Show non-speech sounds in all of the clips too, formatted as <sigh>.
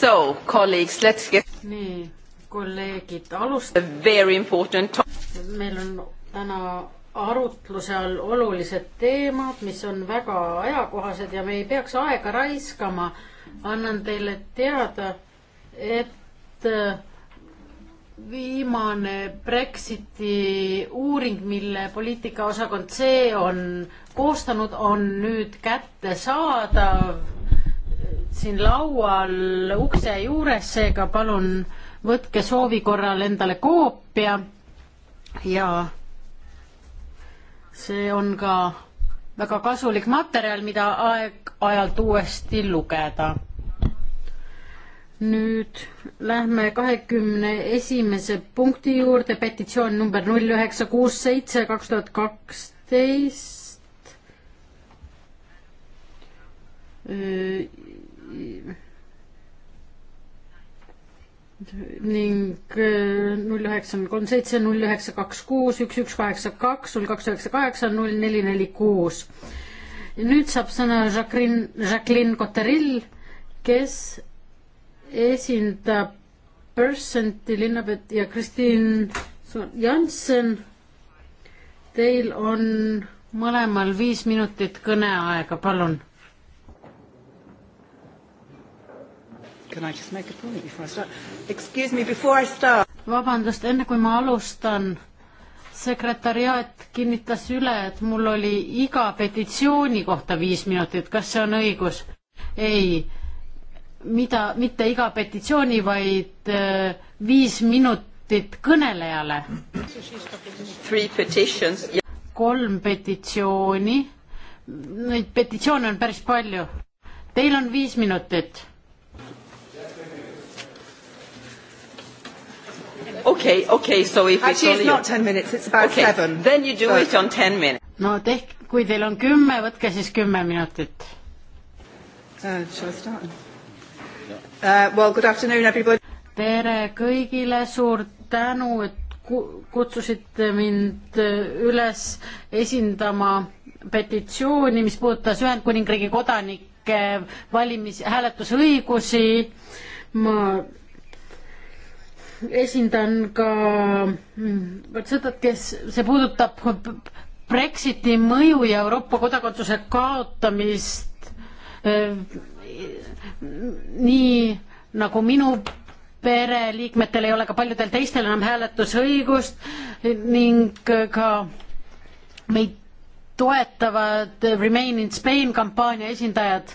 So, colleagues, let's get... nii, kolleegid, alustame. Very important to-. meil on täna arutluse all olulised teemad, mis on väga ajakohased ja me ei peaks aega raiskama. annan teile teada, et äh, viimane Brexiti uuring, mille poliitikaosakond C on koostanud, on nüüd kättesaadav siin laual ukse juures, seega palun võtke soovi korral endale koopia ja see on ka väga kasulik materjal, mida aeg-ajalt uuesti lugeda. nüüd lähme kahekümne esimese punkti juurde, petitsioon number null üheksa kuus seitse kaks tuhat kaksteist ning äh, null üheksa, kolm seitse, null üheksa, kaks kuus, üks, üks, kaheksa, kaks, null kaks, üheksa, kaheksa, null neli, neli, kuus. nüüd saab sõna Jacqueline, Jacqueline Cotterill, kes esindab Percenti linnapead ja Kristiin Jansen. Teil on mõlemal viis minutit kõneaega, palun Can I just make a point before I start? Excuse me, before I start. vabandust, enne kui ma alustan, sekretariaat kinnitas üle, et mul oli iga petitsiooni kohta viis minutit, kas see on õigus? ei, mida, mitte iga petitsiooni, vaid äh, viis minutit kõnelejale. kolm petitsiooni, neid petitsioone on päris palju. Teil on viis minutit Okay, okay, so if Actually, it's, it's not ten minutes, it's about okay, seven. Then you do so. it on ten minutes. no tehke, kui teil on kümme, võtke siis kümme minutit uh,. Shall I start? Uh, well, good afternoon everybody. tere kõigile, suur tänu, et kutsusite mind uh, üles esindama petitsiooni, mis puudutas Ühendkuningriigi kodanike valimis, hääletusõigusi. ma esindan ka mm, vot seda, kes, see puudutab Brexiti mõju ja Euroopa kodakondsuse kaotamist eh, nii nagu minu pereliikmetel ei ole ka paljudel teistel enam hääletusõigust ning ka meid toetavad Remain in Spain kampaania esindajad.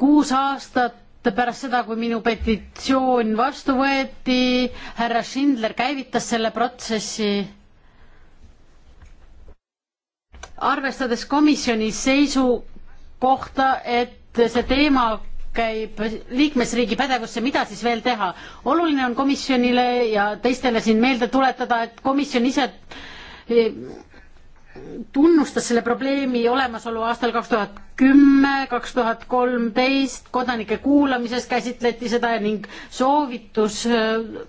kuus aastat pärast seda, kui minu petitsioon vastu võeti, härra Schindler käivitas selle protsessi. arvestades komisjoni seisukohta, et see teema käib liikmesriigi pädevusse, mida siis veel teha? oluline on komisjonile ja teistele siin meelde tuletada, et komisjon ise tunnustas selle probleemi olemasolu aastal kaks tuhat kümme, kaks tuhat kolmteist, kodanike kuulamises käsitleti seda ning soovitus äh,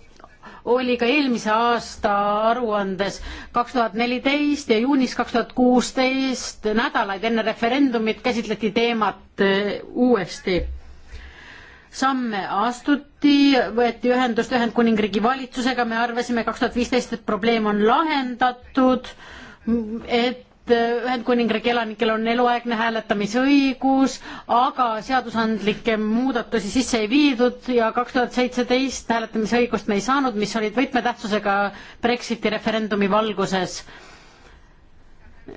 oli ka eelmise aasta aruandes kaks tuhat neliteist ja juunis kaks tuhat kuusteist, nädalaid enne referendumit käsitleti teemat äh, uuesti. samme astuti, võeti ühendust Ühendkuningriigi valitsusega, me arvasime kaks tuhat viisteist, et probleem on lahendatud et äh, Ühendkuningriigi elanikel on eluaegne hääletamisõigus, aga seadusandlikke muudatusi sisse ei viidud ja kaks tuhat seitseteist hääletamisõigust me ei saanud, mis olid võtmetähtsusega Brexiti referendumi valguses.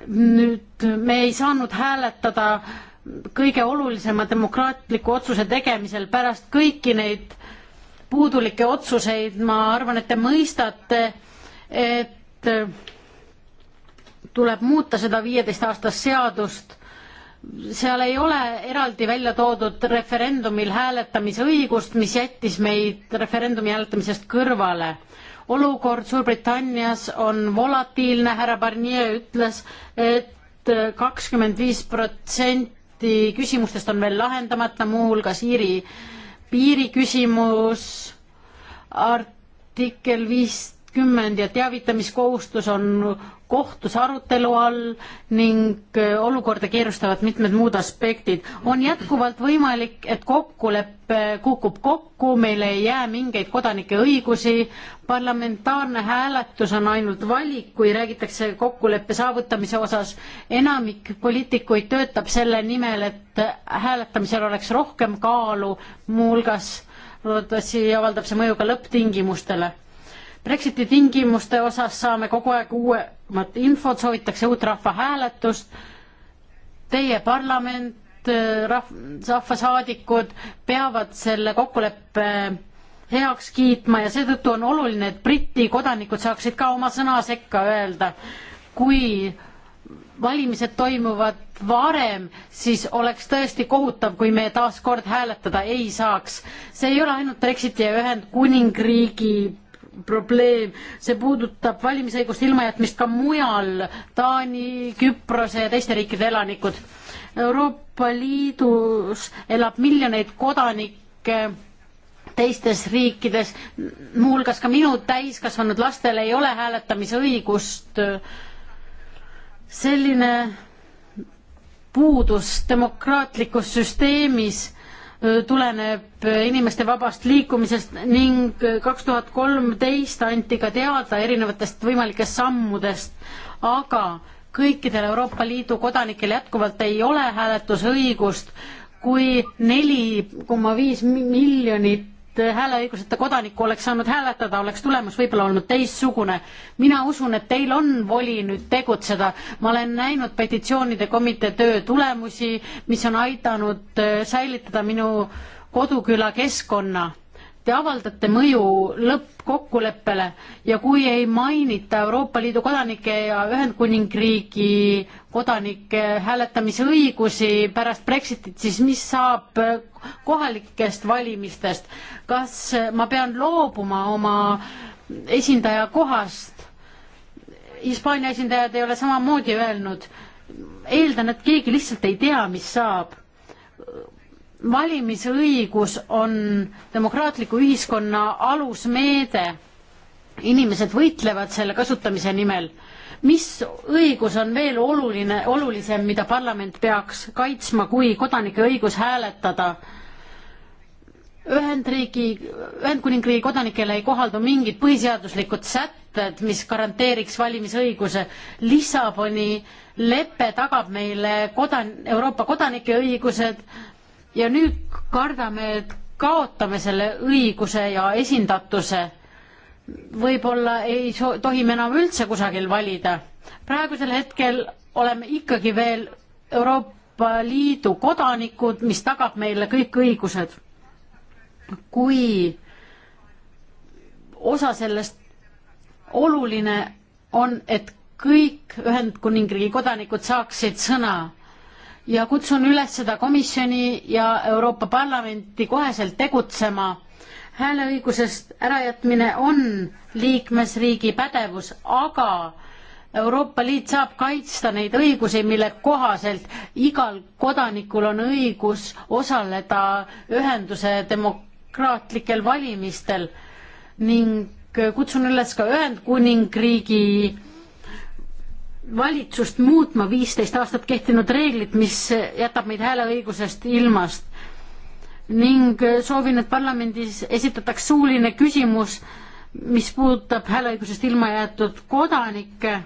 nüüd me ei saanud hääletada kõige olulisema demokraatliku otsuse tegemisel pärast kõiki neid puudulikke otsuseid, ma arvan, et te mõistate, et tuleb muuta seda viieteist aastast seadust seal ei ole eraldi välja toodud referendumil hääletamise õigust, mis jättis meid referendumi hääletamisest kõrvale. olukord Suurbritannias on volatiilne, härra Barnier ütles et, et kakskümmend viis protsenti küsimustest on veel lahendamata, muuhulgas Iiri piiri küsimus, artikkel viiskümmend ja teavitamiskohustus on kohtus arutelu all ning äh, olukorda keerustavad mitmed muud aspektid. on jätkuvalt võimalik, et kokkulepe kukub kokku, meil ei jää mingeid kodanike õigusi, parlamentaarne hääletus on ainult valik, kui räägitakse kokkuleppe saavutamise osas. enamik poliitikuid töötab selle nimel, et hääletamisel oleks rohkem kaalu, muuhulgas loodetavasti avaldab see mõju ka lõpptingimustele Brexiti tingimuste osas saame kogu aeg uuemat infot, soovitakse uut rahvahääletust. Teie parlament, äh, rahv-, rahvasaadikud peavad selle kokkuleppe heaks kiitma ja seetõttu on oluline, et Briti kodanikud saaksid ka oma sõna sekka öelda. kui valimised toimuvad varem, siis oleks tõesti kohutav, kui me taas kord hääletada ei saaks. see ei ole ainult Brexiti ja Ühendkuningriigi probleem, see puudutab valimisõigust ilmajätmist ka mujal, Taani, Küprose ja teiste riikide elanikud. Euroopa Liidus elab miljoneid kodanikke teistes riikides, muuhulgas ka minu täiskasvanud lastel ei ole hääletamisõigust. selline puudus demokraatlikus süsteemis tuleneb inimeste vabast liikumisest ning kaks tuhat kolmteist anti ka teada erinevatest võimalikest sammudest, aga kõikidel Euroopa Liidu kodanikel jätkuvalt ei ole hääletusõigust, kui neli koma viis miljonit hääleõiguseta kodanikku oleks saanud hääletada, oleks tulemus võib-olla olnud teistsugune. mina usun, et teil on voli nüüd tegutseda. ma olen näinud petitsioonide komitee töö tulemusi, mis on aidanud äh, säilitada minu koduküla keskkonna te avaldate mõju lõppkokkuleppele ja kui ei mainita Euroopa Liidu kodanike ja Ühendkuningriigi kodanike hääletamisõigusi pärast Brexitit, siis mis saab kohalikest valimistest? kas ma pean loobuma oma esindaja kohast? Hispaania esindajad ei ole samamoodi öelnud, eeldan, et keegi lihtsalt ei tea, mis saab valimisõigus on demokraatliku ühiskonna alusmeede. inimesed võitlevad selle kasutamise nimel. mis õigus on veel oluline, olulisem, mida parlament peaks kaitsma, kui kodanike õigus hääletada? Ühendriigi, Ühendkuningriigi kodanikele ei kohaldu mingid põhiseaduslikud sätted, mis garanteeriks valimisõiguse. Lissaboni lepe tagab meile kodan-, Euroopa kodanike õigused, ja nüüd kardame, et kaotame selle õiguse ja esindatuse. võib-olla ei tohi me enam üldse kusagil valida. praegusel hetkel oleme ikkagi veel Euroopa Liidu kodanikud, mis tagab meile kõik õigused. kui osa sellest oluline on, et kõik Ühendkuningriigi kodanikud saaksid sõna ja kutsun üles seda komisjoni ja Euroopa Parlamenti koheselt tegutsema. hääleõigusest ärajätmine on liikmesriigi pädevus, aga Euroopa Liit saab kaitsta neid õigusi, mille kohaselt igal kodanikul on õigus osaleda ühenduse demokraatlikel valimistel ning kutsun üles ka Ühendkuningriigi valitsust muutma viisteist aastat kehtinud reeglit, mis jätab meid hääleõigusest ilmast. ning soovin, et parlamendis esitataks suuline küsimus, mis puudutab hääleõigusest ilma jäetud kodanikke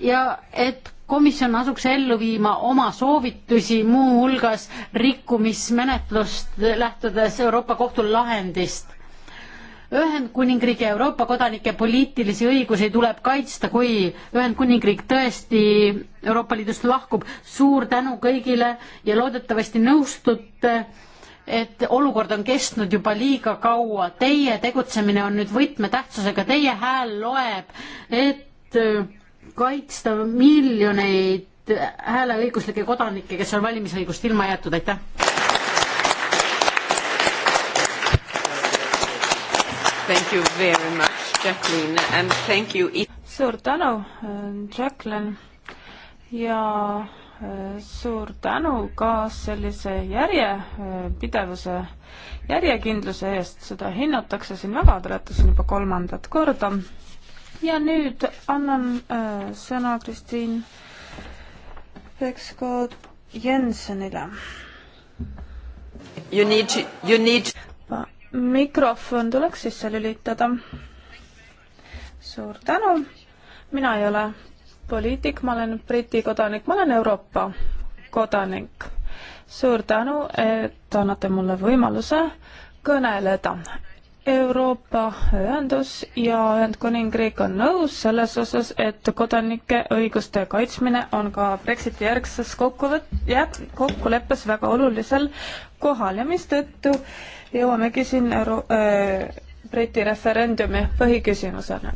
ja et komisjon asuks ellu viima oma soovitusi, muuhulgas rikkumismenetlust lähtudes Euroopa Kohtu lahendist Ühendkuningriigi ja Euroopa kodanike poliitilisi õigusi tuleb kaitsta, kui Ühendkuningriik tõesti Euroopa Liidust lahkub. suur tänu kõigile ja loodetavasti nõustute, et olukord on kestnud juba liiga kaua. Teie tegutsemine on nüüd võtmetähtsusega, teie hääl loeb, et kaitsta miljoneid hääleõiguslikke kodanikke, kes on valimisõigust ilma jäetud, aitäh! Thank you very much, Jacqueline, and thank you. suur tänu, Jacqueline ja eh, suur tänu ka sellise järjepidevuse, eh, järjekindluse eest, seda hinnatakse siin väga, te olete siin juba kolmandat korda. ja nüüd annan äh, sõna Kristiin Peksko Jensenile. You need, you need pa mikrofon tuleks sisse lülitada. suur tänu. mina ei ole poliitik, ma olen Briti kodanik, ma olen Euroopa kodanik. suur tänu, et annate mulle võimaluse kõneleda. Euroopa Ühendus ja Ühendkuningriik on nõus selles osas, et kodanike õiguste kaitsmine on ka Brexiti järgses kokkuvõtt-, jah, kokkuleppes väga olulisel kohal ja mistõttu äh, jõuamegi siin Euro-, äh, Briti referendumi põhiküsimusena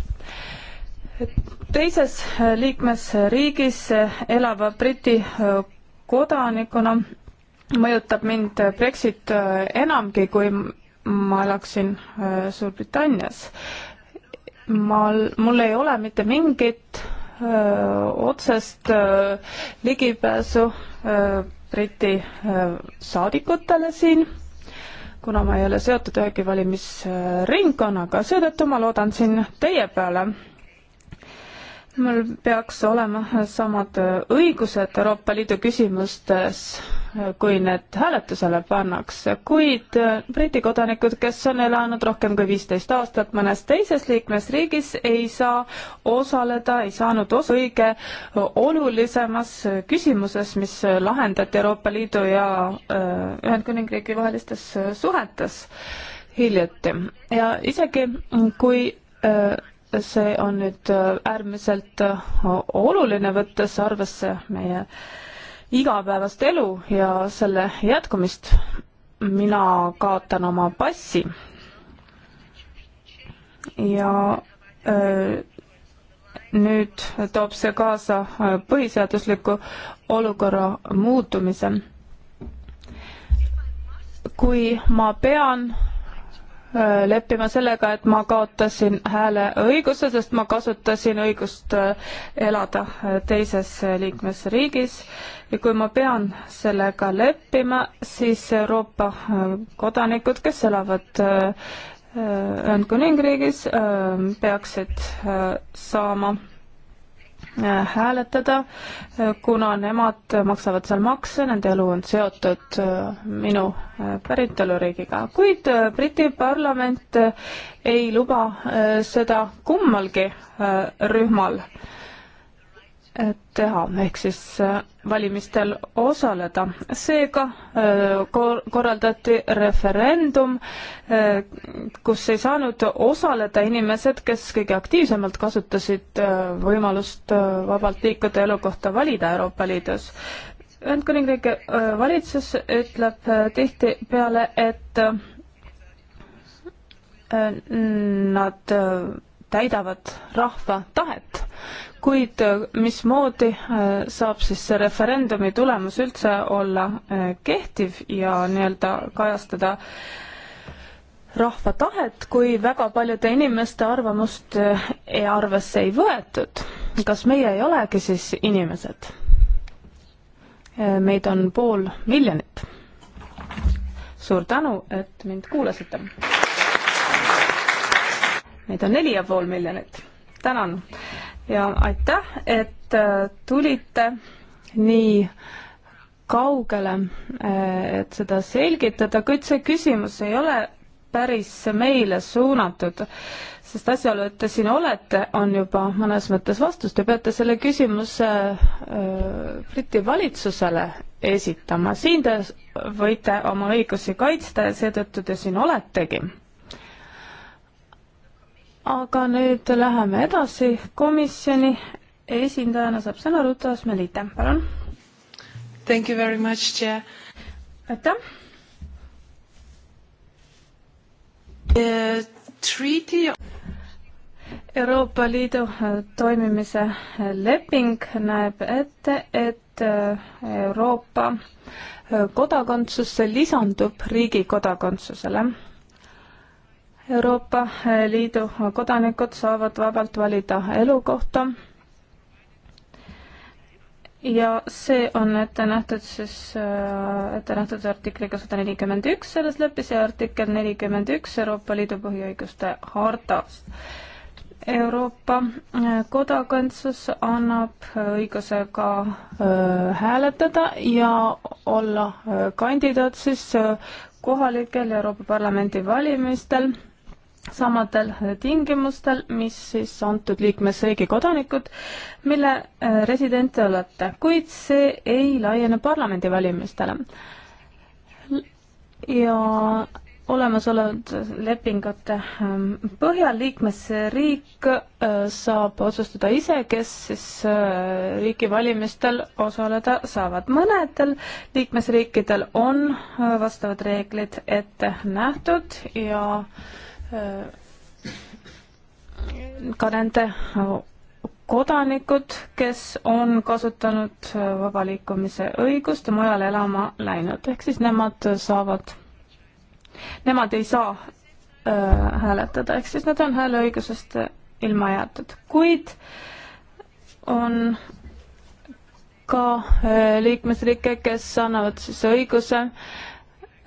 teises liikmesriigis elava Briti äh, kodanikuna mõjutab mind Brexit äh, enamgi, kui ma elaksin Suurbritannias. mal, mul ei ole mitte mingit öö, otsest öö, ligipääsu öö, Briti öö, saadikutele siin kuna ma ei ole seotud ühegi valimisringkonnaga, seetõttu ma loodan siin teie peale mul peaks olema samad õigused Euroopa Liidu küsimustes, kui need hääletusele pannakse, kuid äh, Briti kodanikud, kes on elanud rohkem kui viisteist aastat mõnes teises liikmesriigis, ei saa osaleda, ei saanud osa õige olulisemas küsimuses, mis lahendati Euroopa Liidu ja äh, Ühendkuningriigi vahelistes suhetes hiljuti ja isegi kui äh, see on nüüd äh, äärmiselt äh, oluline, võttes arvesse meie igapäevast elu ja selle jätkumist. mina kaotan oma passi ja öö, äh, nüüd toob see kaasa põhiseadusliku olukorra muutumise. kui ma pean Äh, leppima sellega, et ma kaotasin hääleõiguse, sest ma kasutasin õigust äh, elada äh, teises liikmesriigis ja kui ma pean sellega leppima, siis Euroopa kodanikud, kes elavad Ühendkuningriigis, peaksid saama hääletada, kuna nemad maksavad seal makse, nende elu on seotud äh, minu äh, päritoluriigiga, kuid äh, Briti parlament ei luba seda kummalgi rühmal teha ehk siis äh, valimistel osaleda. seega äh, korraldati referendum, äh, kus ei saanud osaleda inimesed, kes kõige aktiivsemalt kasutasid võimalust vabalt liikuda ja elukohta valida Euroopa Liidus. Ühendkuningriigi valitsus ütleb tihtipeale, et nad täidavad rahva tahet kuid äh, mismoodi äh, saab siis see referendumi tulemus üldse olla äh, kehtiv ja nii-öelda kajastada rahva tahet, kui väga paljude inimeste arvamust ei arvesse ei võetud. kas meie ei olegi siis inimesed? meid on pool miljonit. suur tänu, et mind kuulasite. Meid on neli ja pool miljonit. tänan ja aitäh, et äh, tulite nii kaugele, äh, et seda selgitada, kuid see küsimus ei ole päris meile suunatud, sest asjaolu, et te siin olete, on juba mõnes mõttes vastus, te peate selle küsimuse äh, Briti valitsusele esitama, siin te võite oma õigusi kaitsta ja seetõttu te siin oletegi aga nüüd läheme edasi, komisjoni esindajana saab sõna Ruta Asmelite, palun. Thank you very much, Chair. aitäh. Treaty Euroopa Liidu toimimise leping näeb ette, et Euroopa kodakondsusse lisandub riigi kodakondsusele Euroopa Liidu kodanikud saavad vabalt valida elukohta ja see on ette nähtud siis, äh, ette nähtud artikliga sada nelikümmend üks selles leppes ja artikkel nelikümmend üks Euroopa Liidu põhiõiguste hartas. Euroopa äh, kodakondsus annab äh, õiguse ka hääletada ja olla kandidaat siis kohalikel Euroopa Parlamendi valimistel samadel äh, tingimustel, mis siis antud liikmesriigi kodanikud, mille äh, resident te olete, kuid see ei laiene parlamendivalimistele. ja olemasolevate lepingute ähm, põhjal liikmesriik äh, saab otsustada ise, kes siis riigi valimistel osaleda saavad. mõnedel liikmesriikidel on vastavad reeglid ette nähtud ja äh, ka nende kodanikud, kes on kasutanud äh, vaba liikumise õigust ja mujale elama läinud, ehk siis nemad saavad, nemad ei saa öö, äh, hääletada, ehk siis nad on hääleõigusest ilma jäetud, kuid on ka öö, äh, liikmesriike, kes annavad siis õiguse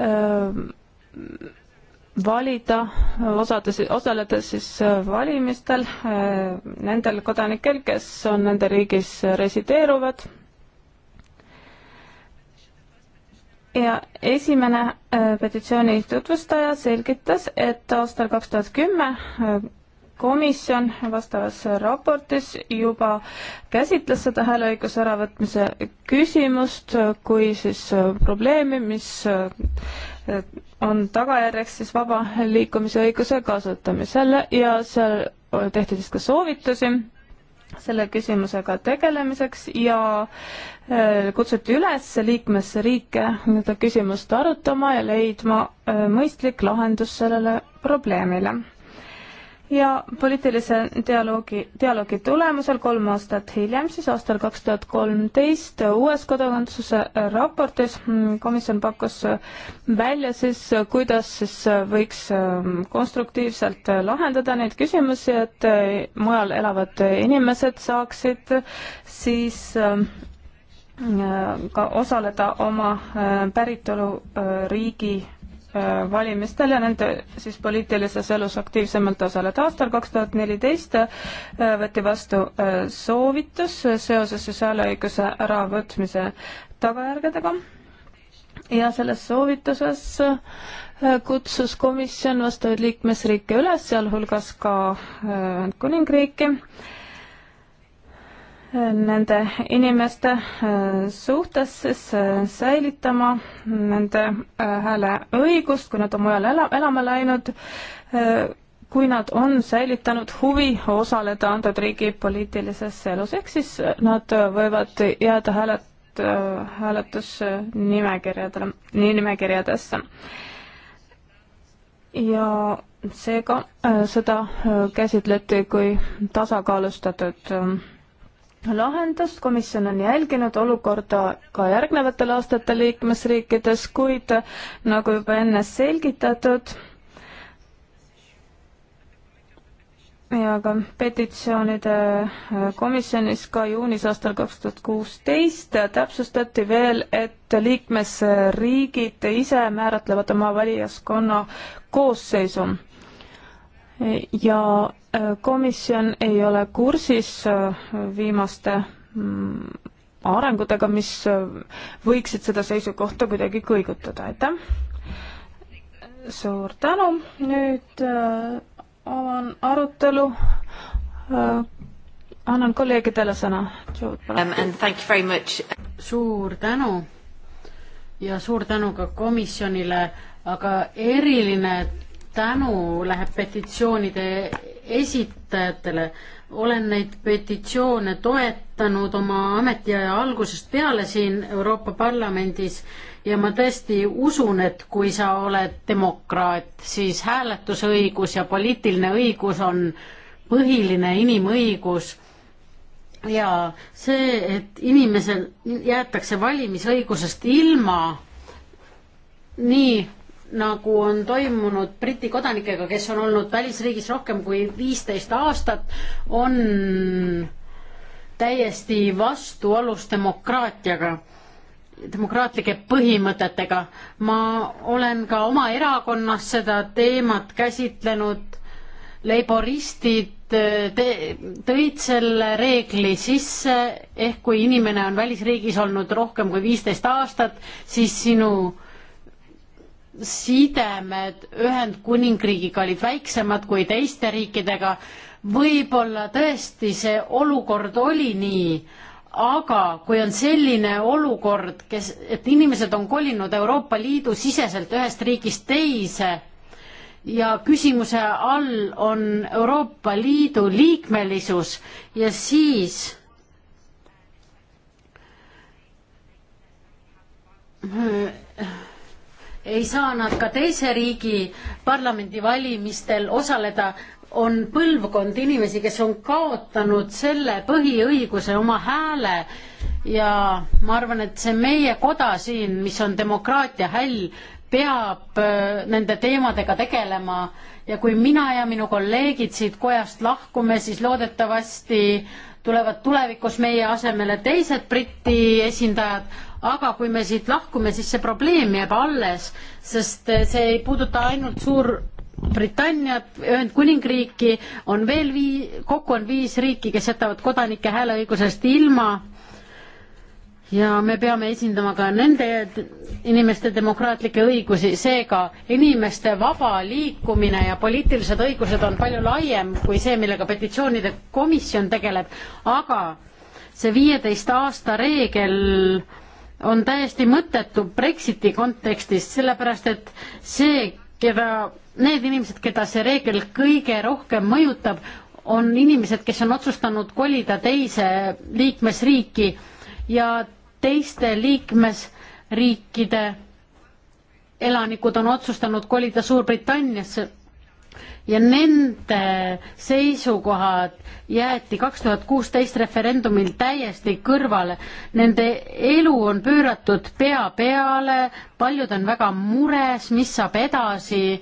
öö, valida, osades, osaledes siis äh, valimistel äh, nendel kodanikel, kes on nende riigis resideeruvad. ja esimene äh, petitsiooni tutvustaja selgitas, et aastal kaks tuhat kümme komisjon vastavas raportis juba käsitles seda hääleõiguse äravõtmise küsimust kui siis probleemi, mis on tagajärjeks siis vaba liikumise õiguse kasutamisele ja seal tehti siis ka soovitusi selle küsimusega tegelemiseks ja äh, kutsuti üles liikmesriike seda küsimust arutama ja leidma äh, mõistlik lahendus sellele probleemile ja poliitilise dialoogi, dialoogi tulemusel kolm aastat hiljem, siis aastal kaks tuhat kolmteist uues kodakondsuse raportis mm, komisjon pakkus välja siis, kuidas siis võiks mm, konstruktiivselt lahendada neid küsimusi, et mm, mujal elavad inimesed saaksid siis ka osaleda oma päritoluriigi Äh, valimistel ja nende siis poliitilises elus aktiivsemalt osaleda. aastal kaks tuhat neliteist äh, võeti vastu äh, soovitus seoses siis hääleõiguse äravõtmise tagajärgedega ja selles soovituses kutsus komisjon vastavaid liikmesriike üles, sealhulgas ka Kuningriiki äh,, nende inimeste äh, suhtes siis äh, säilitama nende äh, hääleõigust, kui nad on mujale ela, elama läinud, kui nad on säilitanud huvi osaleda antud riigi poliitilises elus, ehk siis nad võivad jääda häälet-, hääletusnimekirjadele, nimekirjadesse. ja seega seda käsitleti kui tasakaalustatud lahendust, komisjon on jälginud olukorda ka järgnevatel aastatel liikmesriikides, kuid nagu juba enne selgitatud, ja ka petitsioonide äh, komisjonis ka juunis aastal kaks tuhat kuusteist täpsustati veel, et liikmesriigid ise määratlevad oma valijaskonna koosseisu ja e, komisjon ei ole kursis e, viimaste mm, arengutega, mis e, võiksid seda seisukohta kuidagi kõigutada, aitäh. suur tänu, nüüd avan arutelu. annan kolleegidele sõna. Um, suur tänu ja suur tänu ka komisjonile, aga eriline tänu läheb petitsioonide esitajatele. olen neid petitsioone toetanud oma ametiaja algusest peale siin Euroopa Parlamendis ja ma tõesti usun, et kui sa oled demokraat, siis hääletusõigus ja poliitiline õigus on põhiline inimõigus ja see, et inimesel jäetakse valimisõigusest ilma, nii nagu on toimunud Briti kodanikega, kes on olnud välisriigis rohkem kui viisteist aastat, on täiesti vastuolus demokraatiaga, demokraatlike põhimõtetega. ma olen ka oma erakonnas seda teemat käsitlenud, leiboristid eh, te, tõid selle reegli sisse, ehk kui inimene on välisriigis olnud rohkem kui viisteist aastat, siis sinu sidemed Ühendkuningriigiga olid väiksemad kui teiste riikidega. võib-olla tõesti see olukord oli nii, aga kui on selline olukord, kes, et inimesed on kolinud Euroopa Liidu siseselt ühest riigist teise ja küsimuse all on Euroopa Liidu liikmelisus ja siis ei saa nad ka teise riigi parlamendivalimistel osaleda, on põlvkond inimesi, kes on kaotanud selle põhiõiguse oma hääle ja ma arvan, et see meie koda siin, mis on demokraatia häll, peab äh, nende teemadega tegelema ja kui mina ja minu kolleegid siit kojast lahkume, siis loodetavasti tulevad tulevikus meie asemele teised Briti esindajad, aga kui me siit lahkume, siis see probleem jääb alles, sest eh, see ei puuduta ainult suur Britanniat, Ühendkuningriiki, on veel vii-, kokku on viis riiki, kes jätavad kodanike hääleõigusest ilma ja me peame esindama ka nende inimeste demokraatlikke õigusi, seega inimeste vaba liikumine ja poliitilised õigused on palju laiem kui see, millega petitsioonide komisjon tegeleb, aga see viieteist aasta reegel on täiesti mõttetu Brexiti kontekstis, sellepärast et see, keda, need inimesed, keda see reegel kõige rohkem mõjutab, on inimesed, kes on otsustanud kolida teise liikmesriiki ja teiste liikmesriikide elanikud on otsustanud kolida Suurbritanniasse ja nende seisukohad jäeti kaks tuhat kuusteist referendumil täiesti kõrvale. Nende elu on pööratud pea peale, paljud on väga mures, mis saab edasi,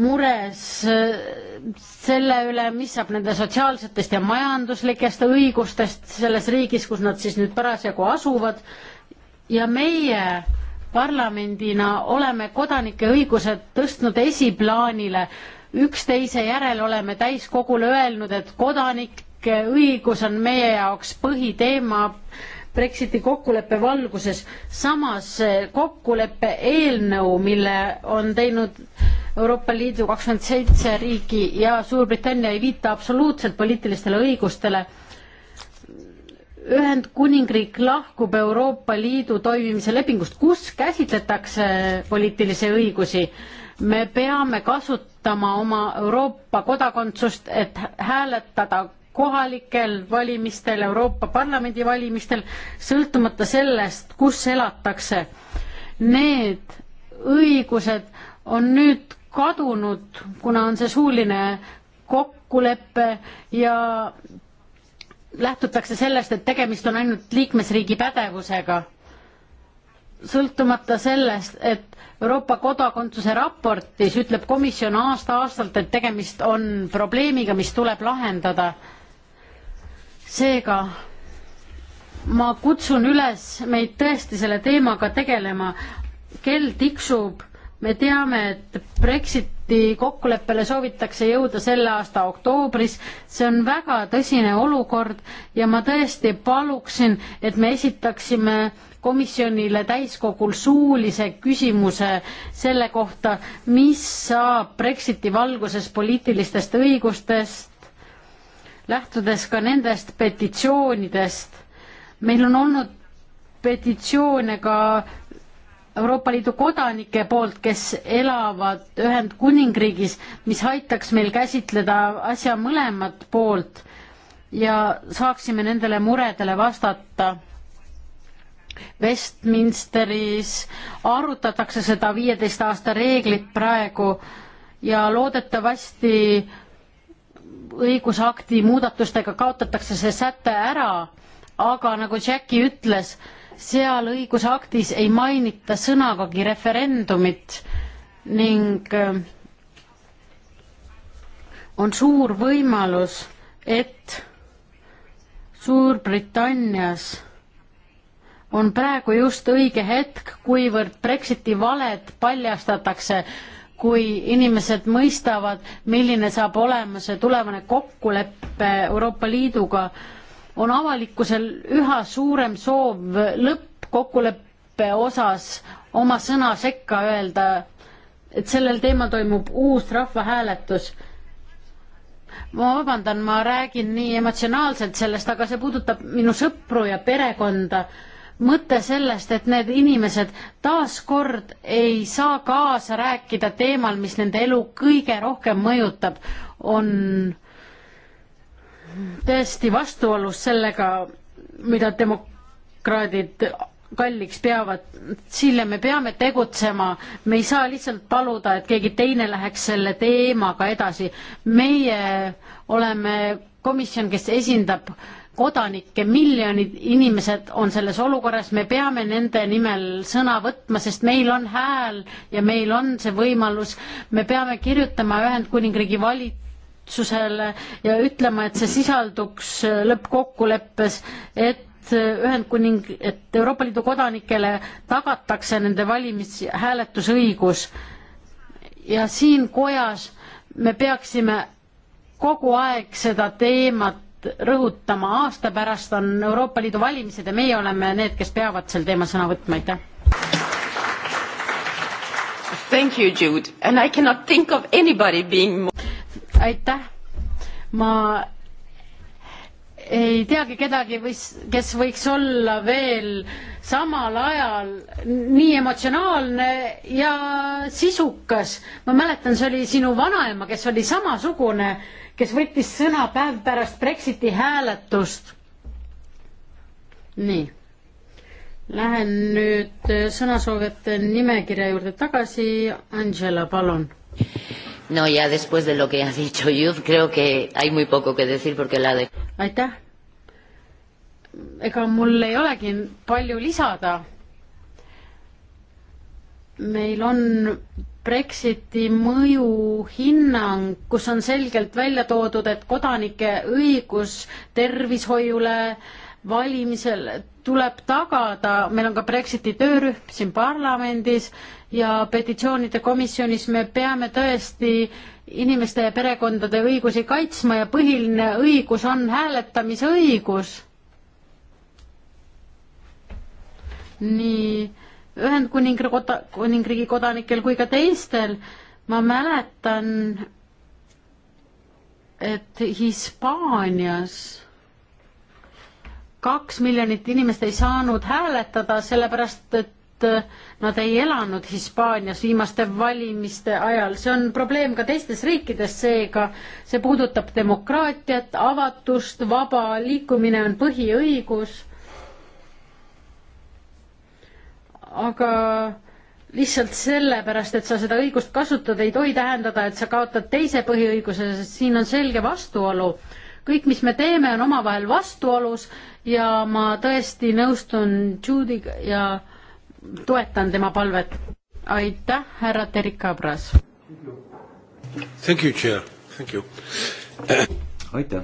mures äh, selle üle, mis saab nende sotsiaalsetest ja majanduslikest õigustest selles riigis, kus nad siis nüüd parasjagu asuvad ja meie parlamendina oleme kodanike õigused tõstnud esiplaanile üksteise järel oleme täiskogule öelnud, et kodanike õigus on meie jaoks põhiteema Brexiti kokkuleppe valguses. samas kokkuleppe eelnõu, mille on teinud Euroopa Liidu kakskümmend seitse riiki ja Suurbritannia ei viita absoluutselt poliitilistele õigustele. Ühendkuningriik lahkub Euroopa Liidu toimimise lepingust, kus käsitletakse poliitilisi õigusi. me peame kasutama kasutama oma Euroopa kodakondsust, et hääletada kohalikel valimistel, Euroopa Parlamendi valimistel, sõltumata sellest, kus elatakse. Need õigused on nüüd kadunud, kuna on see suuline kokkulepe ja lähtutakse sellest, et tegemist on ainult liikmesriigi pädevusega sõltumata sellest, et Euroopa kodakondsuse raportis ütleb komisjon aasta-aastalt, et tegemist on probleemiga, mis tuleb lahendada. seega ma kutsun üles meid tõesti selle teemaga tegelema. kell tiksub me teame, et Brexiti kokkuleppele soovitakse jõuda selle aasta oktoobris, see on väga tõsine olukord ja ma tõesti paluksin, et me esitaksime komisjonile täiskogul suulise küsimuse selle kohta, mis saab Brexiti valguses poliitilistest õigustest, lähtudes ka nendest petitsioonidest. meil on olnud petitsioone ka Euroopa Liidu kodanike poolt, kes elavad Ühendkuningriigis, mis aitaks meil käsitleda asja mõlemat poolt ja saaksime nendele muredele vastata. Westminsteris arutatakse seda viieteist aasta reeglit praegu ja loodetavasti õigusakti muudatustega kaotatakse see säte ära, aga nagu Jackie ütles, seal õigusaktis ei mainita sõnagagi referendumit ning äh, on suur võimalus, et Suurbritannias on praegu just õige hetk, kuivõrd Brexiti valed paljastatakse, kui inimesed mõistavad, milline saab olema see tulevane kokkulepe Euroopa Liiduga on avalikkusel üha suurem soov lõppkokkuleppe osas oma sõna sekka öelda, et sellel teemal toimub uus rahvahääletus. ma vabandan, ma räägin nii emotsionaalselt sellest, aga see puudutab minu sõpru ja perekonda mõte sellest, et need inimesed taaskord ei saa kaasa rääkida teemal, mis nende elu kõige rohkem mõjutab, on täiesti vastuolus sellega, mida demokraadid kalliks peavad. Siille me peame tegutsema, me ei saa lihtsalt paluda, et keegi teine läheks selle teemaga edasi. meie oleme komisjon, kes esindab kodanikke, miljonid inimesed on selles olukorras, me peame nende nimel sõna võtma, sest meil on hääl ja meil on see võimalus. me peame kirjutama Ühendkuningriigi valit-, valitsusele ja ütlema, et see sisalduks lõppkokkuleppes, et Ühendkuning, et Euroopa Liidu kodanikele tagatakse nende valimis-, hääletusõigus. ja siin kojas me peaksime kogu aeg seda teemat rõhutama, aasta pärast on Euroopa Liidu valimised ja meie oleme need, kes peavad sel teemal sõna võtma, aitäh. Thank you, Jude, and I cannot think of anybody being more aitäh. ma ei teagi kedagi, kes võiks olla veel samal ajal nii emotsionaalne ja sisukas. ma mäletan, see oli sinu vanaema, kes oli samasugune, kes võttis sõna päev pärast Brexiti hääletust. nii. Lähen nüüd sõnasoovijate nimekirja juurde tagasi. Angela, palun No ya después de lo que ha dicho Youth creo que hay muy poco que decir porque la de... aitäh. ega mul ei olegi palju lisada. meil on Brexiti mõjuhinnang, kus on selgelt välja toodud, et kodanike õigus tervishoiule valimisel tuleb tagada, meil on ka Brexiti töörühm siin parlamendis ja petitsioonide komisjonis me peame tõesti inimeste ja perekondade õigusi kaitsma ja põhiline õigus on hääletamise õigus. nii Ühendkuningriigi kodanikel kui ka teistel. ma mäletan, et Hispaanias kaks miljonit inimest ei saanud hääletada, sellepärast et äh, Nad ei elanud Hispaanias viimaste valimiste ajal, see on probleem ka teistes riikides, seega see puudutab demokraatiat, avatust, vaba liikumine on põhiõigus. aga lihtsalt sellepärast, et sa seda õigust kasutad, ei tohi tähendada, et sa kaotad teise põhiõiguse, sest siin on selge vastuolu kõik, mis me teeme, on omavahel vastuolus ja ma tõesti nõustun Judy'ga ja toetan tema palvet. aitäh, härra Terik Abras. Thank you, chair, thank you. aitäh.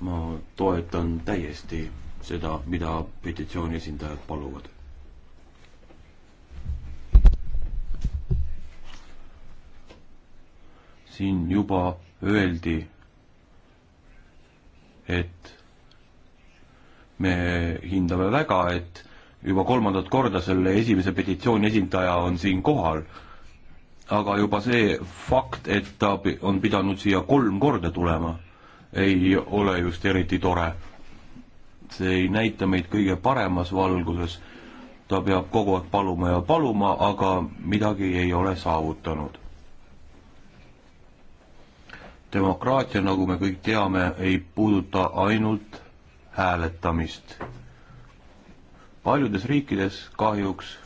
ma toetan täiesti seda, mida petitsiooni esindajad paluvad. siin juba öeldi, et me hindame väga, et juba kolmandat korda selle esimese petitsiooni esindaja on siin kohal, aga juba see fakt, et ta on pidanud siia kolm korda tulema, ei ole just eriti tore. see ei näita meid kõige paremas valguses, ta peab kogu aeg paluma ja paluma, aga midagi ei ole saavutanud. demokraatia, nagu me kõik teame, ei puuduta ainult hääletamist paljudes riikides kahjuks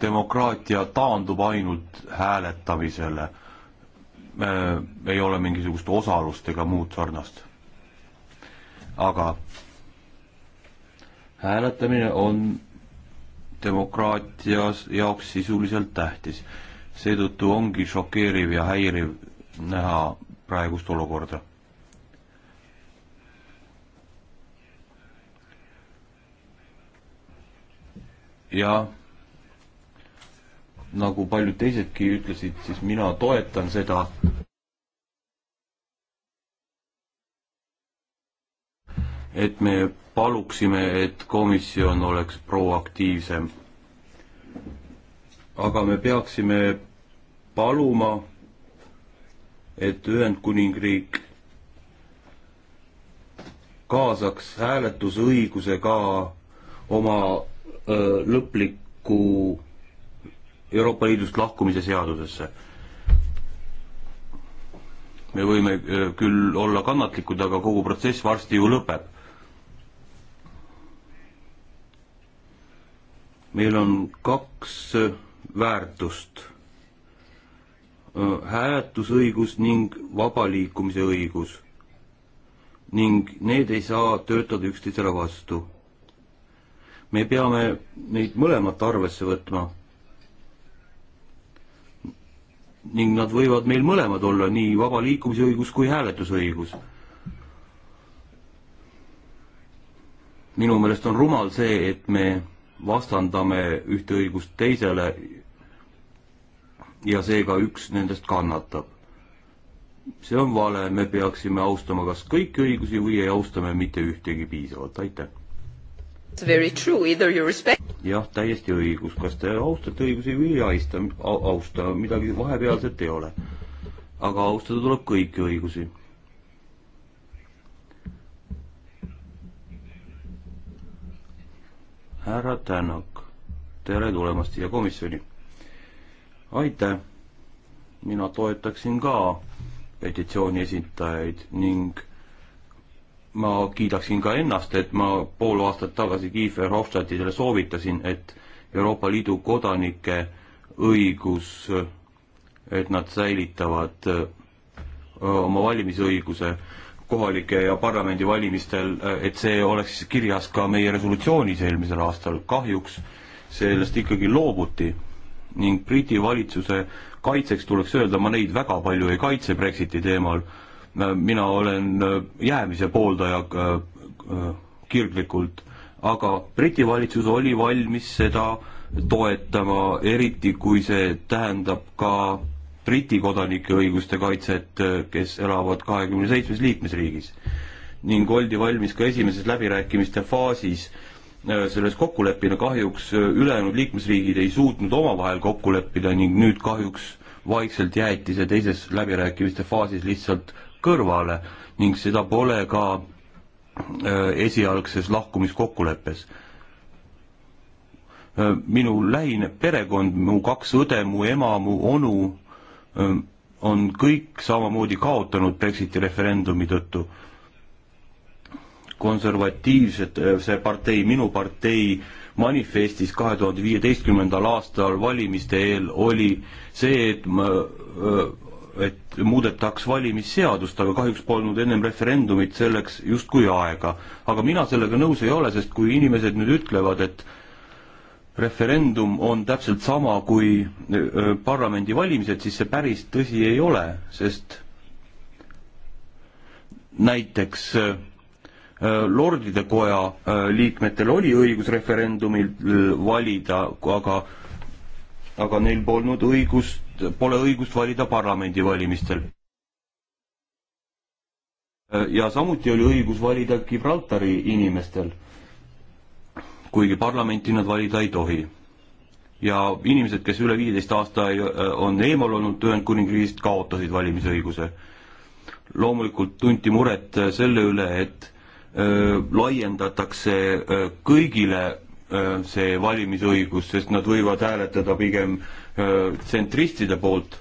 demokraatia taandub ainult hääletamisele. ei ole mingisugust osalust ega muud sarnast. aga hääletamine on demokraatias jaoks sisuliselt tähtis. seetõttu ongi šokeeriv ja häiriv näha praegust olukorda ja nagu paljud teisedki ütlesid, siis mina toetan seda. et me paluksime, et komisjon oleks proaktiivsem. aga me peaksime paluma, et Ühendkuningriik kaasaks hääletusõiguse ka oma lõplikku Euroopa Liidust lahkumise seadusesse. me võime küll olla kannatlikud, aga kogu protsess varsti ju lõpeb. meil on kaks väärtust, hääletusõigus ning vaba liikumise õigus ning need ei saa töötada üksteisele vastu me peame neid mõlemat arvesse võtma. ning nad võivad meil mõlemad olla, nii vaba liikumisõigus kui hääletusõigus. minu meelest on rumal see, et me vastandame ühte õigust teisele ja seega üks nendest kannatab. see on vale, me peaksime austama kas kõiki õigusi või ei austa me mitte ühtegi piisavalt, aitäh jah, täiesti õigus, kas te austate õigusi või ei aista, austa, midagi vahepealset ei ole. aga austada tuleb kõiki õigusi. härra Tänak, tere tulemast siia komisjoni. aitäh, mina toetaksin ka petitsiooni esitajaid ning ma kiidaksin ka ennast, et ma pool aastat tagasi Kiefer Hofstadtidele soovitasin, et Euroopa Liidu kodanike õigus, et nad säilitavad oma valimisõiguse kohalike ja parlamendivalimistel, et see oleks kirjas ka meie resolutsioonis eelmisel aastal. kahjuks sellest ikkagi loobuti ning Briti valitsuse kaitseks tuleks öelda, ma neid väga palju ei kaitse Brexiti teemal Äh, mina olen äh, jäämise pooldaja äh, kirglikult, aga Briti valitsus oli valmis seda toetama, eriti kui see tähendab ka Briti kodanike õiguste kaitset, kes elavad kahekümne seitsmes liikmesriigis. ning oldi valmis ka esimeses läbirääkimiste faasis selles kokku leppida, kahjuks ülejäänud liikmesriigid ei suutnud omavahel kokku leppida ning nüüd kahjuks vaikselt jäeti see teises läbirääkimiste faasis lihtsalt kõrvale ning seda pole ka äh, esialgses lahkumiskokkuleppes. Äh, minu lähine perekond, mu kaks õde, mu ema, mu onu äh, on kõik samamoodi kaotanud Brexiti referendumi tõttu. konservatiivsed, see partei, minu partei manifestis kahe tuhande viieteistkümnendal aastal valimiste eel oli see, et ma, et muudetaks valimisseadust, aga kahjuks polnud ennem referendumit selleks justkui aega. aga mina sellega nõus ei ole, sest kui inimesed nüüd ütlevad, et referendum on täpselt sama kui äh, parlamendivalimised, siis see päris tõsi ei ole, sest näiteks äh, äh, Lordide koja liikmetel oli õigus referendumil valida, aga aga neil polnud õigust pole õigust valida parlamendivalimistel. ja samuti oli õigus valida Gibraltari inimestel, kuigi parlamenti nad valida ei tohi. ja inimesed, kes üle viieteist aasta on eemal olnud Ühendkuningriigist, kaotasid valimisõiguse. loomulikult tunti muret selle üle, et öö, laiendatakse öö, kõigile öö, see valimisõigus, sest nad võivad hääletada pigem öö, Äh, tsentristide poolt,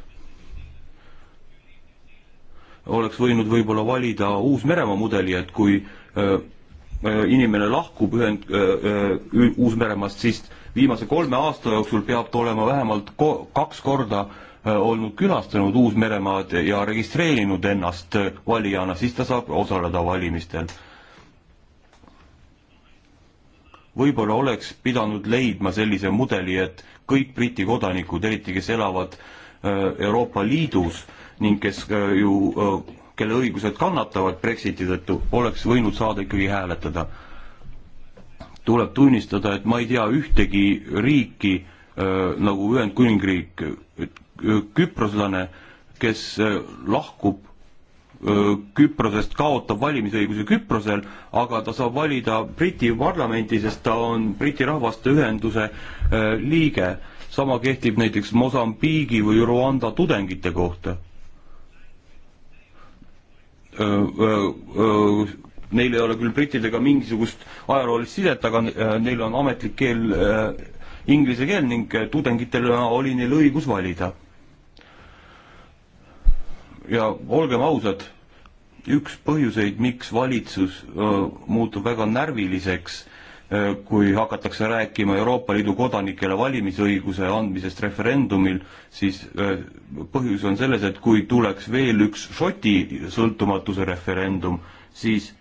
oleks võinud võib-olla valida Uus-Meremaa mudeli, et kui äh, äh, inimene lahkub ühend-, Uus-Meremaast, siis viimase kolme aasta jooksul peab ta olema vähemalt ko-, kaks korda olnud külastanud Uus-Meremaad ja registreerinud ennast valijana, siis ta saab osaleda valimistel võib-olla oleks pidanud leidma sellise mudeli, et kõik Briti kodanikud, eriti kes elavad äh, Euroopa Liidus ning kes äh, ju, äh, kelle õigused kannatavad Brexiti tõttu, oleks võinud saada ikkagi hääletada. tuleb tunnistada, et ma ei tea ühtegi riiki nagu Ühendkuningriik, küproslane, kes lahkub Küprosest kaotab valimisõiguse Küprosel, aga ta saab valida Briti parlamenti, sest ta on Briti Rahvaste Ühenduse liige. sama kehtib näiteks Mosambiigi või Rwanda tudengite kohta. Neil ei ole küll brittidega mingisugust ajaloolist sidet, aga neil on ametlik keel inglise keel ning tudengitel oli neil õigus valida ja olgem ausad, üks põhjuseid, miks valitsus öö, muutub väga närviliseks, kui hakatakse rääkima Euroopa Liidu kodanikele valimisõiguse andmisest referendumil, siis põhjus on selles, et kui tuleks veel üks Šoti sõltumatuse referendum, siis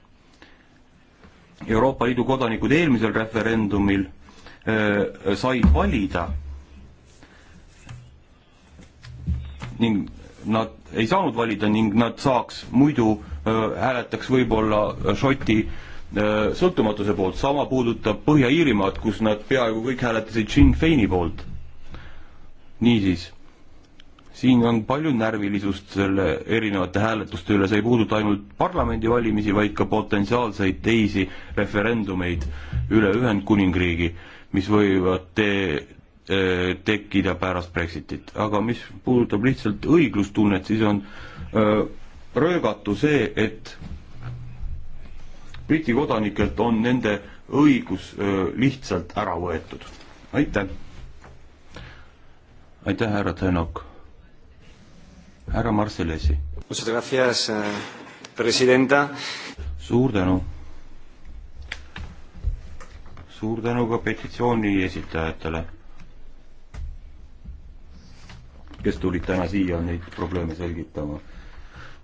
Euroopa Liidu kodanikud eelmisel referendumil öö, said valida ning nad ei saanud valida ning nad saaks muidu äh,, hääletaks võib-olla Šoti äh, sõltumatuse poolt, sama puudutab Põhja-Iirimaad, kus nad peaaegu kõik hääletasid Sinn Feini poolt. niisiis, siin on palju närvilisust selle erinevate hääletuste üle, see ei puuduta ainult parlamendivalimisi, vaid ka potentsiaalseid teisi referendumeid üle Ühendkuningriigi, mis võivad te Äh, tekkida pärast Brexitit, aga mis puudutab lihtsalt õiglustunnet, siis on öö, äh, röögatu see, et Briti kodanikelt on nende õigus öö, äh, lihtsalt ära võetud. aitäh! aitäh, härra Tõnok! härra Marcellesi! Eh, suur tänu! suur tänu ka petitsiooni esitajatele kes tulid täna siia neid probleeme selgitama.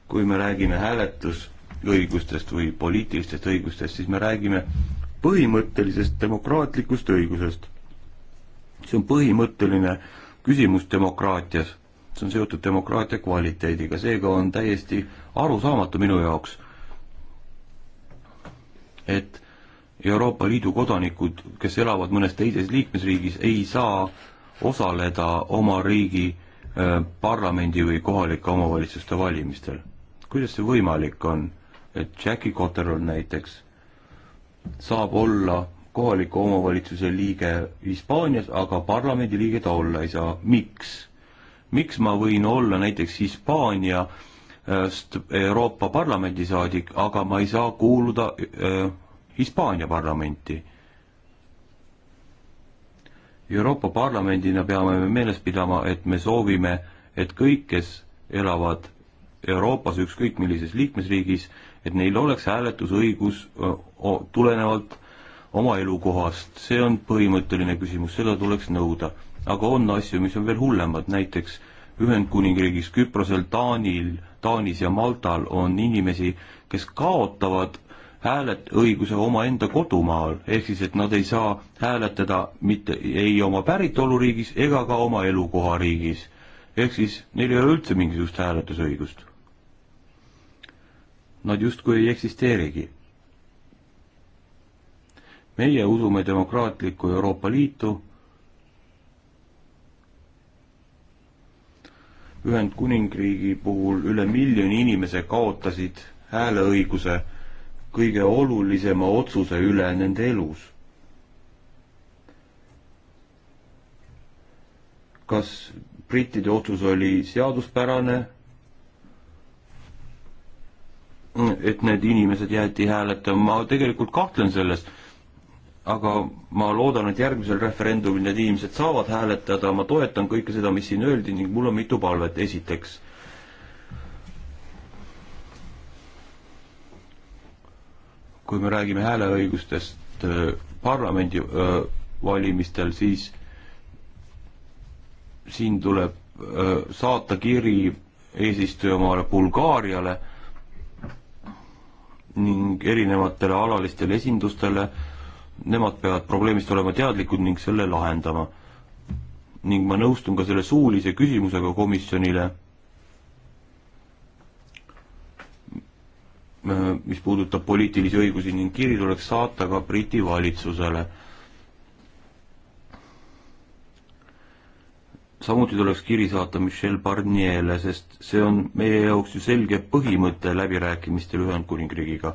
kui me räägime hääletusõigustest või poliitilistest õigustest, siis me räägime põhimõttelisest demokraatlikust õigusest. see on põhimõtteline küsimus demokraatias, see on seotud demokraatia kvaliteediga, seega on täiesti arusaamatu minu jaoks, et Euroopa Liidu kodanikud, kes elavad mõnes teises liikmesriigis, ei saa osaleda oma riigi Äh, parlamendi või kohalike omavalitsuste valimistel. kuidas see võimalik on, et Jackie Cotterell näiteks saab olla kohaliku omavalitsuse liige Hispaanias, aga parlamendi liige ta olla ei saa, miks? miks ma võin olla näiteks Hispaania äh, Euroopa Parlamendi saadik, aga ma ei saa kuuluda äh, Hispaania parlamenti? Euroopa Parlamendina peame me meeles pidama, et me soovime, et kõik, kes elavad Euroopas ükskõik millises liikmesriigis, et neil oleks hääletusõigus tulenevalt oma elukohast, see on põhimõtteline küsimus, seda tuleks nõuda. aga on asju, mis on veel hullemad, näiteks Ühendkuningriigis, Küprosel, Taanil, Taanis ja Maltal on inimesi, kes kaotavad hääleõiguse omaenda kodumaal, ehk siis et nad ei saa hääletada mitte ei oma päritoluriigis ega ka oma elukohariigis. ehk siis neil ei ole üldse mingisugust hääletusõigust. Nad justkui ei eksisteerigi. meie usume demokraatlikku Euroopa Liitu Ühendkuningriigi puhul üle miljoni inimese kaotasid hääleõiguse kõige olulisema otsuse üle nende elus. kas brittide otsus oli seaduspärane, et need inimesed jäeti hääletama, ma tegelikult kahtlen selles, aga ma loodan, et järgmisel referendumil need inimesed saavad hääletada, ma toetan kõike seda, mis siin öeldi ning mul on mitu palvet, esiteks kui me räägime hääleõigustest äh, parlamendi äh, valimistel, siis siin tuleb äh, saata kiri eesistujamaale Bulgaariale ning erinevatele alalistele esindustele. Nemad peavad probleemist olema teadlikud ning selle lahendama. ning ma nõustun ka selle suulise küsimusega komisjonile Äh, mis puudutab poliitilisi õigusi ning kiri tuleks saata ka Briti valitsusele. samuti tuleks kiri saata Michel Barnier'le, sest see on meie jaoks ju selge põhimõte läbirääkimistel Ühendkuningriigiga.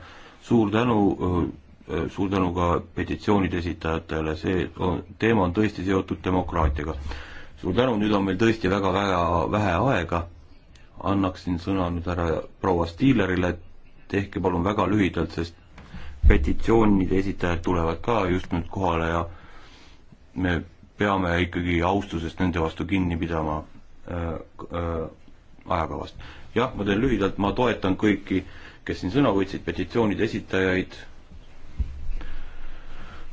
suur tänu, äh, äh, suur tänu ka petitsioonide esitajatele, see on, teema on tõesti seotud demokraatiaga. suur tänu, nüüd on meil tõesti väga-väga vähe aega annaksin sõna nüüd härra proua Stiilerile, et tehke palun väga lühidalt, sest petitsioonide esitajad tulevad ka just nüüd kohale ja me peame ikkagi austusest nende vastu kinni pidama äh, äh, ajakavast. jah, ma teen lühidalt, ma toetan kõiki, kes siin sõna võtsid, petitsioonide esitajaid.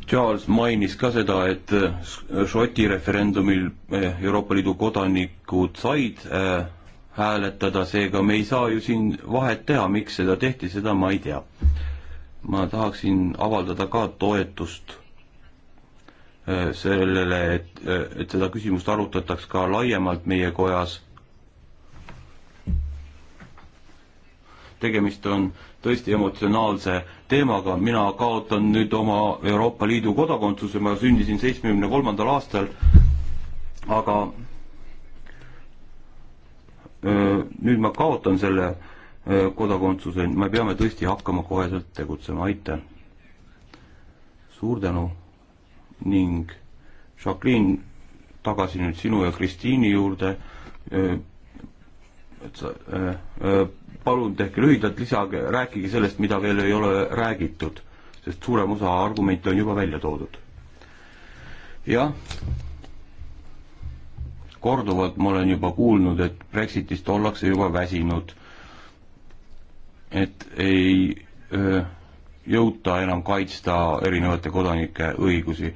Charles mainis ka seda, et Šoti referendumil äh, Euroopa Liidu kodanikud said äh, hääletada, seega me ei saa ju siin vahet teha, miks seda tehti, seda ma ei tea. ma tahaksin avaldada ka toetust äh, sellele, et, äh, et seda küsimust arutataks ka laiemalt meie kojas. tegemist on tõesti emotsionaalse teemaga, mina kaotan nüüd oma Euroopa Liidu kodakondsuse, ma sündisin seitsmekümne kolmandal aastal, aga Äh, nüüd ma kaotan selle äh, kodakondsuse, me peame tõesti hakkama koheselt tegutsema, aitäh. suur tänu ning Jacqueline, tagasi nüüd sinu ja Kristiini juurde. Äh, et sa, palun tehke lühidalt, lisage, rääkige sellest, mida veel ei ole räägitud, sest suurem osa argumente on juba välja toodud. jah korduvalt ma olen juba kuulnud, et Brexitist ollakse juba väsinud. et ei öö, jõuta enam kaitsta erinevate kodanike õigusi.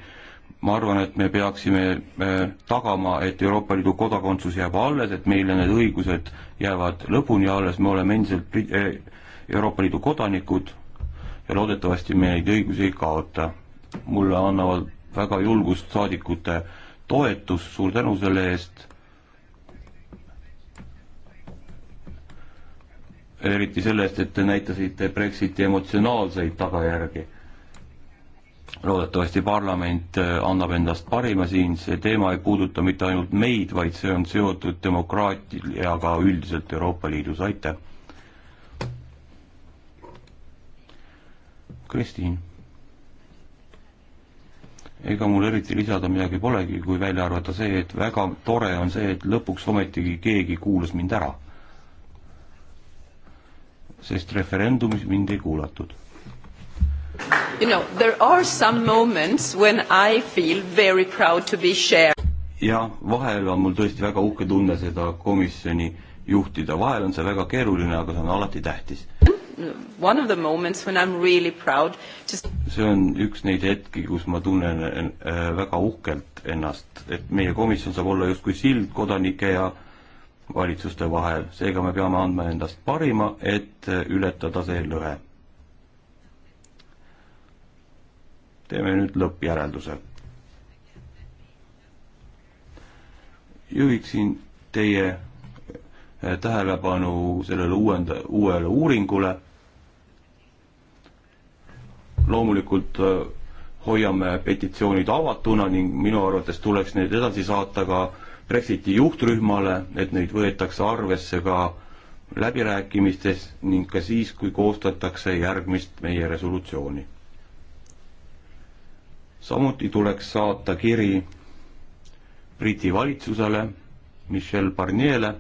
ma arvan, et me peaksime öö, tagama, et Euroopa Liidu kodakondsus jääb alles, et meile need õigused jäävad lõpuni alles, me oleme endiselt Euroopa Liidu kodanikud ja loodetavasti me neid õigusi ei kaota. mulle annavad väga julgust saadikute äh, toetus, suur tänu selle eest. eriti selle eest, et te näitasite Brexiti emotsionaalseid tagajärgi. loodetavasti parlament äh, annab endast parima siin, see teema ei puuduta mitte ainult meid, vaid see on seotud demokraatiaga üldiselt Euroopa Liidus, aitäh. Kristiin ega mul eriti lisada midagi polegi, kui välja arvata see, et väga tore on see, et lõpuks ometigi keegi kuulas mind ära. sest referendumis mind ei kuulatud. You know, there are some moments when I feel very proud to be share. jah, vahel on mul tõesti väga uhke tunne seda komisjoni juhtida, vahel on see väga keeruline, aga see on alati tähtis. One of the moments when I am really proud just see on üks neid hetki, kus ma tunnen äh, väga uhkelt ennast, et meie komisjon saab olla justkui sild kodanike ja valitsuste vahel, seega me peame andma endast parima, et äh, ületada see lõhe. teeme nüüd lõppjärelduse. juhiksin teie Eh, tähelepanu sellele uuenda, uuele uuringule. loomulikult eh, hoiame petitsioonid avatuna ning minu arvates tuleks need edasi saata ka Brexiti juhtrühmale, et neid võetakse arvesse ka läbirääkimistes ning ka siis, kui koostatakse järgmist meie resolutsiooni. samuti tuleks saata kiri Briti valitsusele, Michel Barnier'le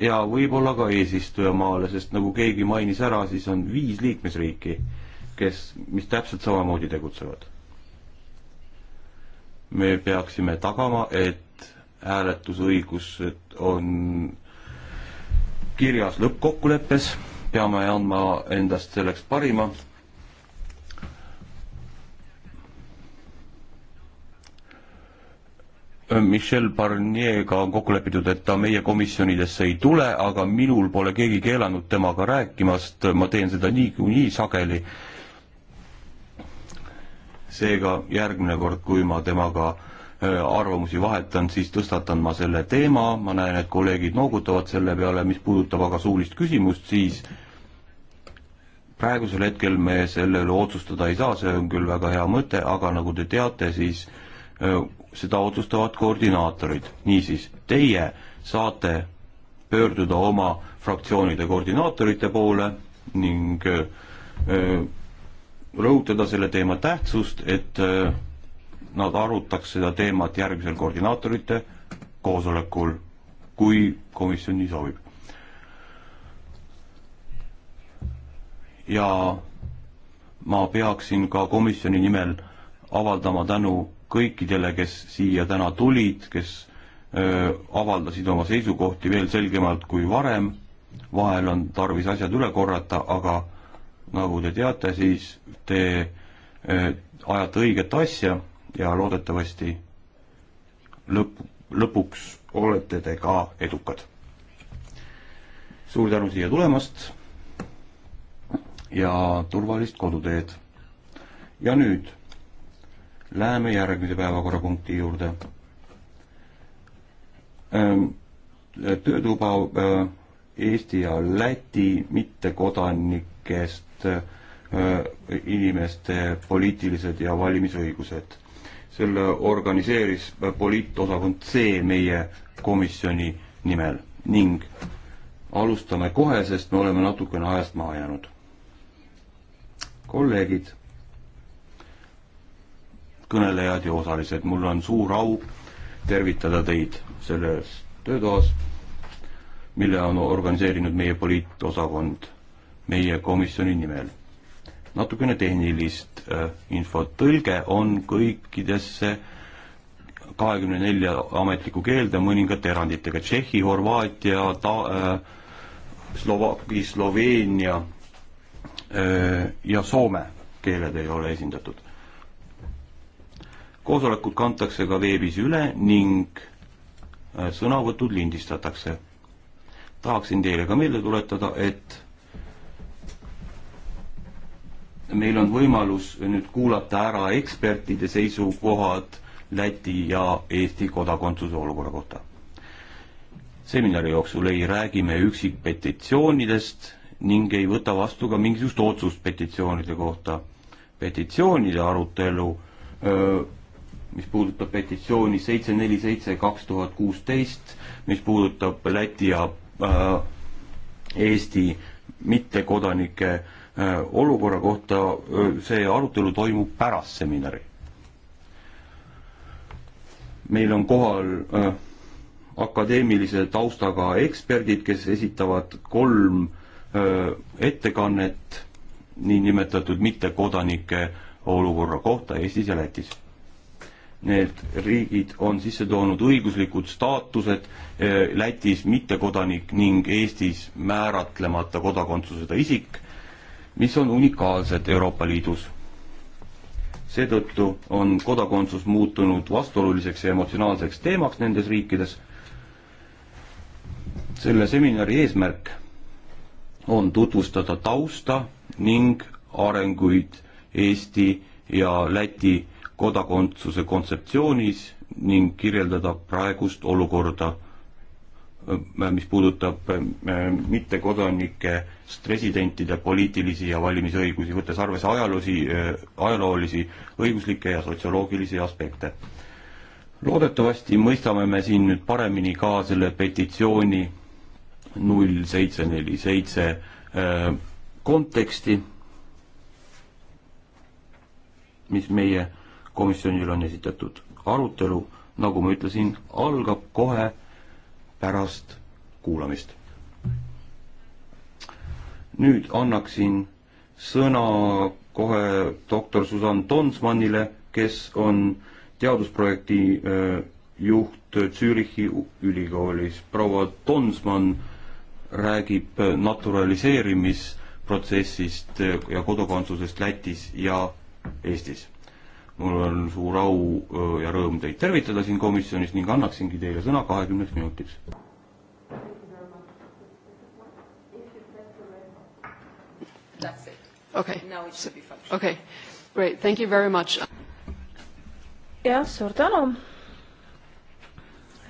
ja võib-olla ka eesistujamaale, sest nagu keegi mainis ära, siis on viis liikmesriiki, kes, mis täpselt samamoodi tegutsevad. me peaksime tagama, et hääletusõigused on kirjas lõppkokkuleppes, peame andma endast selleks parima Michel Barnier'ga on kokku lepitud, et ta meie komisjonidesse ei tule, aga minul pole keegi keelanud temaga rääkimast, ma teen seda niikuinii nii sageli. seega järgmine kord, kui ma temaga äh, arvamusi vahetan, siis tõstatan ma selle teema, ma näen, et kolleegid noogutavad selle peale, mis puudutab aga suulist küsimust, siis praegusel hetkel me selle üle otsustada ei saa, see on küll väga hea mõte, aga nagu te teate, siis äh, seda otsustavad koordinaatorid. niisiis, teie saate pöörduda oma fraktsioonide koordinaatorite poole ning rõhutada selle teema tähtsust, et nad arutaks seda teemat järgmisel koordinaatorite koosolekul, kui komisjon nii soovib. ja ma peaksin ka komisjoni nimel avaldama tänu kõikidele, kes siia täna tulid, kes öö, avaldasid oma seisukohti veel selgemalt kui varem, vahel on tarvis asjad üle korrata, aga nagu te teate, siis te öö, ajate õiget asja ja loodetavasti lõpp, lõpuks olete te ka edukad. suur tänu siia tulemast ja turvalist koduteed. ja nüüd Läheme järgmise päevakorrapunkti juurde. Ehm, töötuba ehm, Eesti ja Läti mittekodanikest ehm, inimeste poliitilised ja valimisõigused. selle organiseeris poliitosakond C meie komisjoni nimel ning alustame kohe, sest me oleme natukene ajast maha jäänud. kolleegid kõnelejad ja osalised, mul on suur au tervitada teid selles töötoas, mille on organiseerinud meie poliitosakond meie komisjoni nimel. natukene tehnilist äh, infot, tõlge on kõikidesse kahekümne nelja ametlikku keelde mõningate eranditega, Tšehhi, Horvaatia, ta-, äh, Slovakki, Sloveenia äh, ja soome keeled ei ole esindatud koosolekud kantakse ka veebis üle ning äh, sõnavõtud lindistatakse. tahaksin teile ka meelde tuletada, et meil on võimalus nüüd kuulata ära ekspertide seisukohad Läti ja Eesti kodakondsuse olukorra kohta. seminari jooksul ei räägi me üksikpetitsioonidest ning ei võta vastu ka mingisugust otsust petitsioonide kohta. petitsioonide arutelu öö, mis puudutab petitsiooni seitse neli seitse kaks tuhat kuusteist, mis puudutab Läti ja äh, Eesti mittekodanike äh, olukorra kohta, see arutelu toimub pärast seminari. meil on kohal äh, akadeemilise taustaga eksperdid, kes esitavad kolm öö, ettekannet niinimetatud mittekodanike olukorra kohta Eestis ja Lätis need riigid on sisse toonud õiguslikud staatused eh, Lätis mittekodanik ning Eestis määratlemata kodakondsusega isik, mis on unikaalsed Euroopa Liidus. seetõttu on kodakondsus muutunud vastuoluliseks ja emotsionaalseks teemaks nendes riikides. selle seminari eesmärk on tutvustada tausta ning arenguid Eesti ja Läti kodakondsuse kontseptsioonis ning kirjeldada praegust olukorda, äh, mis puudutab äh, mittekodanike residentide poliitilisi ja valimisõigusi, võttes arvesse ajalusi, äh, ajaloolisi, õiguslikke ja sotsioloogilisi aspekte. loodetavasti mõistame me siin nüüd paremini ka selle petitsiooni null seitse neli seitse konteksti, mis meie komisjonile on esitatud. arutelu, nagu ma ütlesin, algab kohe pärast kuulamist. nüüd annaksin sõna kohe doktor Susann Tonsmannile, kes on teadusprojekti äh, juht Zürichi ülikoolis. proua Tonsmann räägib naturaliseerimisprotsessist äh, ja kodakondsusest Lätis ja Eestis mul on suur au ja rõõm teid tervitada siin komisjonis ning annaksingi teile sõna kahekümneks minutiks. okei, okei, great, thank you very much. jah, suur tänu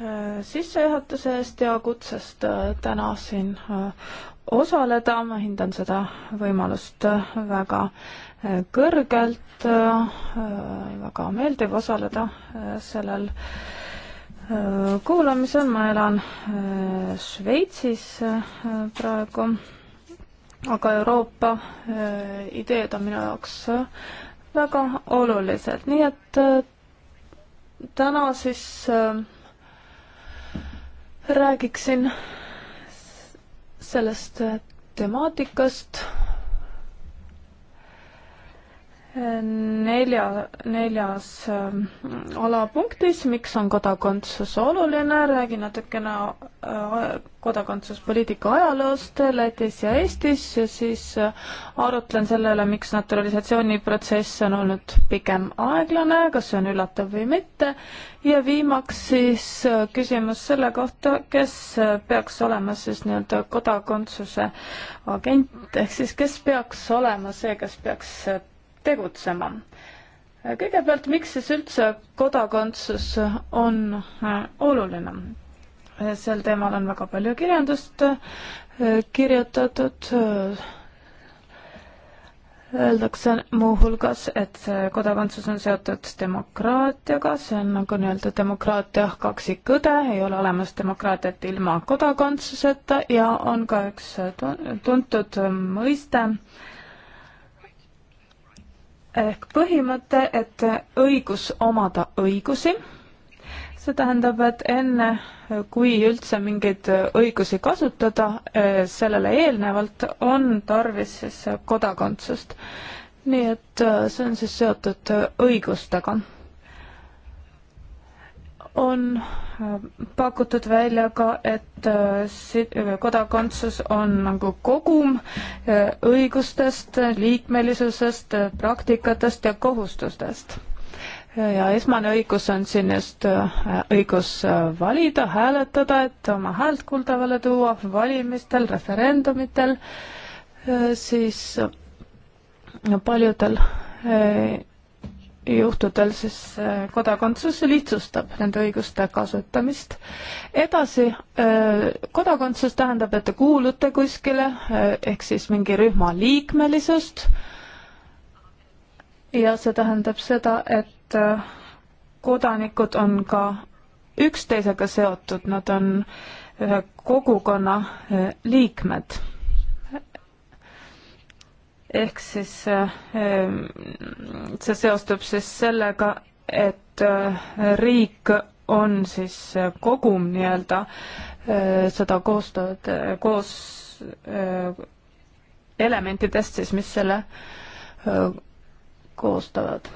äh, sissejuhatuse eest ja kutsest äh, täna siin äh, osaleda, ma hindan seda võimalust väga äh, kõrgelt, äh, väga meeldiv osaleda äh, sellel kuulamisel, ma elan Šveitsis praegu, aga Euroopa ideed on minu jaoks väga olulised, nii et täna siis räägiksin sellest temaatikast nelja, neljas ähm, alapunktis, miks on kodakondsus oluline, räägin natukene äh, kodakondsuspoliitika ajaloost Lätis ja Eestis ja siis äh, arutlen selle üle, miks naturalisatsiooniprotsess on olnud pigem aeglane, kas see on üllatav või mitte. ja viimaks siis äh, küsimus selle kohta, kes peaks olema siis nii-öelda kodakondsuse agent, ehk siis kes peaks olema see, kes peaks tegutsema. kõigepealt, miks siis üldse kodakondsus on äh, oluline? Äh, sel teemal on väga palju kirjandust äh, kirjutatud, öeldakse muuhulgas, et kodakondsus on seotud demokraatiaga, see on nagu nii-öelda demokraatia kaksikõde, ei ole olemas demokraatiat ilma kodakondsuseta ja on ka üks tuntud mõiste äh, ehk põhimõte, et õigus omada õigusi, see tähendab, et enne, kui üldse mingeid õigusi kasutada, eh, sellele eelnevalt on tarvis siis kodakondsust. nii et eh, see on siis seotud õigustega on äh, pakutud välja ka, et äh, äh, kodakondsus on nagu kogum õigustest, liikmelisusest, praktikatest ja kohustustest. ja esmane õigus on siin just õigus valida, hääletada, et oma häält kuuldavale tuua valimistel, referendumitel, siis paljudel juhtudel siis äh, kodakondsus lihtsustab nende õiguste kasutamist. edasi, äh, kodakondsus tähendab, et te kuulute kuskile, äh, ehk siis mingi rühma liikmelisust ja see tähendab seda, et kodanikud on ka üksteisega seotud, nad on ühe kogukonna liikmed ehk siis äh, ähm, see seostub siis sellega, et äh, riik on siis äh, kogum nii-öelda seda koostööd koos elementidest siis, mis selle koostavad.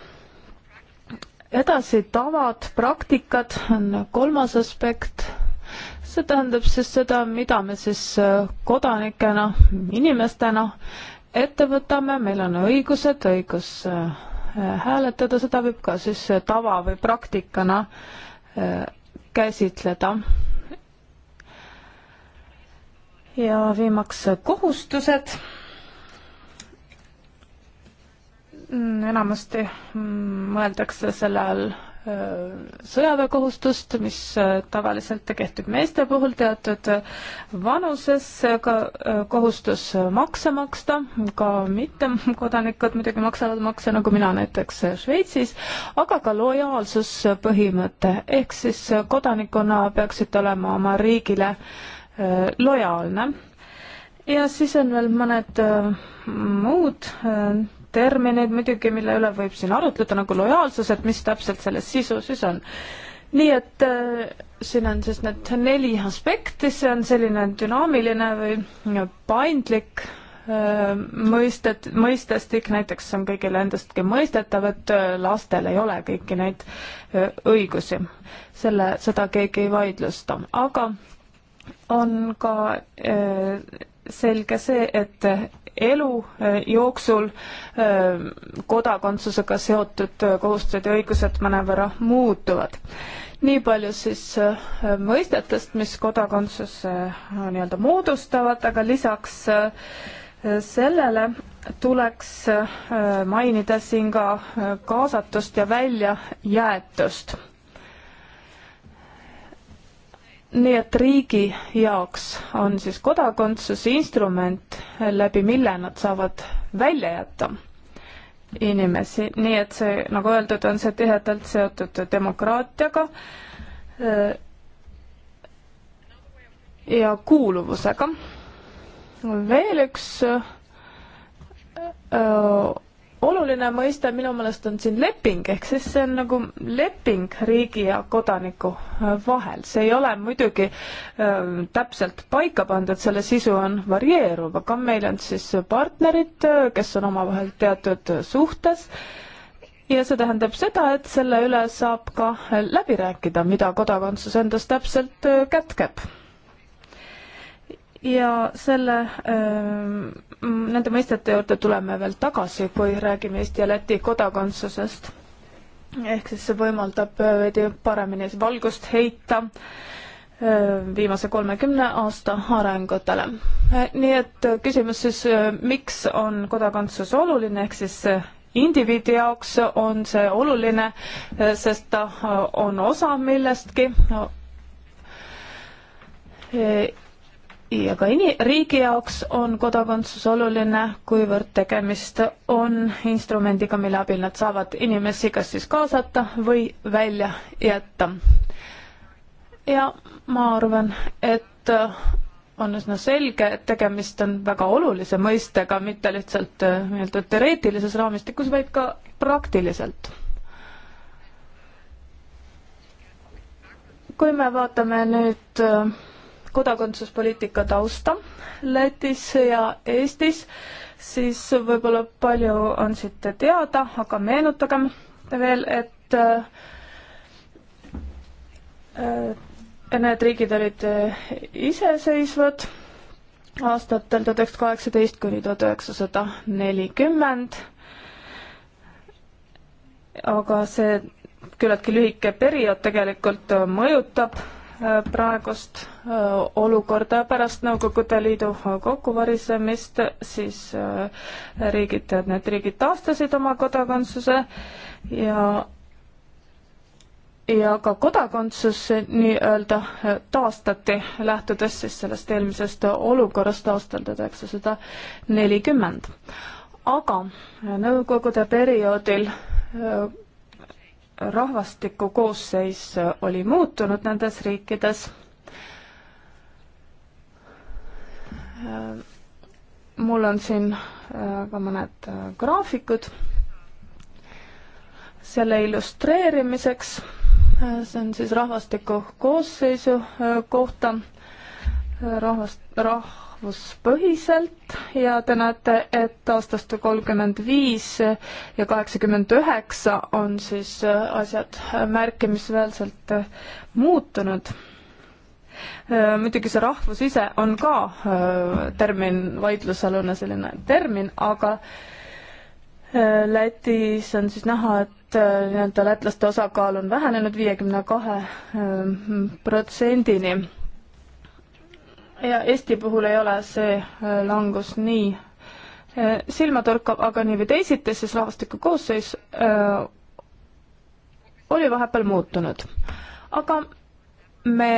edasi tavad, praktikad on kolmas aspekt see tähendab siis seda, mida me siis kodanikena, inimestena ette võtame, meil on õigused, õigus äh, hääletada, seda võib ka siis äh, tava või praktikana äh, käsitleda. ja viimaks kohustused. Mm, enamasti mm, mõeldakse selle all sõjaväekohustust, mis äh, tavaliselt kehtib meeste puhul teatud äh, vanuses, äh, ka kohustus makse maksta, ka mittekodanikud muidugi maksavad makse, nagu mina näiteks Šveitsis, aga ka lojaalsuspõhimõte, ehk siis kodanikuna peaksid olema oma riigile lojaalne ja siis on veel mõned muud termineid muidugi, mille üle võib siin arutleda, nagu lojaalsus, et mis täpselt selles sisu siis on. nii et äh, siin on siis need neli aspekti, see on selline dünaamiline või paindlik äh, mõistet, mõistestik näiteks on kõigile endastki mõistetav, et äh, lastel ei ole kõiki neid äh, õigusi. selle, seda keegi ei vaidlusta, aga on ka äh, selge see, et elu eh, jooksul eh, kodakondsusega seotud eh, kohustused ja õigused mõnevõrra muutuvad. nii palju siis mõistetest, mis kodakondsuse nii-öelda moodustavad, aga lisaks sellele tuleks mainida siin ka kaasatust ja väljajäetust nii et riigi jaoks on siis kodakondsuse instrument, läbi mille nad saavad välja jätta inimesi, nii et see, nagu öeldud, on see tihedalt seotud demokraatiaga äh, ja kuuluvusega. veel üks äh, oluline mõiste minu meelest on siin leping, ehk siis see on nagu leping riigi ja kodaniku äh, vahel. see ei ole muidugi äh, täpselt paika pandud, selle sisu on varieeruv, aga meil on siis partnerid, äh, kes on omavahel teatud suhtes ja see tähendab seda, et selle üle saab ka läbi rääkida, mida kodakondsus endast täpselt äh, kätkeb ja selle, ähm, nende mõistete juurde tuleme veel tagasi, kui räägime Eesti ja Läti kodakondsusest. ehk siis see võimaldab äh, veidi paremini valgust heita äh, viimase kolmekümne aasta arengutele. Äh, nii et küsimus siis, miks on kodakondsus oluline, ehk siis indiviidi jaoks on see oluline, sest ta on osa millestki ja ka ini-, riigi jaoks on kodakondsus oluline, kuivõrd tegemist on instrumendiga, mille abil nad saavad inimesi kas siis kaasata või välja jätta. ja ma arvan, et on üsna selge, et tegemist on väga olulise mõistega, mitte lihtsalt äh, nii-öelda teoreetilises raamistikus, vaid ka praktiliselt. kui me vaatame nüüd äh, kodakondsuspoliitika tausta Lätis ja Eestis, siis võib-olla palju on siit teada, aga meenutagem veel, et äh, need riigid olid äh, iseseisvad aastatel tuhat üheksasada kaheksateist kuni tuhat üheksasada nelikümmend. aga see küllaltki lühike periood tegelikult mõjutab praegust äh, olukorda pärast Nõukogude Liidu kokkuvarisemist, siis äh, riigid, need riigid taastasid oma kodakondsuse ja ja ka kodakondsus nii-öelda taastati, lähtudes siis sellest eelmisest olukorrast aastal tuhat üheksasada nelikümmend. aga Nõukogude perioodil äh, rahvastiku koosseis oli muutunud nendes riikides. mul on siin äh, ka mõned äh, graafikud selle illustreerimiseks. Äh, see on siis rahvastiku koosseisu kohta rahvast, rah-, tegevuspõhiselt ja te näete, et aastast kolmkümmend viis ja kaheksakümmend üheksa on siis äh, asjad märkimisväärselt äh, muutunud. Äh, muidugi see rahvus ise on ka termin, vaidlusalune selline termin, aga Lätis on siis näha, et nii-öelda lätlaste osakaal on vähenenud viiekümne kahe protsendini ja Eesti puhul ei ole see äh, langus nii äh, silmatorkav, aga nii või teisiti, siis rahvastiku koosseis öö, äh, oli vahepeal muutunud. aga me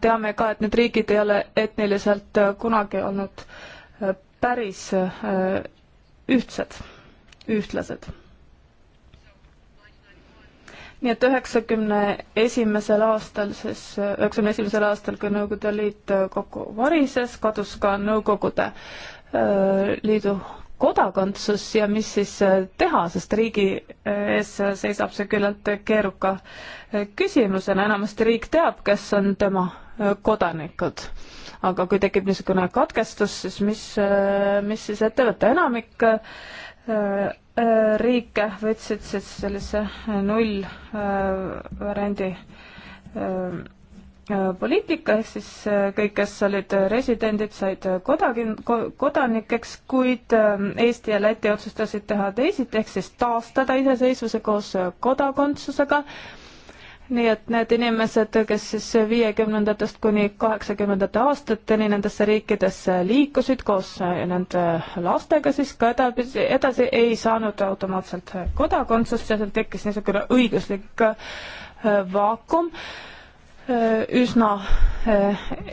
teame ka, et need riigid ei ole etniliselt kunagi olnud päris ühtsed, ühtlased nii et üheksakümne esimesel aastal, siis üheksakümne esimesel aastal, kui Nõukogude Liit kokku varises, kadus ka Nõukogude äh, Liidu kodakondsus ja mis siis äh, teha, sest riigi äh, ees seisab see küllalt keeruka küsimusena, enamasti riik teab, kes on tema kodanikud. aga kui tekib niisugune katkestus, siis mis, mis siis ette võtta, enamik Äh, riike võtsid siis sellise äh, nullvariandi äh, poliitika, ehk siis kõik, kes olid residendid, said kodakin-, kodanikeks, kuid Eesti ja Läti otsustasid teha teisiti, ehk siis taastada iseseisvuse koos kodakondsusega äh, nii et need inimesed, kes siis viiekümnendatest kuni kaheksakümnendate aastateni nendesse riikidesse liikusid koos äh, nende lastega, siis ka edasi, edasi ei saanud automaatselt kodakondsust ja seal tekkis niisugune õiguslik äh, vaakum, äh, üsna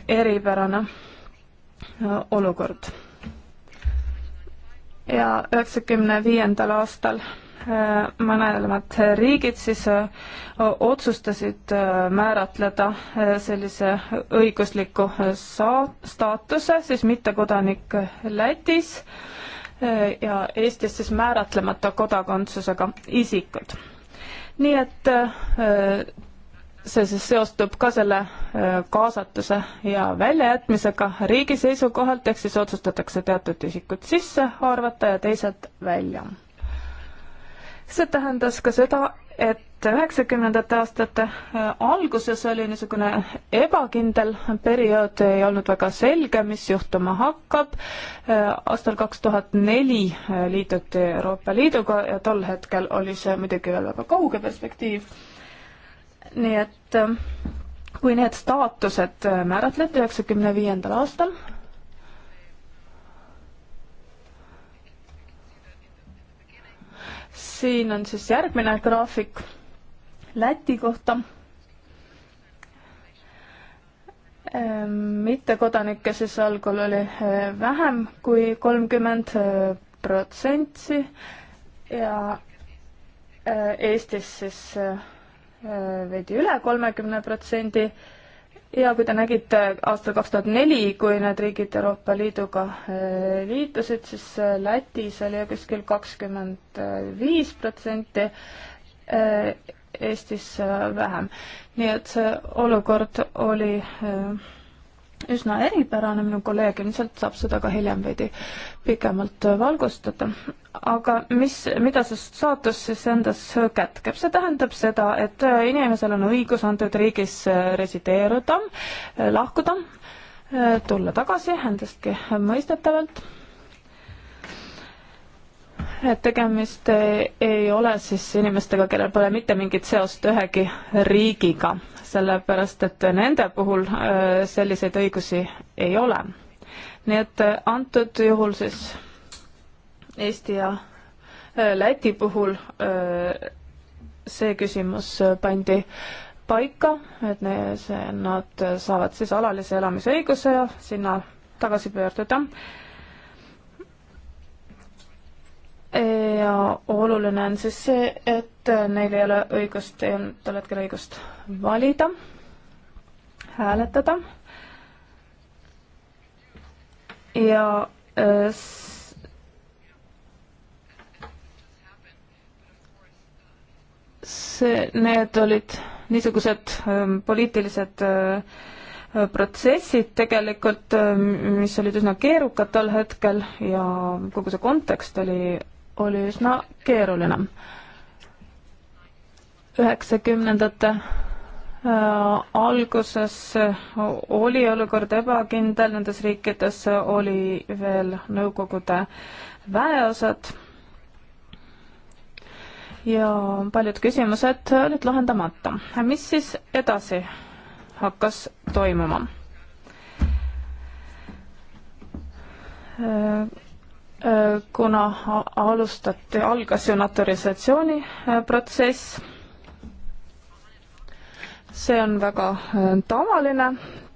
eripärane olukord. ja üheksakümne viiendal aastal Äh, mõlemad riigid siis äh, otsustasid äh, määratleda sellise õigusliku saa-, staatuse siis mittekodanik Lätis ja Eestis siis määratlemata kodakondsusega isikud. nii et see siis seostub ka selle kaasatuse ja väljajätmisega riigi seisukohalt, ehk siis otsustatakse teatud isikud sisse arvata ja teised välja see tähendas ka seda, et üheksakümnendate aastate äh, alguses oli niisugune ebakindel periood, ei olnud väga selge, mis juhtuma hakkab. Äh, aastal kaks tuhat neli äh, liituti Euroopa Liiduga ja tol hetkel oli see muidugi veel väga kauge perspektiiv. nii et kui need staatused määratleti üheksakümne viiendal aastal siin on siis järgmine graafik Läti kohta. Ehm, mittekodanikke siis algul oli eh, vähem kui kolmkümmend eh, protsenti ja eh, Eestis siis veidi üle kolmekümne protsendi ja kui te nägite aastal kaks tuhat neli, kui need riigid Euroopa Liiduga eh, liitusid, siis eh, Lätis oli kuskil kakskümmend viis protsenti, eh, Eestis vähem. nii et see olukord oli üsna eripärane, minu kolleeg ilmselt saab seda ka hiljem veidi pikemalt valgustada. aga mis, mida see staatus siis endas kätkeb? see tähendab seda, et inimesel on õigus antud riigis resideeruda, lahkuda, tulla tagasi endastki mõistetavalt et tegemist ei ole siis inimestega, kellel pole mitte mingit seost ühegi riigiga sellepärast et nende puhul äh, selliseid õigusi ei ole. nii et äh, antud juhul siis Eesti ja äh, Läti puhul see küsimus pandi paika, et ne, see, nad saavad siis alalise elamisõiguse ja sinna tagasi pöörduda ja oluline on siis see, et neil ei ole õigust, ei olnud tol hetkel õigust valida, hääletada ja äh, see, need olid niisugused ähm, poliitilised äh, protsessid tegelikult, äh, mis olid üsna keerukad tol hetkel ja kogu see kontekst oli oli üsna keeruline. üheksakümnendate äh, alguses oli olukord ebakindel, nendes riikides oli veel Nõukogude väeosad ja paljud küsimused olid lahendamata. mis siis edasi hakkas toimuma? Äh, Äh, kuna alustati, algas ju naturalisatsiooni äh, protsess. see on väga äh, tavaline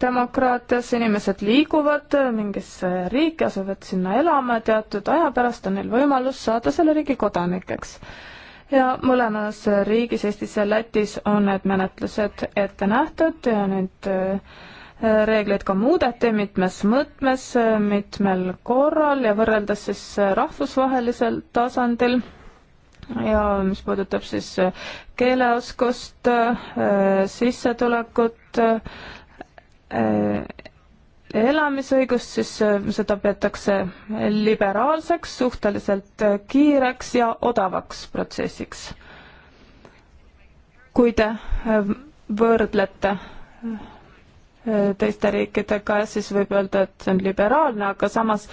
demokraatias, inimesed liiguvad mingisse riiki, asuvad sinna elama, teatud aja pärast on neil võimalus saada selle riigi kodanikeks. ja mõlemas riigis, Eestis ja Lätis, on need menetlused ette nähtud ja need äh, reegleid ka muudeti mitmes mõõtmes, mitmel korral ja võrreldes siis rahvusvahelisel tasandil ja mis puudutab siis keeleoskust, äh, sissetulekut, äh, elamisõigust, siis äh, seda peetakse liberaalseks, suhteliselt kiireks ja odavaks protsessiks. kui te võrdlete Äh, teiste riikidega, jah, siis võib öelda, et see on liberaalne, aga samas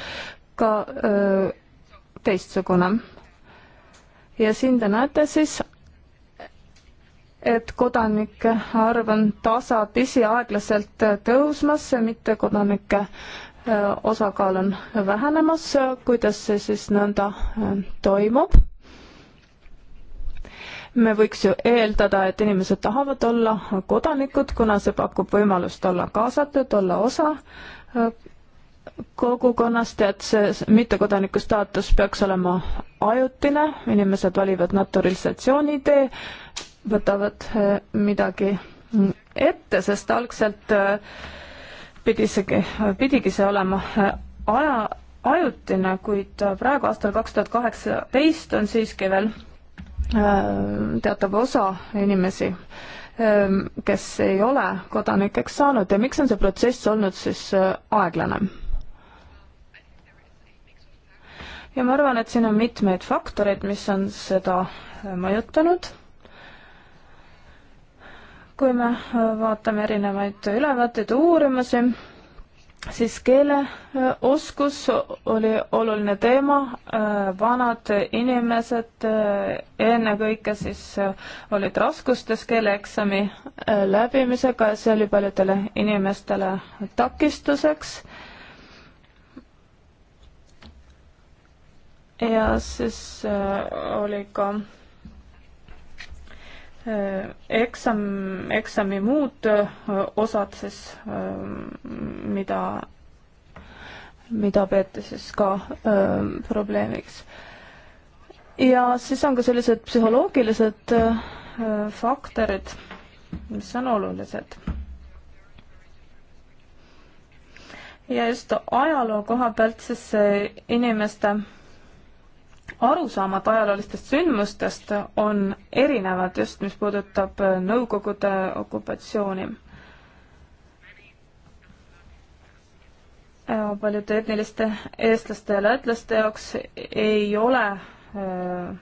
ka öö, äh, teistsugune. ja siin te näete siis, et kodanike arv on tasapisi aeglaselt tõusmas, mittekodanike äh, osakaal on vähenemas, kuidas see siis nõnda toimub me võiks ju eeldada, et inimesed tahavad olla kodanikud, kuna see pakub võimalust olla kaasatud, olla osa äh, kogukonnast ja et see mittekodaniku staatus peaks olema ajutine, inimesed valivad naturalisatsiooni tee, võtavad äh, midagi ette, sest algselt äh, pidi see, pidigi see olema aja, ajutine, kuid praegu aastal kaks tuhat kaheksateist on siiski veel Äh, teatav osa inimesi, ähm, kes ei ole kodanikeks saanud ja miks on see protsess olnud siis äh, aeglane? ja ma arvan, et siin on mitmeid faktoreid, mis on seda äh, mõjutanud kui me vaatame erinevaid ülevaateid, uurimusi, siis keeleoskus oli oluline teema, vanad inimesed ennekõike siis olid raskustes keeleeksami läbimisega ja see oli paljudele inimestele takistuseks. ja siis oli ka Äh, eksam, eksami muud äh, osad siis, äh, mida, mida peeti siis ka probleemiks. ja siis on ka sellised psühholoogilised faktorid, mis on olulised ja just ajaloo koha pealt siis inimeste arusaamad ajaloolistest sündmustest on erinevad just, mis puudutab äh, Nõukogude okupatsiooni. Äh, paljude etniliste eestlaste ja lätlaste jaoks ei ole öö, äh,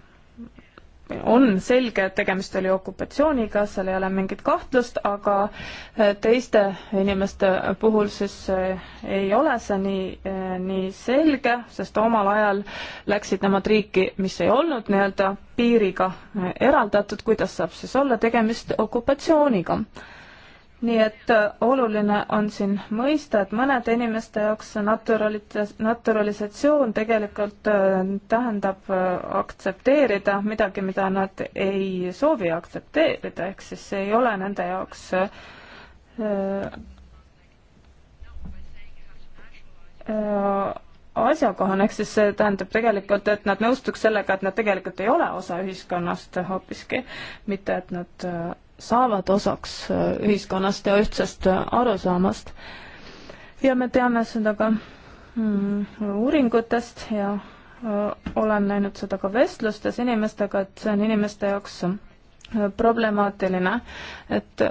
on selge, et tegemist oli okupatsiooniga, seal ei ole mingit kahtlust, aga äh, teiste inimeste puhul siis äh, ei ole see nii, äh, nii selge, sest omal ajal läksid nemad riiki, mis ei olnud nii-öelda piiriga eraldatud, kuidas saab siis olla tegemist okupatsiooniga nii et äh, oluline on siin mõista, et mõnede inimeste jaoks naturalitas-, naturalisatsioon tegelikult äh, tähendab äh, aktsepteerida midagi, mida nad ei soovi aktsepteerida, ehk siis see ei ole nende jaoks asjakohane, ehk siis see tähendab tegelikult, et nad nõustuks sellega, et nad tegelikult ei ole osa ühiskonnast hoopiski, mitte et nad saavad osaks äh, ühiskonnast ja ühtsest äh, arusaamast. ja me teame seda ka mm, uuringutest ja äh, olen näinud seda ka vestlustes inimestega, et see on inimeste jaoks problemaatiline, et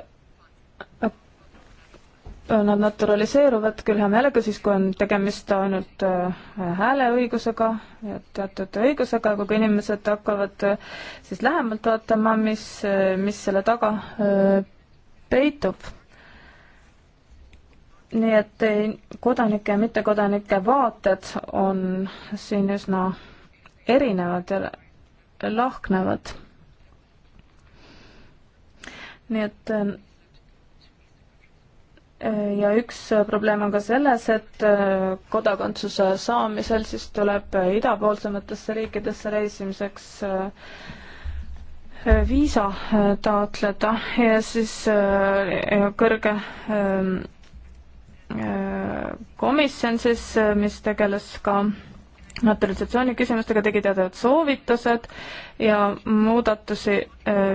nad naturaliseeruvad küll hea meelega siis, kui on tegemist ainult äh, hääleõigusega, teatud õigusega, aga kui inimesed hakkavad äh, siis lähemalt vaatama, mis, äh, mis selle taga peitub. nii et kodanike ja mittekodanike vaated on siin üsna erinevad ja lahknevad. nii et ja üks äh, probleem on ka selles, et äh, kodakondsuse saamisel siis tuleb äh, idapoolsematesse riikidesse reisimiseks viisa taotleda ja siis kõrge ähm, komisjon siis, mis tegeles ka naturalisatsiooni küsimustega, tegi teatavad soovitused ja muudatusi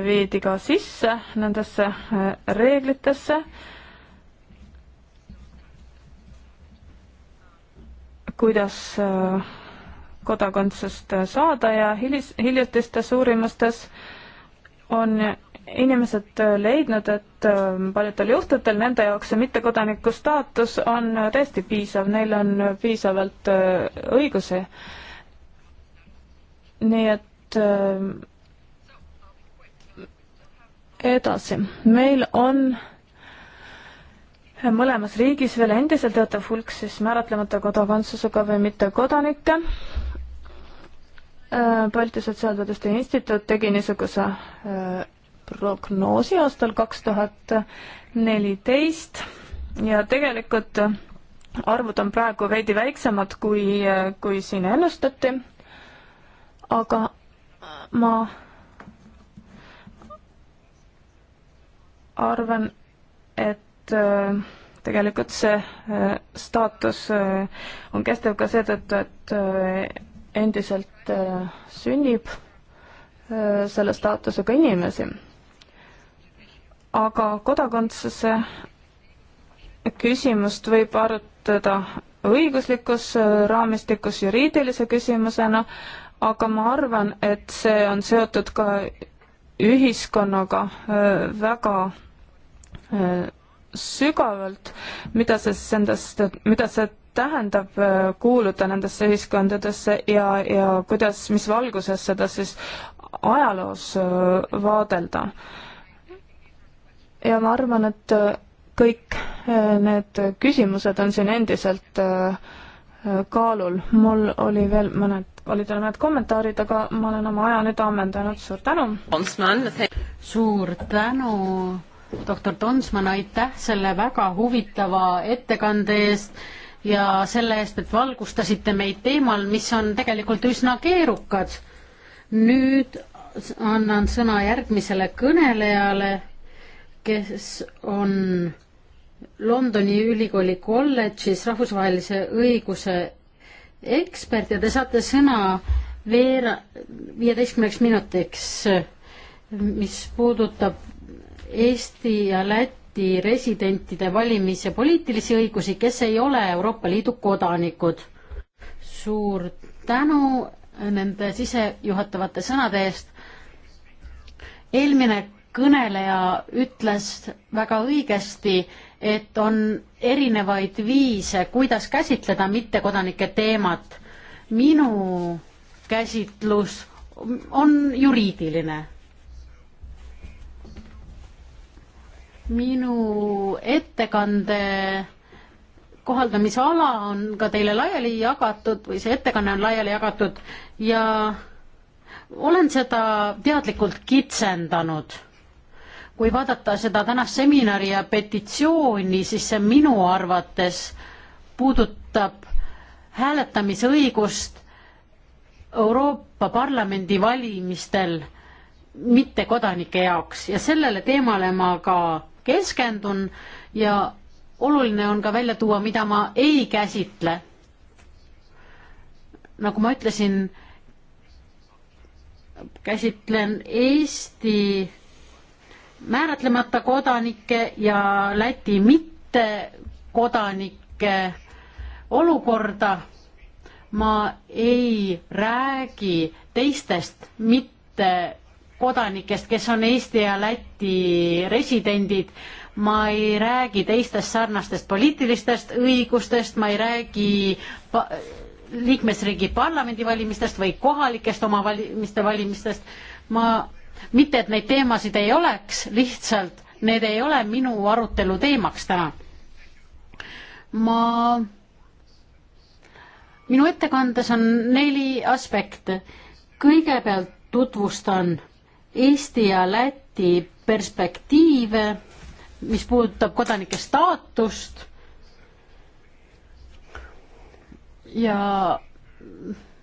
viidi ka sisse nendesse reeglitesse kuidas äh, kodakondsust äh, saada ja hilis, hiljutistes uurimustes on inimesed äh, leidnud, et paljudel juhtudel nende jaoks see mittekodaniku staatus on täiesti piisav, neil on piisavalt õigusi. nii et edasi, meil on mõlemas riigis veel endiselt töötav hulk siis määratlemata kodakondsusega või mittekodanikke. Äh, Balti Sotsiaalteaduste Instituut tegi niisuguse äh, prognoosi aastal kaks tuhat neliteist ja tegelikult arvud on praegu veidi väiksemad, kui, äh, kui siin ennustati. aga ma arvan, et et äh, tegelikult see äh, staatus äh, on kestev ka seetõttu, et endiselt sünnib selle staatusega inimesi. aga kodakondsuse küsimust võib arutada õiguslikus raamistikus juriidilise küsimusena, aga ma arvan, et see on seotud ka ühiskonnaga väga sügavalt, mida see siis endast, mida see tähendab äh, kuuluda nendesse ühiskondadesse ja, ja kuidas, mis valguses seda siis ajaloos äh, vaadelda. ja ma arvan, et äh, kõik need küsimused on siin endiselt kaalul. mul oli veel mõned, olid veel mõned kommentaarid, aga ma olen oma aja nüüd ammendanud, suur tänu! suur tänu! doktor Tonsman, aitäh selle väga huvitava ettekande eest ja selle eest, et valgustasite meid teemal, mis on tegelikult üsna keerukad. nüüd annan sõna järgmisele kõnelejale, kes on Londoni Ülikooli kolledžis rahvusvahelise õiguse ekspert ja te saate sõna veera-, viieteistkümneks minutiks, mis puudutab Eesti ja Läti residentide valimis- ja poliitilisi õigusi, kes ei ole Euroopa Liidu kodanikud. suur tänu nende sisejuhatavate sõnade eest. eelmine kõneleja ütles väga õigesti, et on erinevaid viise, kuidas käsitleda mittekodanike teemat. minu käsitlus on juriidiline minu ettekande kohaldamisala on ka teile laiali jagatud või see ettekanne on laiali jagatud ja olen seda teadlikult kitsendanud. kui vaadata seda tänast seminari ja petitsiooni, siis see minu arvates puudutab hääletamisõigust Euroopa Parlamendi valimistel mittekodanike jaoks ja sellele teemale ma ka keskendun ja oluline on ka välja tuua, mida ma ei käsitle. nagu ma ütlesin, käsitlen Eesti määratlemata kodanikke ja Läti mittekodanike olukorda. ma ei räägi teistest mitte kodanikest, kes on Eesti ja Läti residendid. ma ei räägi teistest sarnastest poliitilistest õigustest, ma ei räägi liikmesriigi parlamendivalimistest või kohalikest omavalimiste valimistest. ma, mitte et neid teemasid ei oleks, lihtsalt need ei ole minu arutelu teemaks täna. ma, minu ettekandes on neli aspekti. kõigepealt tutvustan Eesti ja Läti perspektiive, mis puudutab kodanike staatust ja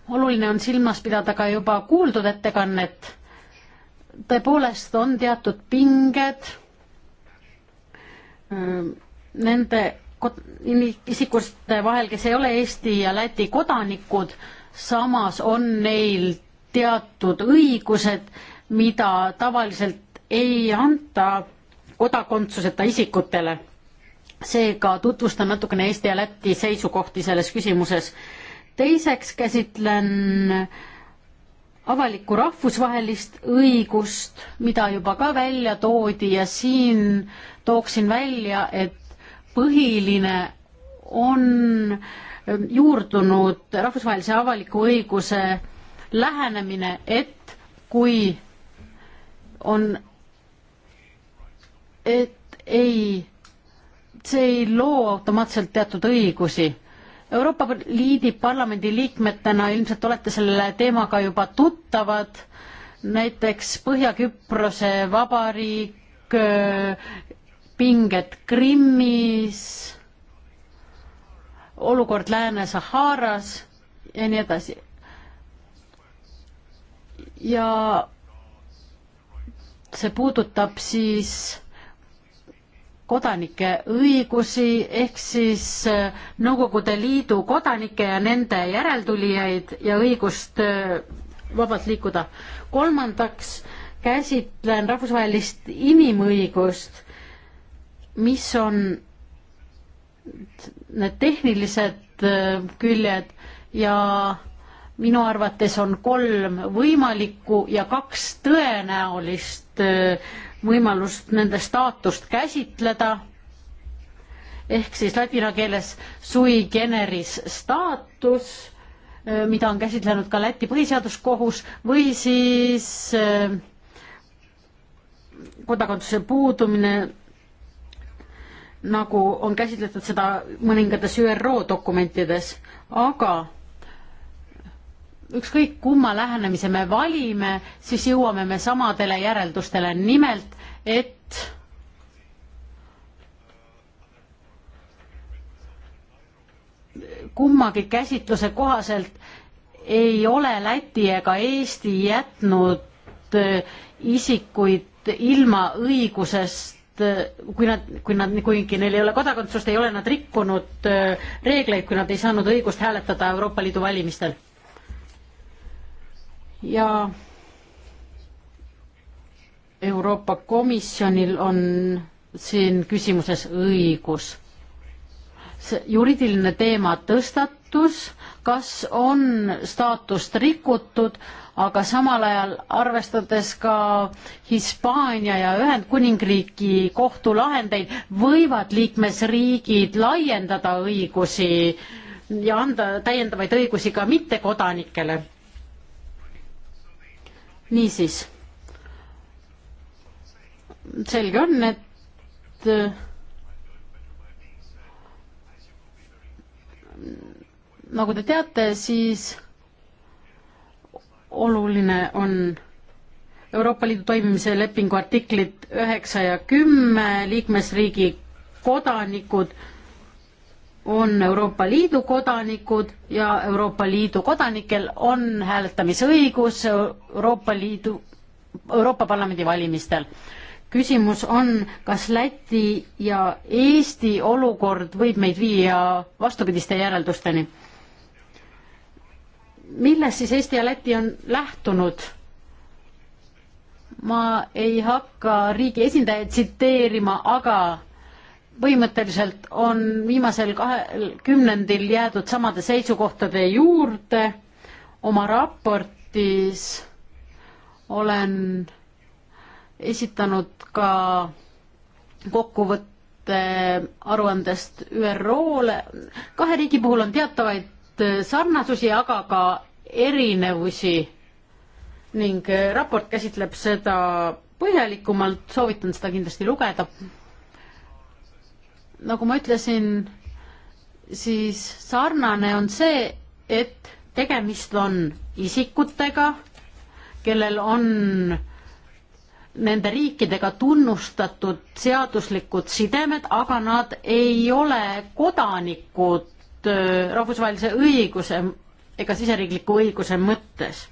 oluline on silmas pidada ka juba kuuldud ettekannet. tõepoolest on teatud pinged ähm, nende isikuste vahel, kes ei ole Eesti ja Läti kodanikud, samas on neil teatud õigused mida tavaliselt ei anta kodakondsuseta isikutele. seega tutvustan natukene Eesti ja Läti seisukohti selles küsimuses. teiseks käsitlen avalikku rahvusvahelist õigust, mida juba ka välja toodi ja siin tooksin välja, et põhiline on juurdunud rahvusvahelise avaliku õiguse lähenemine, et kui on, et ei, see ei loo automaatselt teatud õigusi. Euroopa Liidu Parlamendi liikmetena ilmselt olete selle teemaga juba tuttavad, näiteks Põhja-Küprose Vabariik, äh, pinged Krimmis, olukord Lääne-Saharas ja nii edasi. ja see puudutab siis kodanike õigusi ehk siis äh, Nõukogude Liidu kodanikke ja nende järeltulijaid ja õigust äh, vabalt liikuda. kolmandaks käsitlen rahvusvahelist inimõigust, mis on need tehnilised äh, küljed ja minu arvates on kolm võimalikku ja kaks tõenäolist äh, võimalust nende staatust käsitleda. ehk siis ladina keeles sui generis staatus, äh, mida on käsitlenud ka Läti põhiseaduskohus või siis äh, kodakondsuse puudumine, nagu on käsitletud seda mõningates ÜRO dokumentides, aga ükskõik kumma lähenemise me valime, siis jõuame me samadele järeldustele, nimelt et kummagi käsitluse kohaselt ei ole Läti ega Eesti jätnud äh, isikuid ilma õigusest äh, kui nad, kui nad, kuigi neil ei ole kodakondsust, ei ole nad rikkunud äh, reegleid, kui nad ei saanud õigust hääletada Euroopa Liidu valimistel ja Euroopa Komisjonil on siin küsimuses õigus. see juriidiline teema tõstatus, kas on staatust rikutud, aga samal ajal arvestades ka Hispaania ja Ühendkuningriigi kohtulahendeid, võivad liikmesriigid laiendada õigusi ja anda täiendavaid õigusi ka mittekodanikele niisiis, selge on, et äh, nagu te teate, siis oluline on Euroopa Liidu toimimise lepingu artiklid üheksa ja kümme, liikmesriigi kodanikud on Euroopa Liidu kodanikud ja Euroopa Liidu kodanikel on hääletamisõigus Euroopa Liidu, Euroopa Parlamendi valimistel. küsimus on, kas Läti ja Eesti olukord võib meid viia vastupidiste järeldusteni? millest siis Eesti ja Läti on lähtunud? ma ei hakka riigi esindajaid tsiteerima, aga põhimõtteliselt on viimasel kahel kümnendil jäädud samade seisukohtade juurde. oma raportis olen esitanud ka kokkuvõtte aruandest ÜRO-le. kahe riigi puhul on teatavaid sarnasusi, aga ka erinevusi ning raport käsitleb seda põhjalikumalt, soovitan seda kindlasti lugeda nagu ma ütlesin, siis sarnane on see, et tegemist on isikutega, kellel on nende riikidega tunnustatud seaduslikud sidemed, aga nad ei ole kodanikud äh, rahvusvahelise õiguse ega siseriikliku õiguse mõttes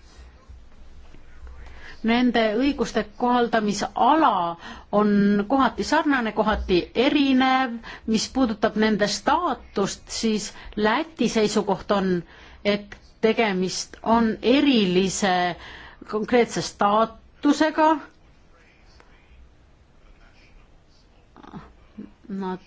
nende õiguste kohaldamisala on kohati sarnane, kohati erinev. mis puudutab nende staatust, siis Läti seisukoht on, et tegemist on erilise konkreetse staatusega. Nad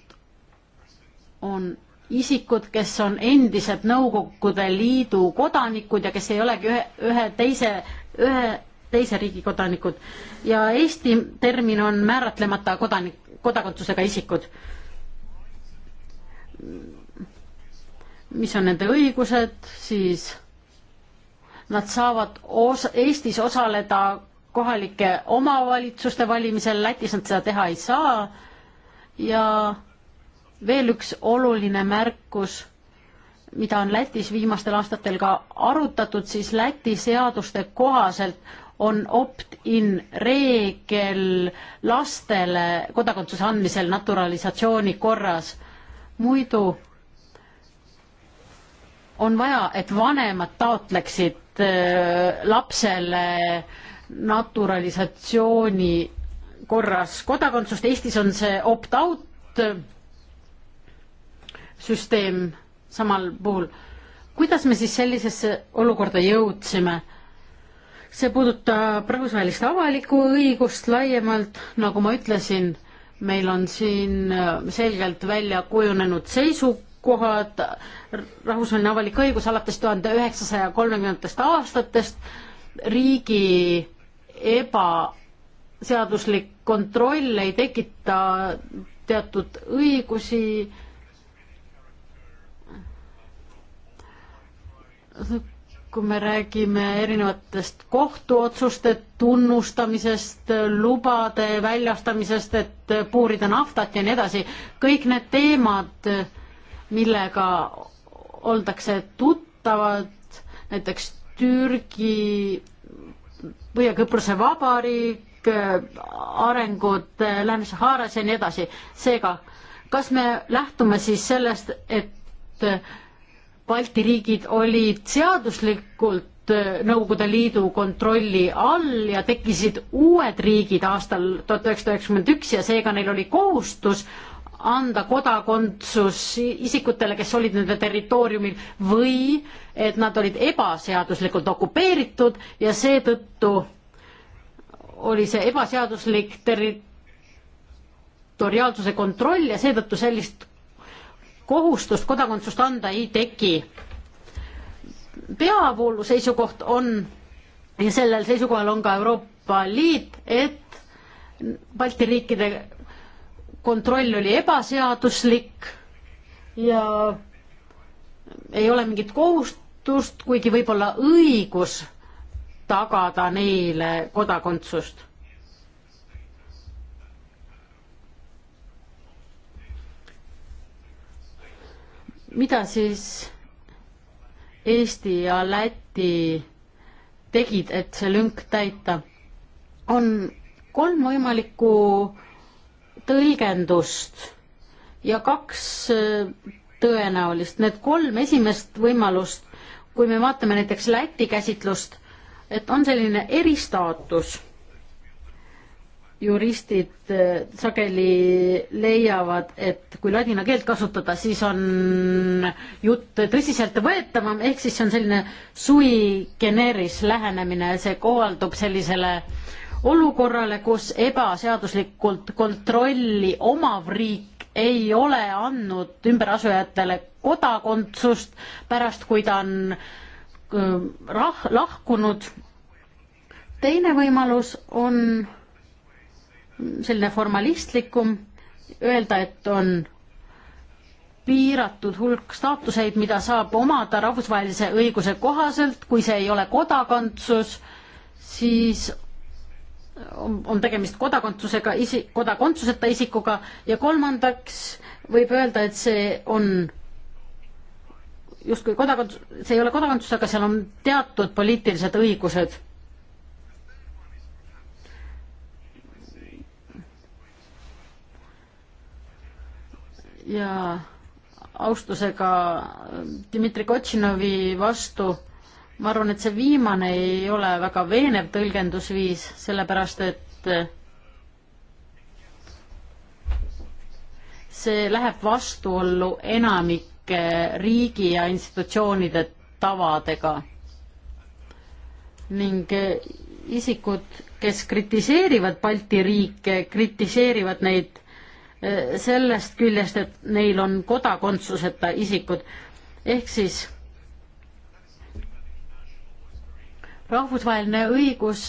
on isikud, kes on endised Nõukogude Liidu kodanikud ja kes ei olegi ühe, ühe teise, ühe teise riigi kodanikud ja Eesti termin on määratlemata kodanik, kodakondsusega isikud. mis on nende õigused, siis nad saavad os-, Eestis osaleda kohalike omavalitsuste valimisel, Lätis nad seda teha ei saa ja veel üks oluline märkus mida on Lätis viimastel aastatel ka arutatud, siis Läti seaduste kohaselt on opt-in reegel lastele kodakondsuse andmisel naturalisatsiooni korras. muidu on vaja, et vanemad taotleksid äh, lapsele naturalisatsiooni korras kodakondsust, Eestis on see opt-out süsteem samal puhul. kuidas me siis sellisesse olukorda jõudsime? see puudutab rahvusvahelist avalikku õigust laiemalt, nagu ma ütlesin, meil on siin äh, selgelt välja kujunenud seisukohad, rahvusvaheline avalik õigus alates tuhande üheksasaja kolmekümnendatest aastatest, riigi ebaseaduslik kontroll ei tekita teatud õigusi, kui me räägime erinevatest kohtuotsuste tunnustamisest, lubade väljastamisest, et puurida naftat ja nii edasi, kõik need teemad, millega oldakse tuttavad, näiteks Türgi või Küprose Vabariik, arengud Lääne-Saharas ja nii edasi. seega, kas me lähtume siis sellest, et Balti riigid olid seaduslikult äh, Nõukogude Liidu kontrolli all ja tekkisid uued riigid aastal tuhat üheksasada üheksakümmend üks ja seega neil oli kohustus anda kodakondsus isikutele, kes olid nende territooriumil või et nad olid ebaseaduslikult okupeeritud ja seetõttu oli see ebaseaduslik territoriaalsuse kontroll ja seetõttu sellist kohustust kodakondsust anda ei teki. peavoolu seisukoht on ja sellel seisukohal on ka Euroopa Liit, et Balti riikide kontroll oli ebaseaduslik ja ei ole mingit kohustust, kuigi võib-olla õigus tagada neile kodakondsust mida siis Eesti ja Läti tegid, et see lünk täita? on kolm võimalikku tõlgendust ja kaks äh, tõenäolist. Need kolm esimest võimalust, kui me vaatame näiteks Läti käsitlust, et on selline eristaatus juristid äh, sageli leiavad, et kui ladina keelt kasutada, siis on jutt tõsiseltvõetavam, ehk siis see on selline sui generis lähenemine, see kohaldub sellisele olukorrale, kus ebaseaduslikult kontrolli omav riik ei ole andnud ümberasujatele kodakondsust pärast, kui ta on äh, rah-, lahkunud. teine võimalus on selline formalistlikum, öelda, et on piiratud hulk staatuseid, mida saab omada rahvusvahelise õiguse kohaselt, kui see ei ole kodakondsus, siis on tegemist kodakondsusega isi-, kodakondsuseta isikuga ja kolmandaks võib öelda, et see on justkui kodakondsus, see ei ole kodakondsus, aga seal on teatud poliitilised õigused ja austusega Dmitri Kotšinovi vastu, ma arvan, et see viimane ei ole väga veenev tõlgendusviis, sellepärast et see läheb vastuollu enamike riigi ja institutsioonide tavadega. ning isikud, kes kritiseerivad Balti riike, kritiseerivad neid Eh, sellest küljest, et neil on kodakondsuseta isikud. ehk siis rahvusvaheline õigus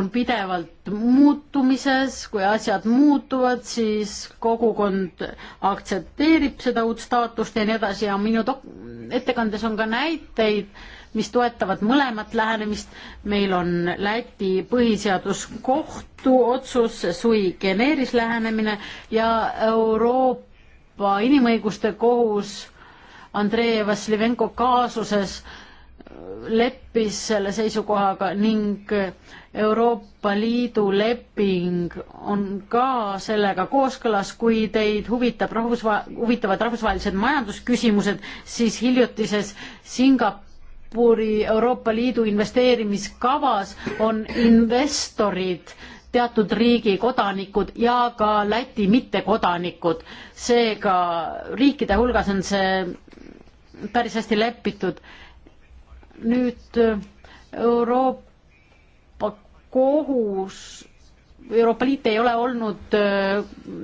on pidevalt muutumises, kui asjad muutuvad, siis kogukond aktsepteerib seda uut staatust ja nii edasi ja minu ettekandes on ka näiteid äh, mis toetavad mõlemat lähenemist. meil on Läti põhiseaduskohtu otsus, sui generis lähenemine ja Euroopa Inimõiguste Kohus Andrei Vasslivenko kaasuses leppis selle seisukohaga ning Euroopa Liidu leping on ka sellega kooskõlas, kui teid huvitab rahvusva-, huvitavad rahvusvahelised majandusküsimused, siis hiljutises Singapuri Strasbourgi Euroopa Liidu investeerimiskavas on investorid teatud riigi kodanikud ja ka Läti mittekodanikud. seega riikide hulgas on see päris hästi lepitud. nüüd äh, Euroopa kohus, Euroopa Liit ei ole olnud äh,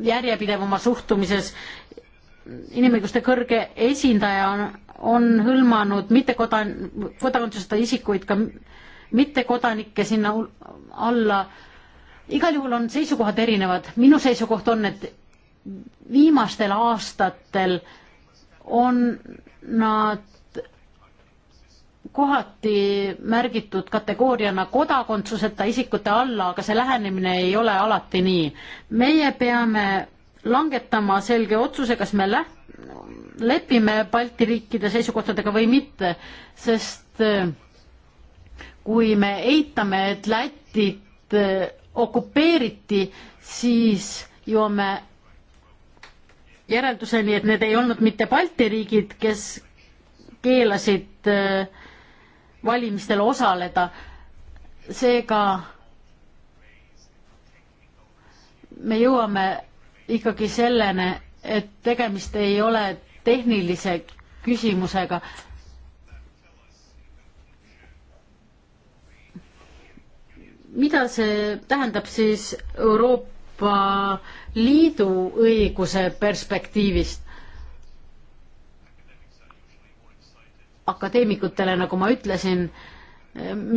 järjepidev oma suhtumises. inimõiguste kõrge esindaja on on hõlmanud mittekodan-, kodakondsuseta isikuid, ka mittekodanikke sinna alla. igal juhul on seisukohad erinevad. minu seisukoht on, et viimastel aastatel on nad kohati märgitud kategooriana kodakondsuseta isikute alla, aga see lähenemine ei ole alati nii. meie peame langetama selge otsuse, kas me läht-, lepime Balti riikide seisukohtadega või mitte, sest äh, kui me eitame, et Lätit äh, okupeeriti, siis jõuame järelduseni, et need ei olnud mitte Balti riigid, kes keelasid äh, valimistel osaleda. seega me jõuame ikkagi selleni, et tegemist ei ole tehnilise küsimusega. mida see tähendab siis Euroopa Liidu õiguse perspektiivist? akadeemikutele, nagu ma ütlesin,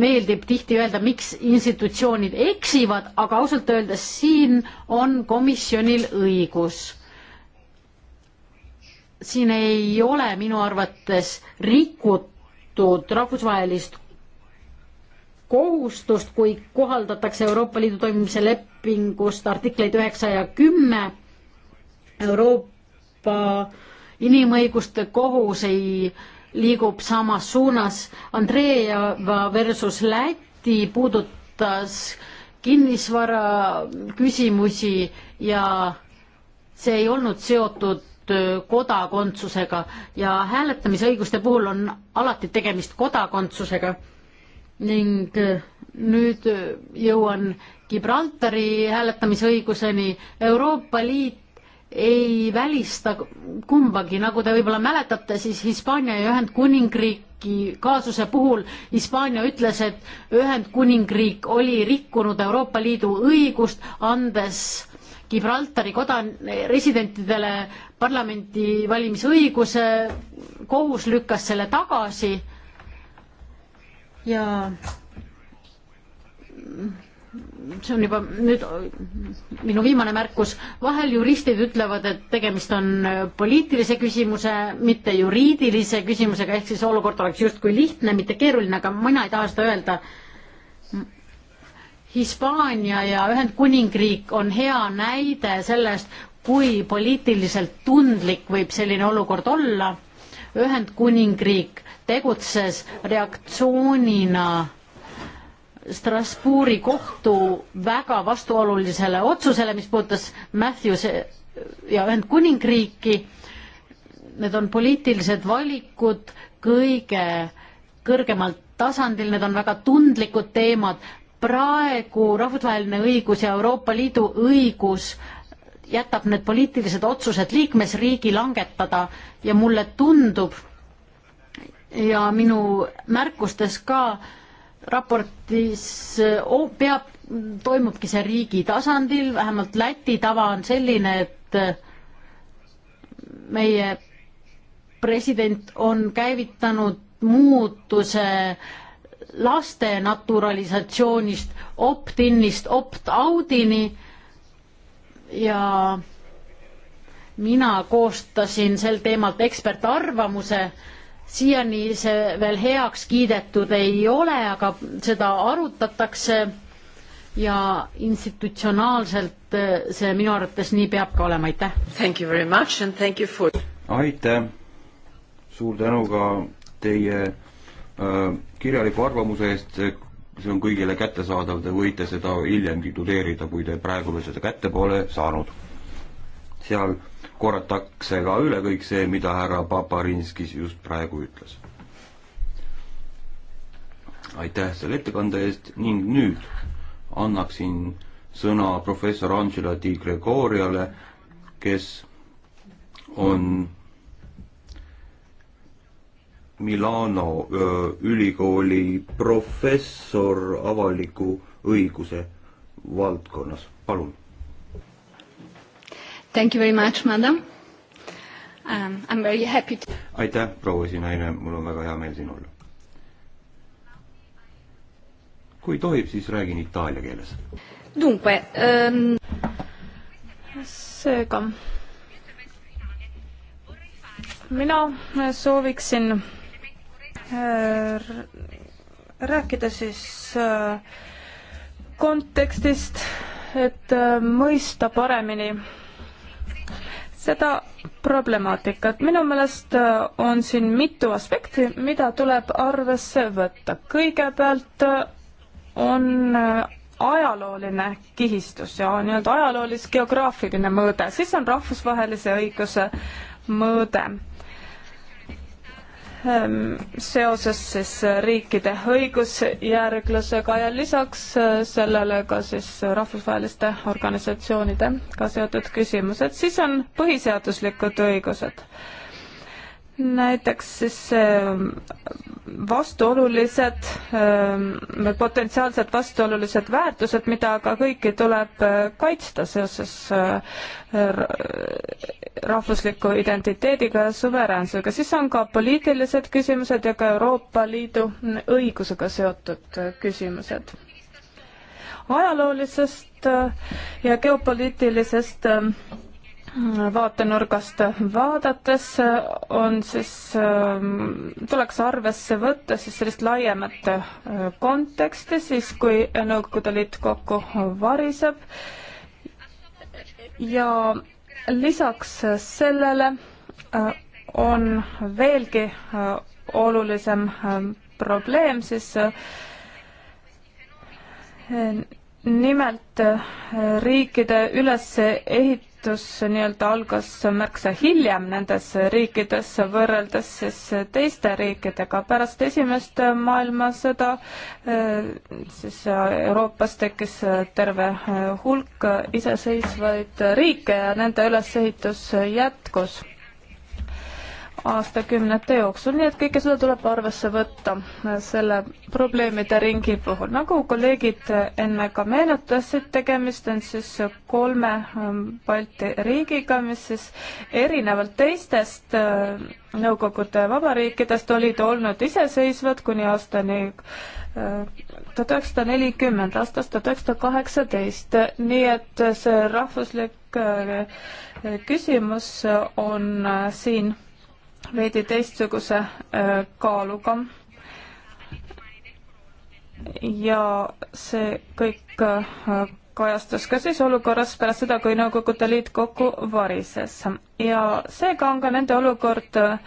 meeldib tihti öelda, miks institutsioonid eksivad, aga ausalt öeldes siin on komisjonil õigus siin ei ole minu arvates rikutud rahvusvahelist kohustust, kui kohaldatakse Euroopa Liidu toimimise lepingust artikleid üheksa ja kümme. Euroopa Inimõiguste Kohus ei, liigub samas suunas. Andreeva versus Läti puudutas kinnisvara küsimusi ja see ei olnud seotud kodakondsusega ja hääletamisõiguste puhul on alati tegemist kodakondsusega ning äh, nüüd äh, jõuan Gibraltari hääletamisõiguseni. Euroopa Liit ei välista kumbagi, nagu te võib-olla mäletate, siis Hispaania ja Ühendkuningriigi kaasuse puhul Hispaania ütles, et Ühendkuningriik oli rikkunud Euroopa Liidu õigust, andes Gibraltari kodan-, residentidele parlamendi valimisõiguse, kohus lükkas selle tagasi ja see on juba nüüd minu viimane märkus, vahel juristid ütlevad, et tegemist on poliitilise küsimuse, mitte juriidilise küsimusega, ehk siis olukord oleks justkui lihtne, mitte keeruline, aga mina ei taha seda öelda Hispaania ja Ühendkuningriik on hea näide sellest, kui poliitiliselt tundlik võib selline olukord olla. Ühendkuningriik tegutses reaktsioonina Strasbourgi kohtu väga vastuolulisele otsusele, mis puudutas Matthews ja Ühendkuningriiki. Need on poliitilised valikud kõige kõrgemalt tasandil, need on väga tundlikud teemad, praegu rahvusvaheline õigus ja Euroopa Liidu õigus jätab need poliitilised otsused liikmesriigi langetada ja mulle tundub ja minu märkustes ka raportis oh, peab, toimubki see riigi tasandil, vähemalt Läti tava on selline, et meie president on käivitanud muutuse äh, laste naturalisatsioonist opt-in'ist opt-out'ini ja mina koostasin sel teemalt ekspertarvamuse, siiani see veel heaks kiidetud ei ole, aga seda arutatakse ja institutsionaalselt eh, see minu arvates nii peab ka olema, aitäh! For... aitäh! suur tänu ka teie äh, kirjaliku arvamuse eest, see on kõigile kättesaadav, te võite seda hiljem tituleerida, kui te praegu veel seda kätte pole saanud. seal korratakse ka üle kõik see, mida härra Paparinskis just praegu ütles. aitäh selle ettekande eest ning nüüd annaksin sõna professor Angela Di Gregoriale, kes on mm Milano öö, ülikooli professor avaliku õiguse valdkonnas, palun. Thank you very much, madam um,. I am very happy to. aitäh, proua esinaine, mul on väga hea meel siin olla. kui tohib, siis räägin itaalia keeles. Dunque um.... seega mina sooviksin Äh, rääkida siis äh, kontekstist, et äh, mõista paremini seda problemaatikat. minu meelest on siin mitu aspekti, mida tuleb arvesse võtta. kõigepealt on ajalooline kihistus ja nii-öelda ajaloolis-geograafiline mõõde, siis on rahvusvahelise õiguse mõõde Ähm, seoses siis äh, riikide õigusjärglusega ja lisaks äh, sellele ka siis rahvusvaheliste organisatsioonidega seotud küsimused. siis on põhiseaduslikud õigused näiteks siis ehm, vastuolulised, ehm, potentsiaalselt vastuolulised väärtused, mida aga kõiki tuleb eh, kaitsta seoses eh, rahvusliku identiteediga ja suveräänsusega, siis on ka poliitilised küsimused ja ka Euroopa Liidu õigusega seotud eh, küsimused. ajaloolisest ja geopoliitilisest ehm, vaatenurgast vaadates on siis, ähm, tuleks arvesse võtta siis sellist laiemat äh, konteksti, siis kui Nõukogude Liit kokku variseb ja lisaks sellele äh, on veelgi äh, olulisem ähm, probleem siis nimelt riikide ülesehitamine toetus nii-öelda algas märksa hiljem nendes riikides võrreldes siis teiste riikidega. pärast esimest maailmasõda äh, siis Euroopas tekkis terve äh, hulk iseseisvaid riike ja nende ülesehitus jätkus aastakümnete jooksul, nii et kõike seda tuleb arvesse võtta selle probleemide ringi puhul. nagu kolleegid enne ka meenutasid, tegemist on siis kolme ähm, Balti riigiga, mis siis erinevalt teistest äh, Nõukogude vabariikidest olid olnud iseseisvad kuni aastani äh, tuhat üheksasada nelikümmend, aastast tuhat üheksasada kaheksateist, nii et see rahvuslik äh, küsimus on siin veidi teistsuguse äh, kaaluga. ja see kõik äh, kajastus ka siis olukorras pärast seda, kui Nõukogude Liit kokku varises ja seega on ka nende olukord äh,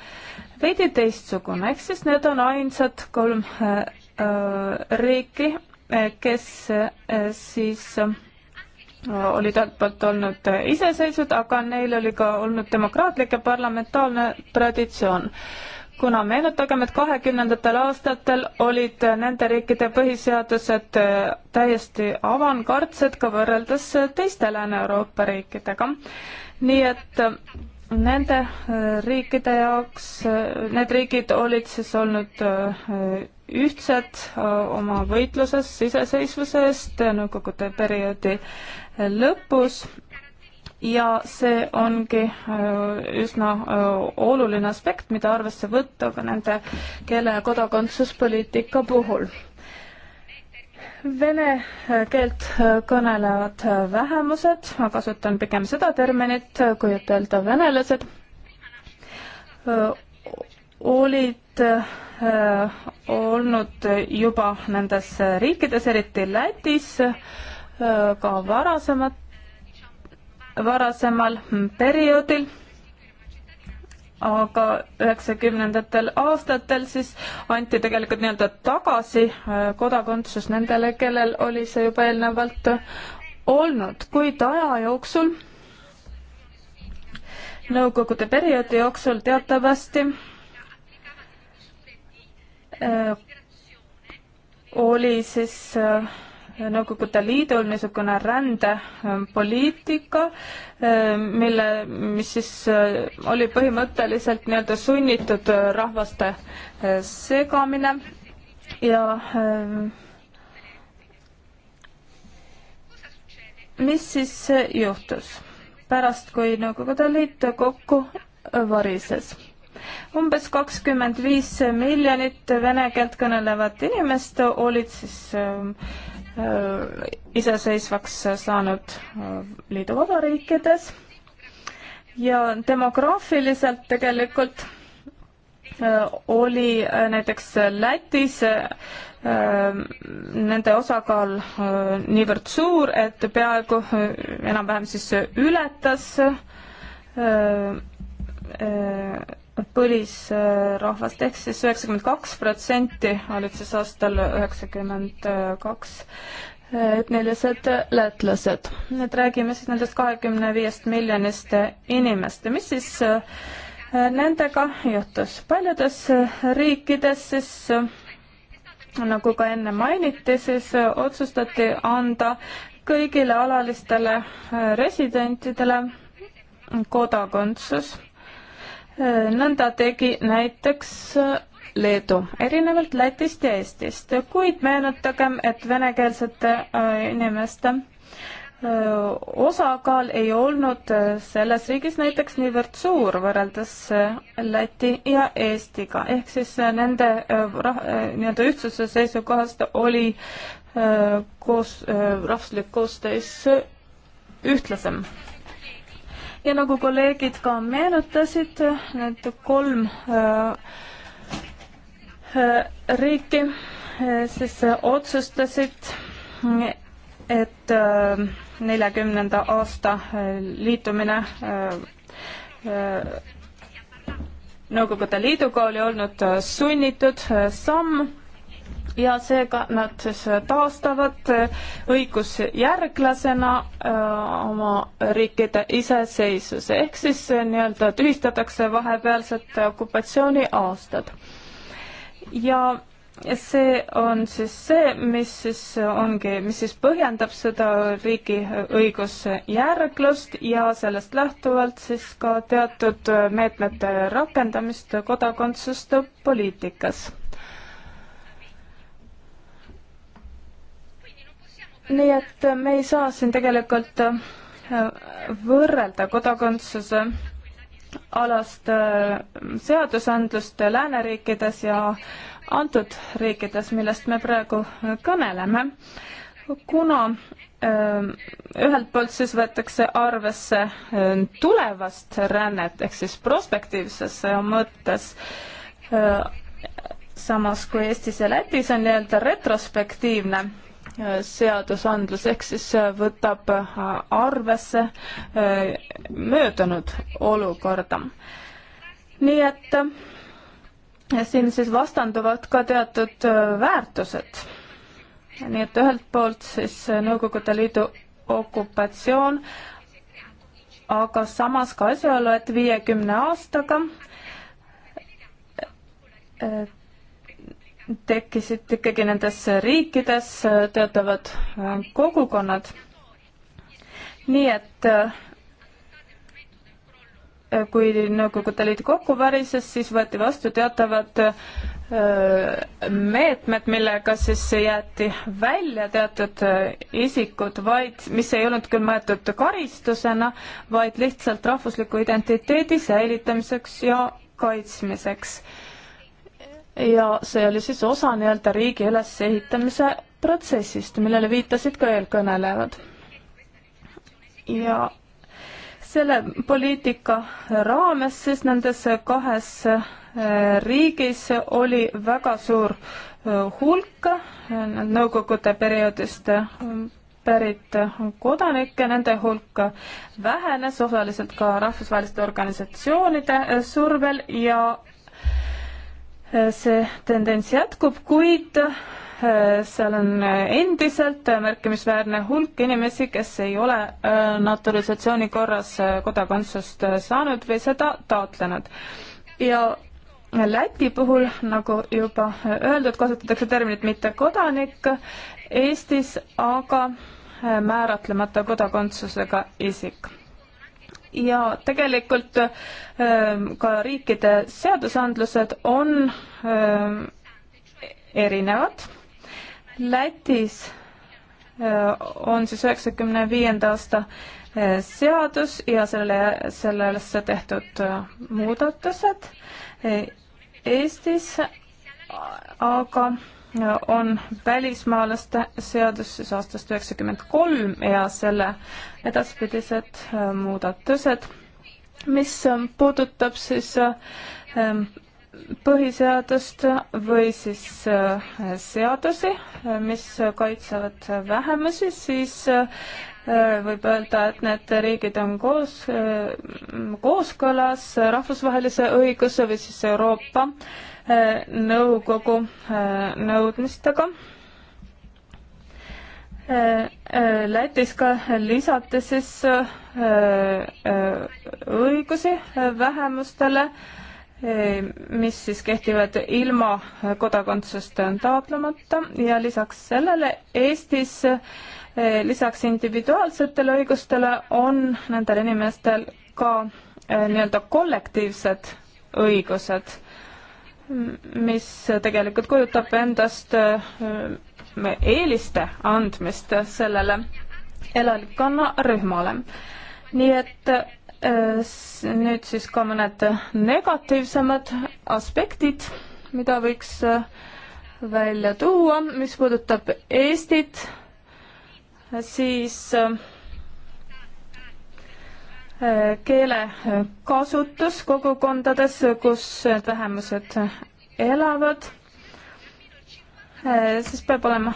veidi teistsugune, ehk siis need on ainsad kolm riiki, kes siis äh, olid altpoolt olnud iseseisvad, aga neil oli ka olnud demokraatlik ja parlamentaarne traditsioon. kuna meenutagem, et kahekümnendatel aastatel olid nende riikide põhiseadused täiesti avangardsed ka võrreldes teiste Lääne-Euroopa riikidega. nii et nende riikide jaoks, need riigid olid siis olnud ühtsed oma võitluses iseseisvuse eest Nõukogude perioodi lõpus ja see ongi äh, üsna äh, oluline aspekt, mida arvesse võtta ka nende, kelle kodakondsuspoliitika puhul. Vene äh, keelt kõnelevad vähemused, ma kasutan pigem seda terminit, kui ütelda venelased, olid olnud juba nendes riikides, eriti Lätis, ka varasemat, varasemal perioodil, aga üheksakümnendatel aastatel siis anti tegelikult nii-öelda tagasi kodakondsus nendele, kellel oli see juba eelnevalt olnud, kuid aja jooksul, nõukogude perioodi jooksul teatavasti äh, oli siis äh, Nõukogude Liidul niisugune rändepoliitika, eh, mille, mis siis eh, oli põhimõtteliselt nii-öelda sunnitud eh, rahvaste segamine ja mis siis juhtus pärast, kui Nõukogude Liit kokku varises? umbes kakskümmend viis miljonit vene keelt kõnelevat inimest olid siis äh, Äh, iseseisvaks saanud äh, liidu vabariikides ja demograafiliselt tegelikult äh, oli näiteks Lätis nende osakaal niivõrd suur, et peaaegu enam-vähem siis ületas põlisrahvast, ehk siis üheksakümmend kaks protsenti olid siis aastal üheksakümmend kaks etnilised lätlased. nüüd räägime siis nendest kahekümne viiest miljonist inimest ja mis siis äh, nendega juhtus. paljudes äh, riikides siis äh, nagu ka enne mainiti, siis otsustati anda kõigile alalistele residentidele kodakondsus Äh, nõnda tegi näiteks äh, Leedu, erinevalt Lätist ja Eestist, kuid meenutagem, et venekeelsete äh, inimeste osakaal ei olnud selles riigis näiteks niivõrd suur võrreldes Läti ja Eestiga, ehk siis nende rah-, nii-öelda ühtsuse seisukohast oli koos, rahvuslik koostöö ühtlasem ja nagu kolleegid ka meenutasid, need kolm äh, riiki äh, siis äh, otsustasid, et neljakümnenda aasta liitumine Nõukogude Liiduga oli olnud sunnitud samm ja seega nad siis taastavad õigusjärglasena äh, oma riikide iseseisvuse, ehk siis äh, nii-öelda tühistatakse vahepealsed okupatsiooni aastad. ja see on siis see, mis siis ongi, mis siis põhjendab seda riigi õigusjärglust ja sellest lähtuvalt siis ka teatud meetmete rakendamist kodakondsuste poliitikas nii et me ei saa siin tegelikult äh, võrrelda kodakondsuse alast äh, seadusandlust lääneriikides ja antud riikides, millest me praegu äh, kõneleme, kuna ühelt poolt siis võetakse arvesse tulevast rännet ehk siis prospektiivses mõttes, samas kui Eestis ja Lätis on nii-öelda retrospektiivne seadusandlus, ehk siis äh, võtab äh, arvesse äh, möödunud olukorda. nii et siin siis vastanduvad ka teatud väärtused. nii et ühelt poolt siis Nõukogude Liidu okupatsioon, aga samas ka asjaolu, et viiekümne aastaga et tekkisid ikkagi nendes riikides äh, töötavad äh, kogukonnad. nii et äh, kui Nõukogude Liit kokku varises, siis võeti vastu teatavad meetmed, millega siis jäeti välja teatud isikud, vaid mis ei olnud küll mõeldud karistusena, vaid lihtsalt rahvusliku identiteedi säilitamiseks ja kaitsmiseks ja see oli siis osa nii-öelda riigi ülesehitamise protsessist, millele viitasid ka eelkõnelejad. ja selle poliitika raames siis nendes kahes eh, riigis oli väga suur eh, hulk eh, nõukogude perioodist pärit kodanikke, nende hulk vähenes osaliselt ka rahvusvaheliste organisatsioonide survel ja see tendents jätkub, kuid äh, seal on endiselt märkimisväärne hulk inimesi, kes ei ole äh, naturalisatsiooni korras äh, kodakondsust saanud või seda taotlenud. ja Läti puhul, nagu juba öeldud, kasutatakse terminit mittekodanik, Eestis aga määratlemata kodakondsusega isik ja tegelikult ähm, ka riikide seadusandlused on ähm, erinevad. Lätis äh, on siis üheksakümne viienda aasta äh, seadus ja selle, sellesse tehtud äh, muudatused Eestis, aga on välismaalaste seadus siis aastast üheksakümmend kolm ja selle edaspidised äh, muudatused, mis ähm, puudutab siis ähm, põhiseadust või siis äh, seadusi, äh, mis kaitsevad vähemusi, siis võib öelda, et need riigid on koos, kooskõlas rahvusvahelise õiguse või siis Euroopa nõukogu äh, nõudmistega. Äh, äh, Lätis ka lisati siis õigusi vähemustele, mis siis kehtivad ilma kodakondsust taotlemata ja lisaks sellele Eestis lisaks individuaalsetele õigustele on nendel inimestel ka nii-öelda kollektiivsed õigused mis tegelikult kujutab endast äh, eeliste andmist sellele elanikkonnarühmale. nii et äh, nüüd siis ka mõned negatiivsemad aspektid, mida võiks äh, välja tuua, mis puudutab Eestit, siis äh, keele kasutus kogukondades, kus vähemused elavad, siis peab olema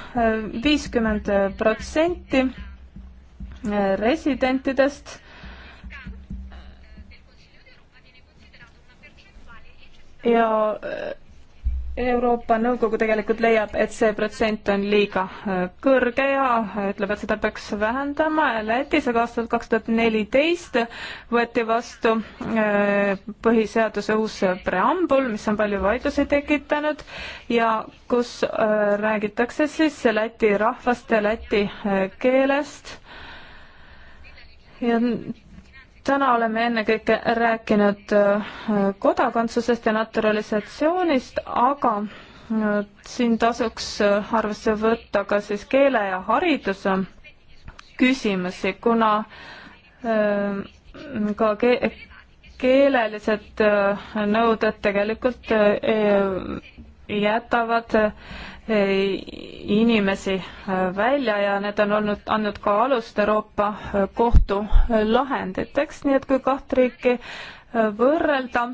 viiskümmend protsenti residentidest ja Euroopa Nõukogu tegelikult leiab, et see protsent on liiga äh, kõrge ja äh, ütleb, et seda peaks vähendama. Lätis aga aastal kaks tuhat neliteist võeti vastu äh, põhiseaduse uus preambul, mis on palju vaidlusi tekitanud ja kus räägitakse siis Läti rahvast ja läti keelest ja täna oleme ennekõike rääkinud äh, kodakondsusest ja naturalisatsioonist, aga äh, siin tasuks äh, arvesse võtta ka siis keele ja hariduse küsimusi, kuna ka ke keelelised nõuded tegelikult jätavad Eh, inimesi eh, välja ja need on olnud, andnud ka alust Euroopa eh, Kohtu lahenditeks, nii et kui kaht riiki võrrelda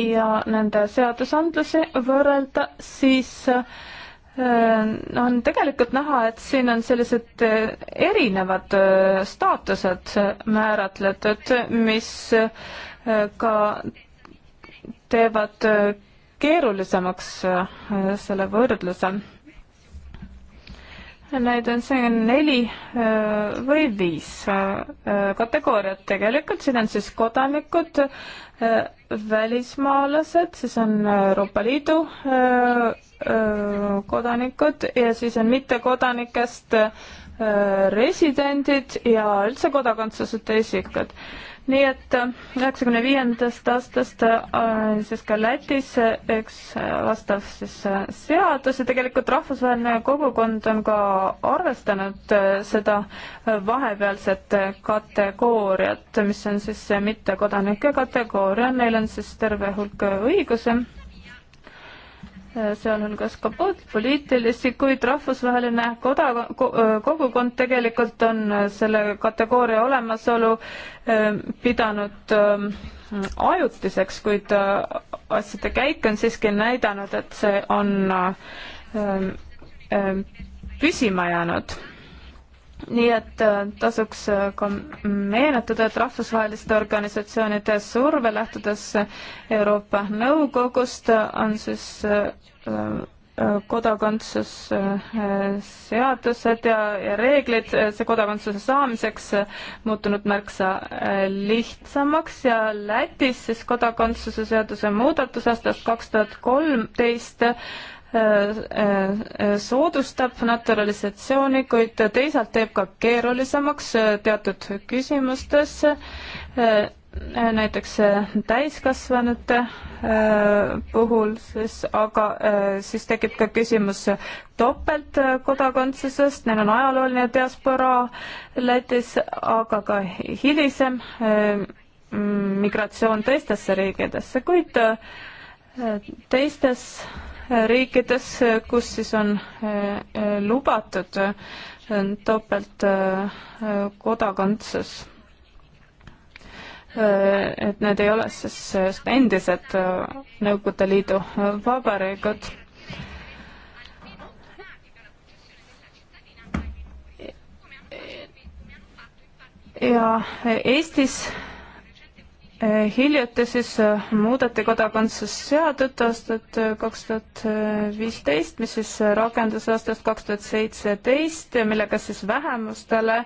ja nende seadusandlusi võrrelda, siis on tegelikult näha, et siin on sellised erinevad staatused määratletud, mis ka teevad keerulisemaks äh, selle võrdluse. Neid on siin neli äh, või viis äh, kategooriat tegelikult, siin on siis kodanikud, välismaalased, siis on Euroopa Liidu kodanikud ja siis on mittekodanikest residendid ja üldse kodakondsuseta isikud nii et äh, üheksakümne viiendast aastast on äh, siis ka Lätis äh, üks vastav siis seadus ja tegelikult rahvusvaheline kogukond on ka arvestanud seda vahepealset kategooriat, mis on siis mittekodanike kategooria, neil on siis terve hulk õigusi sealhulgas ka poliitilisi, kuid rahvusvaheline koda-, kogukond tegelikult on selle kategooria olemasolu ähm, pidanud ähm, ajutiseks, kuid äh, asjade käik on siiski näidanud, et see on äh, ähm, äh, püsima jäänud nii et äh, tasuks äh, ka meenutada, et rahvusvaheliste organisatsioonide surve, lähtudes Euroopa Nõukogust, on siis äh, kodakondsusseadused ja, ja reeglid see kodakondsuse saamiseks muutunud märksa lihtsamaks ja Lätis siis kodakondsuse seaduse muudatus aastast kaks tuhat kolmteist soodustab naturalisatsiooni, kuid teisalt teeb ka keerulisemaks teatud küsimustes, näiteks täiskasvanute äh, puhul siis, aga äh, siis tekib ka küsimus topeltkodakondsusest, neil on ajalooline diasporaa Lätis, aga ka hilisem äh, migratsioon teistesse riikidesse, kuid teistes riikides, kus siis on eh, eh, lubatud eh, topeltkodakondsus. et need ei ole siis endised Nõukogude Liidu vabariigid ja Eestis hiljuti siis äh, muudeti kodakondsusseadust aastat äh, kaks tuhat viisteist, mis siis äh, rakendus aastast kaks tuhat seitseteist ja millega siis vähemustele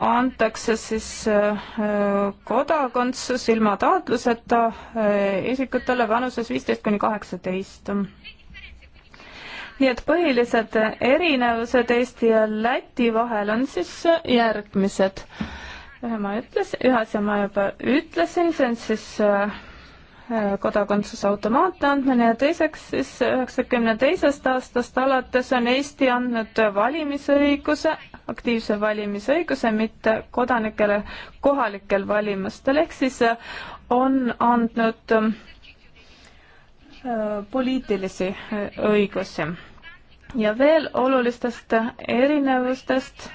antakse siis kodakondsus ilma taotluseta isikutele vanuses viisteist kuni kaheksateist. nii et põhilised erinevused Eesti ja Läti vahel on siis järgmised ühe ma ütlesin, ühes ma juba ütlesin, see on siis äh, äh, kodakondsuse automaatne andmine ja teiseks siis üheksakümne teisest aastast alates on Eesti andnud valimisõiguse, aktiivse valimisõiguse, mitte kodanikele kohalikel valimistel, ehk siis äh, on andnud poliitilisi õigusi. ja veel olulistest erinevustest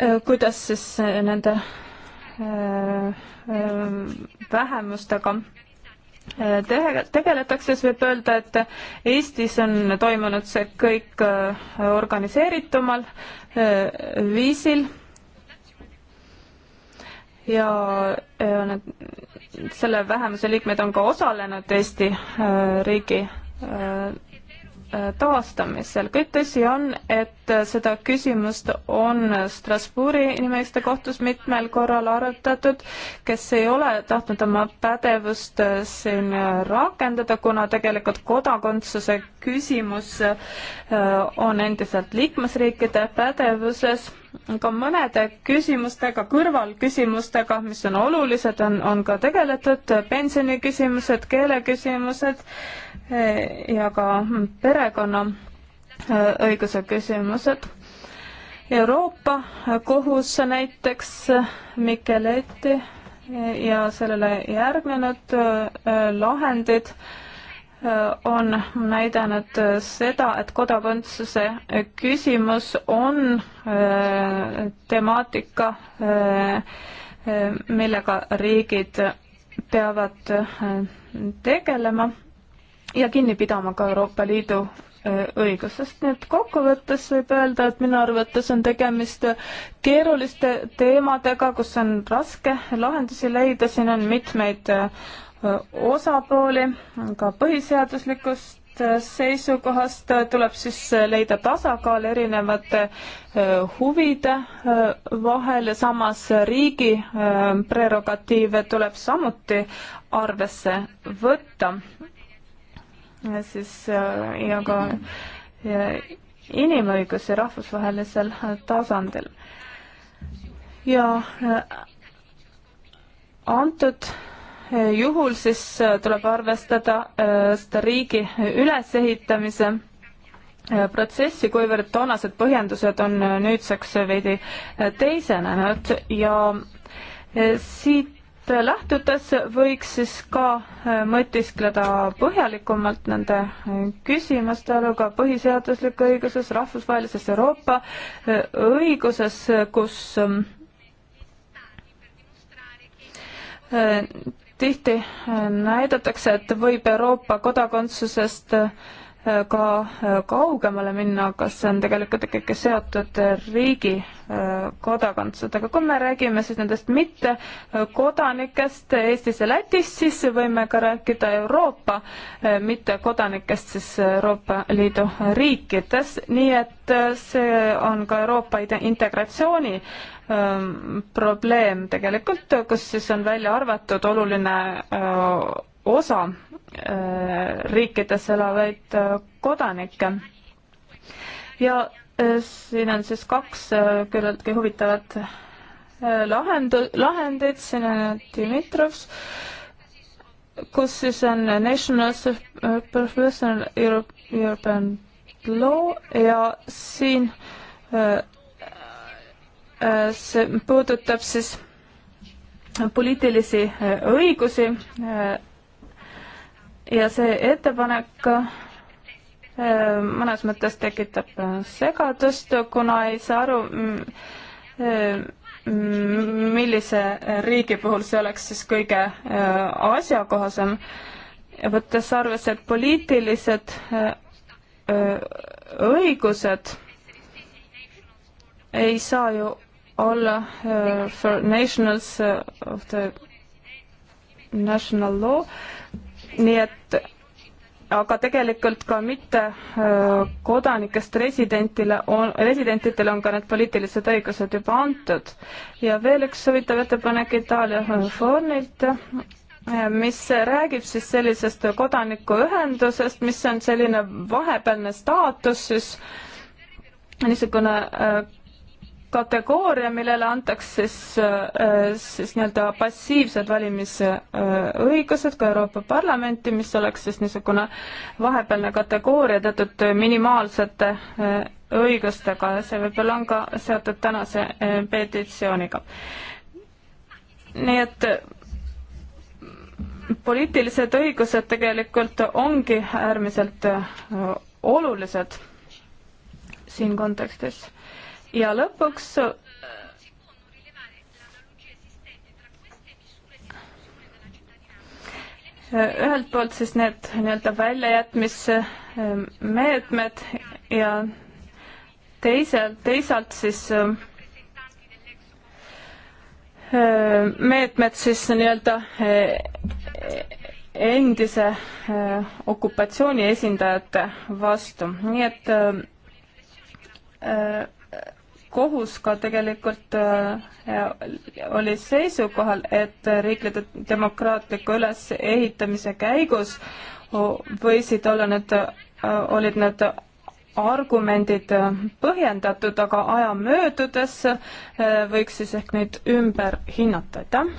Äh, kuidas siis äh, nende äh, vähemustega tegeletakse, siis võib öelda, et Eestis on toimunud see kõik organiseeritumal viisil ja need, selle vähemuse liikmed on ka osalenud Eesti riigi Äh, taastamisel. kõik tõsi on, et äh, seda küsimust on Strasbourgi inimeste kohtus mitmel korral arutatud, kes ei ole tahtnud oma pädevust äh, siin rakendada, kuna tegelikult kodakondsuse küsimus on endiselt liikmesriikide pädevuses ka mõnede küsimustega, kõrvalküsimustega, mis on olulised, on, on ka tegeletud, pensioniküsimused, keeleküsimused Eh, ja ka perekonna eh, õiguse küsimused. Euroopa eh, kohus näiteks Micheletti ja sellele järgnenud lahendid on näidanud seda, et kodakondsuse küsimus on temaatika, millega riigid peavad tegelema ja kinni pidama ka Euroopa Liidu äh, õigusest, nii et kokkuvõttes võib öelda, et minu arvates on tegemist keeruliste teemadega, kus on raske lahendusi leida, siin on mitmeid äh, osapooli, ka põhiseaduslikust äh, seisukohast tuleb siis leida tasakaal erinevate huvide vahel ja samas riigi prerogatiive tuleb samuti arvesse võtta siis äh, ja ka äh, inimõigusi rahvusvahelisel äh, tasandil. ja antud juhul siis tuleb arvestada seda riigi ülesehitamise protsessi, kuivõrd toonased põhjendused on nüüdseks veidi teisenenud ja siit sellest lähtudes võiks siis ka äh, mõtiskleda põhjalikumalt nende äh, küsimuste all, ka põhiseadusliku õiguses, rahvusvahelises Euroopa äh, õiguses, kus ähm, tihti näidatakse, et võib Euroopa kodakondsusest ka äh, kaugemale minna, kas see on tegelikult ikkagi seotud äh, riigi äh, kodakondsusega. kui me räägime siis nendest mittekodanikest Eestis ja Lätis, siis võime ka rääkida Euroopa mittekodanikest siis Euroopa Liidu riikides, nii et see on ka Euroopa integratsiooni ähm, probleem tegelikult, kus siis on välja arvatud oluline osa Äh, riikides elavaid äh, kodanikke. ja äh, siin on siis kaks küllaltki huvitavat lahendu-, lahendit, siin on Dimitrovs, kus siis on National Professional Europe, European Law ja siin see puudutab siis poliitilisi õigusi ja see ettepanek äh, mõnes mõttes tekitab segadust, kuna ei saa aru, mm, äh, millise riigi puhul see oleks siis kõige äh, asjakohasem, võttes arvesse, et poliitilised õigused ei saa ju olla for nationals of the national law nii et aga tegelikult ka mitte äh, kodanikest residentile on, residentidele on ka need poliitilised õigused juba antud. ja veel üks huvitav ettepanek Itaalia Foonilt, äh, mis räägib siis sellisest kodanikuühendusest, mis on selline vahepealne staatus siis niisugune äh, kategooria, millele antakse siis, äh, siis nii-öelda passiivsed valimisõigused ka Euroopa Parlamenti, mis oleks siis niisugune vahepealne kategooria teatud minimaalsete äh, õigustega ja see võib-olla on ka seotud tänase äh, petitsiooniga. nii et poliitilised õigused tegelikult ongi äärmiselt olulised siin kontekstis ja lõpuks äh, ühelt poolt siis need nii-öelda väljajätmise äh, meetmed ja teisel, teisalt siis äh, meetmed siis nii-öelda endise okupatsiooni esindajate vastu, nii et kohus ka tegelikult äh, oli seisukohal, et riiklide demokraatliku ülesehitamise käigus võisid olla need, äh, olid need argumendid põhjendatud, aga aja möödudes äh, võiks siis ehk neid ümber hinnata, aitäh.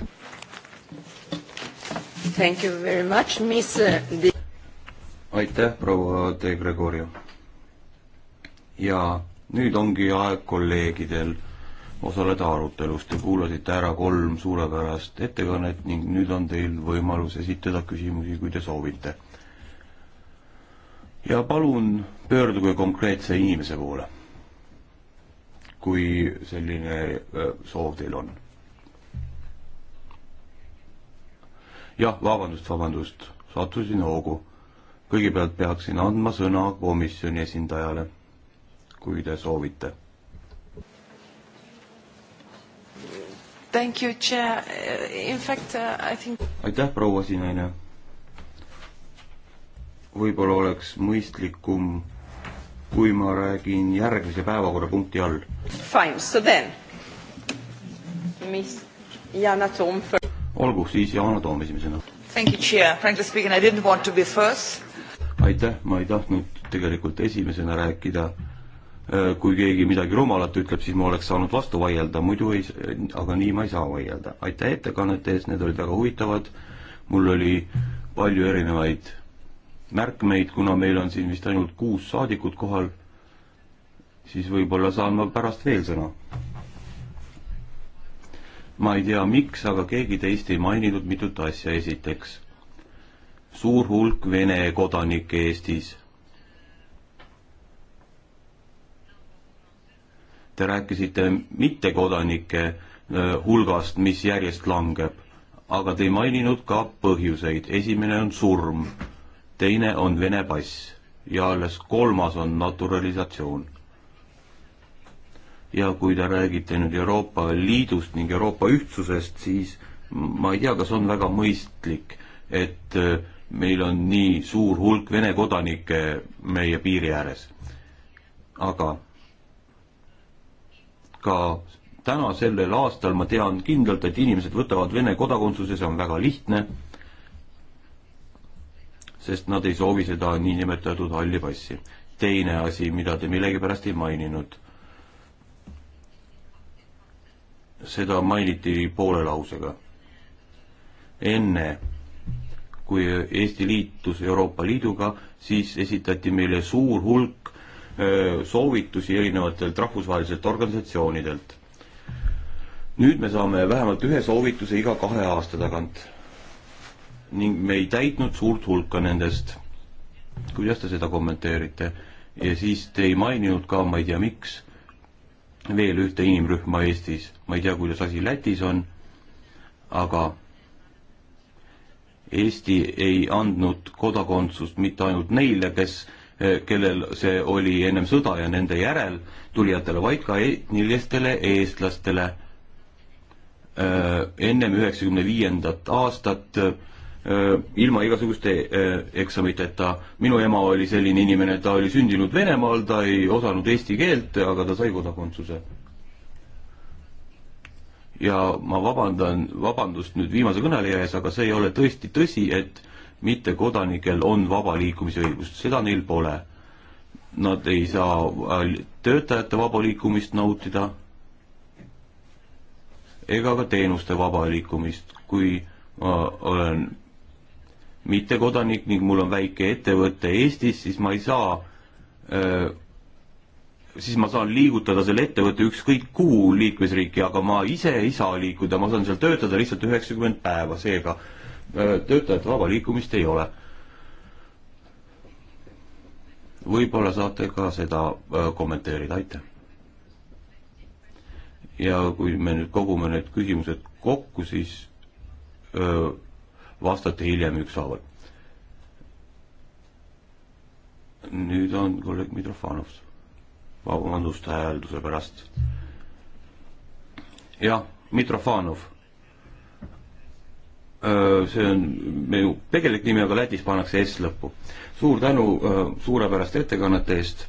Thank you very much, Miss aitäh, proua De Gregorio. ja nüüd ongi aeg kolleegidel osaleda arutelus. Te kuulasite ära kolm suurepärast ettekannet ning nüüd on teil võimalus esitada küsimusi, kui te soovite. ja palun pöörduge konkreetse inimese poole, kui selline soov teil on. jah, vabandust, vabandust, sattusin hoogu. kõigepealt peaksin andma sõna komisjoni esindajale kui te soovite. Thank you, chair, in fact uh, I think. aitäh, proua Sinene. võib-olla oleks mõistlikum, kui ma räägin järgmise päevakorrapunkti all. Fine, so then, mis Yana Toom for.... olgu, siis Yana Toom esimesena. Thank you, chair, frankly speaking I didn't want to be first. aitäh, ma ei tahtnud tegelikult esimesena rääkida Äh, kui keegi midagi rumalat ütleb, siis ma oleks saanud vastu vaielda, muidu ei, aga nii ma ei saa vaielda. aitäh ettekannete eest, need olid väga huvitavad, mul oli palju erinevaid märkmeid, kuna meil on siin vist ainult kuus saadikut kohal, siis võib-olla saan ma pärast veel sõna. ma ei tea, miks, aga keegi teist ei maininud mitut asja, esiteks suur hulk Vene kodanikke Eestis Te rääkisite mittekodanike hulgast, mis järjest langeb, aga te ei maininud ka põhjuseid. esimene on surm, teine on Vene pass ja alles kolmas on naturalisatsioon. ja kui te räägite nüüd Euroopa Liidust ning Euroopa ühtsusest, siis ma ei tea, kas on väga mõistlik, et meil on nii suur hulk Vene kodanikke meie piiri ääres. aga ka täna sellel aastal ma tean kindlalt, et inimesed võtavad Vene kodakondsuse, see on väga lihtne, sest nad ei soovi seda niinimetatud halli passi. teine asi, mida te millegipärast ei maininud, seda mainiti poole lausega. enne, kui Eesti liitus Euroopa Liiduga, siis esitati meile suur hulk soovitusi erinevatelt rahvusvaheliselt organisatsioonidelt. nüüd me saame vähemalt ühe soovituse iga kahe aasta tagant. ning me ei täitnud suurt hulka nendest. kuidas te seda kommenteerite? ja siis te ei maininud ka, ma ei tea, miks, veel ühte inimrühma Eestis. ma ei tea, kuidas asi Lätis on, aga Eesti ei andnud kodakondsust mitte ainult neile, kes Eh, kellel see oli ennem sõda ja nende järel tulijatele, vaid ka etnilistele eestlastele. Eh, ennem üheksakümne viiendat aastat eh, ilma igasuguste eksamiteta. minu ema oli selline inimene, ta oli sündinud Venemaal, ta ei osanud eesti keelt, aga ta sai kodakondsuse. ja ma vabandan, vabandust nüüd viimase kõneleja ees, aga see ei ole tõesti tõsi, et mittekodanikel on vaba liikumise õigust, seda neil pole. Nad ei saa äh, töötajate vaba liikumist nautida ega ka teenuste vaba liikumist. kui ma äh, olen mittekodanik ning mul on väike ettevõte Eestis, siis ma ei saa öö, äh, siis ma saan liigutada selle ettevõtte ükskõik kuhu liikmesriiki, aga ma ise ei saa liikuda, ma saan seal töötada lihtsalt üheksakümmend päeva, seega Äh, töötajate vaba liikumist ei ole. võib-olla saate ka seda äh, kommenteerida, aitäh. ja kui me nüüd kogume need küsimused kokku, siis öö, äh, vastate hiljem ükshaaval. nüüd on kolleeg Mitrofanov, vabandust häälduse pärast. jah, Mitrofanov Äh, see on ju tegelik nimi, aga Lätis pannakse S lõppu. suur tänu äh, suurepäraste ettekannete eest.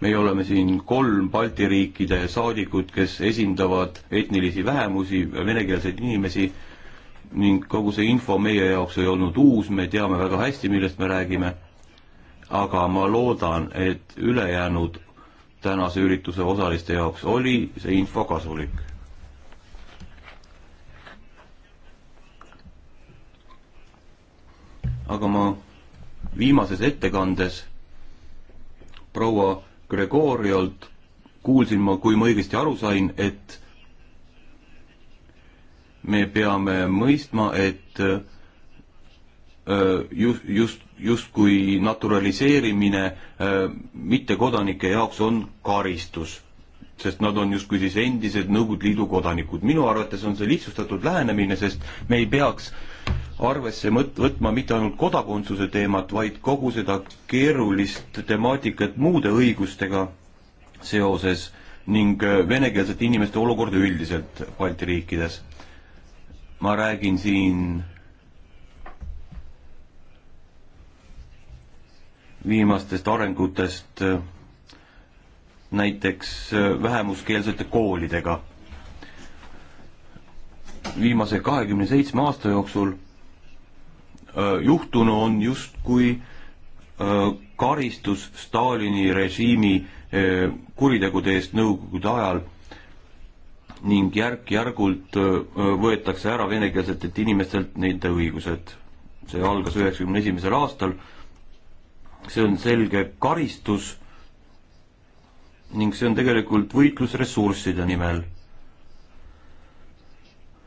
meie oleme siin kolm Balti riikide saadikud, kes esindavad etnilisi vähemusi, venekeelseid inimesi ning kogu see info meie jaoks ei olnud uus, me teame väga hästi, millest me räägime. aga ma loodan, et ülejäänud tänase ürituse osaliste jaoks oli see info kasulik aga ma viimases ettekandes proua Gregoriolt kuulsin ma, kui ma õigesti aru sain, et me peame mõistma, et äh, just, just, justkui naturaliseerimine äh, mittekodanike jaoks on karistus, sest nad on justkui siis endised Nõukogude Liidu kodanikud. minu arvates on see lihtsustatud lähenemine, sest me ei peaks äh, arvesse mõt-, võtma mitte ainult kodakondsuse teemat, vaid kogu seda keerulist temaatikat muude õigustega seoses ning äh, venekeelsete inimeste olukorda üldiselt Balti riikides. ma räägin siin viimastest arengutest äh, näiteks äh, vähemuskeelsete koolidega. viimase kahekümne seitsme aasta jooksul Äh, juhtunu on justkui äh, karistus Stalini režiimi äh, kuritegude eest nõukogude ajal ning järk-järgult võetakse ära venekeelsetelt inimestelt nende õigused. see algas üheksakümne esimesel aastal. see on selge karistus ning see on tegelikult võitlus ressursside nimel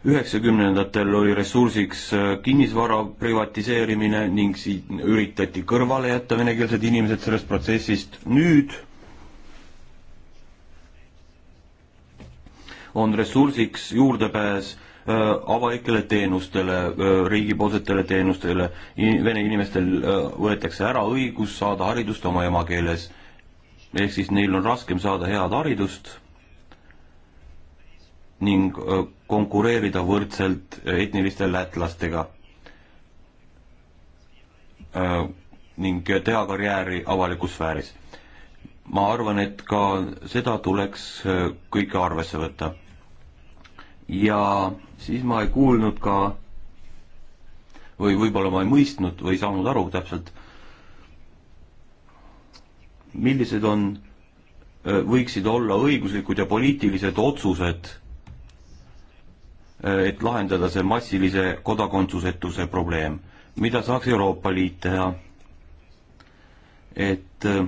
üheksakümnendatel oli ressursiks äh, kinnisvara privatiseerimine ning siin üritati kõrvale jätta venekeelsed inimesed sellest protsessist. nüüd on ressursiks juurdepääs äh, avalikele teenustele, äh, riigipoolsetele teenustele, vene inimestel võetakse ära õigus saada haridust oma emakeeles. ehk siis neil on raskem saada head haridust ning konkureerida võrdselt etniliste lätlastega äh, ning teha karjääri avalikus sfääris. ma arvan, et ka seda tuleks äh, kõike arvesse võtta. ja siis ma ei kuulnud ka või võib-olla ma ei mõistnud või ei saanud aru täpselt, millised on, äh, võiksid olla õiguslikud ja poliitilised otsused Äh, et lahendada see massilise kodakondsusetuse probleem. mida saaks Euroopa Liit teha? et äh,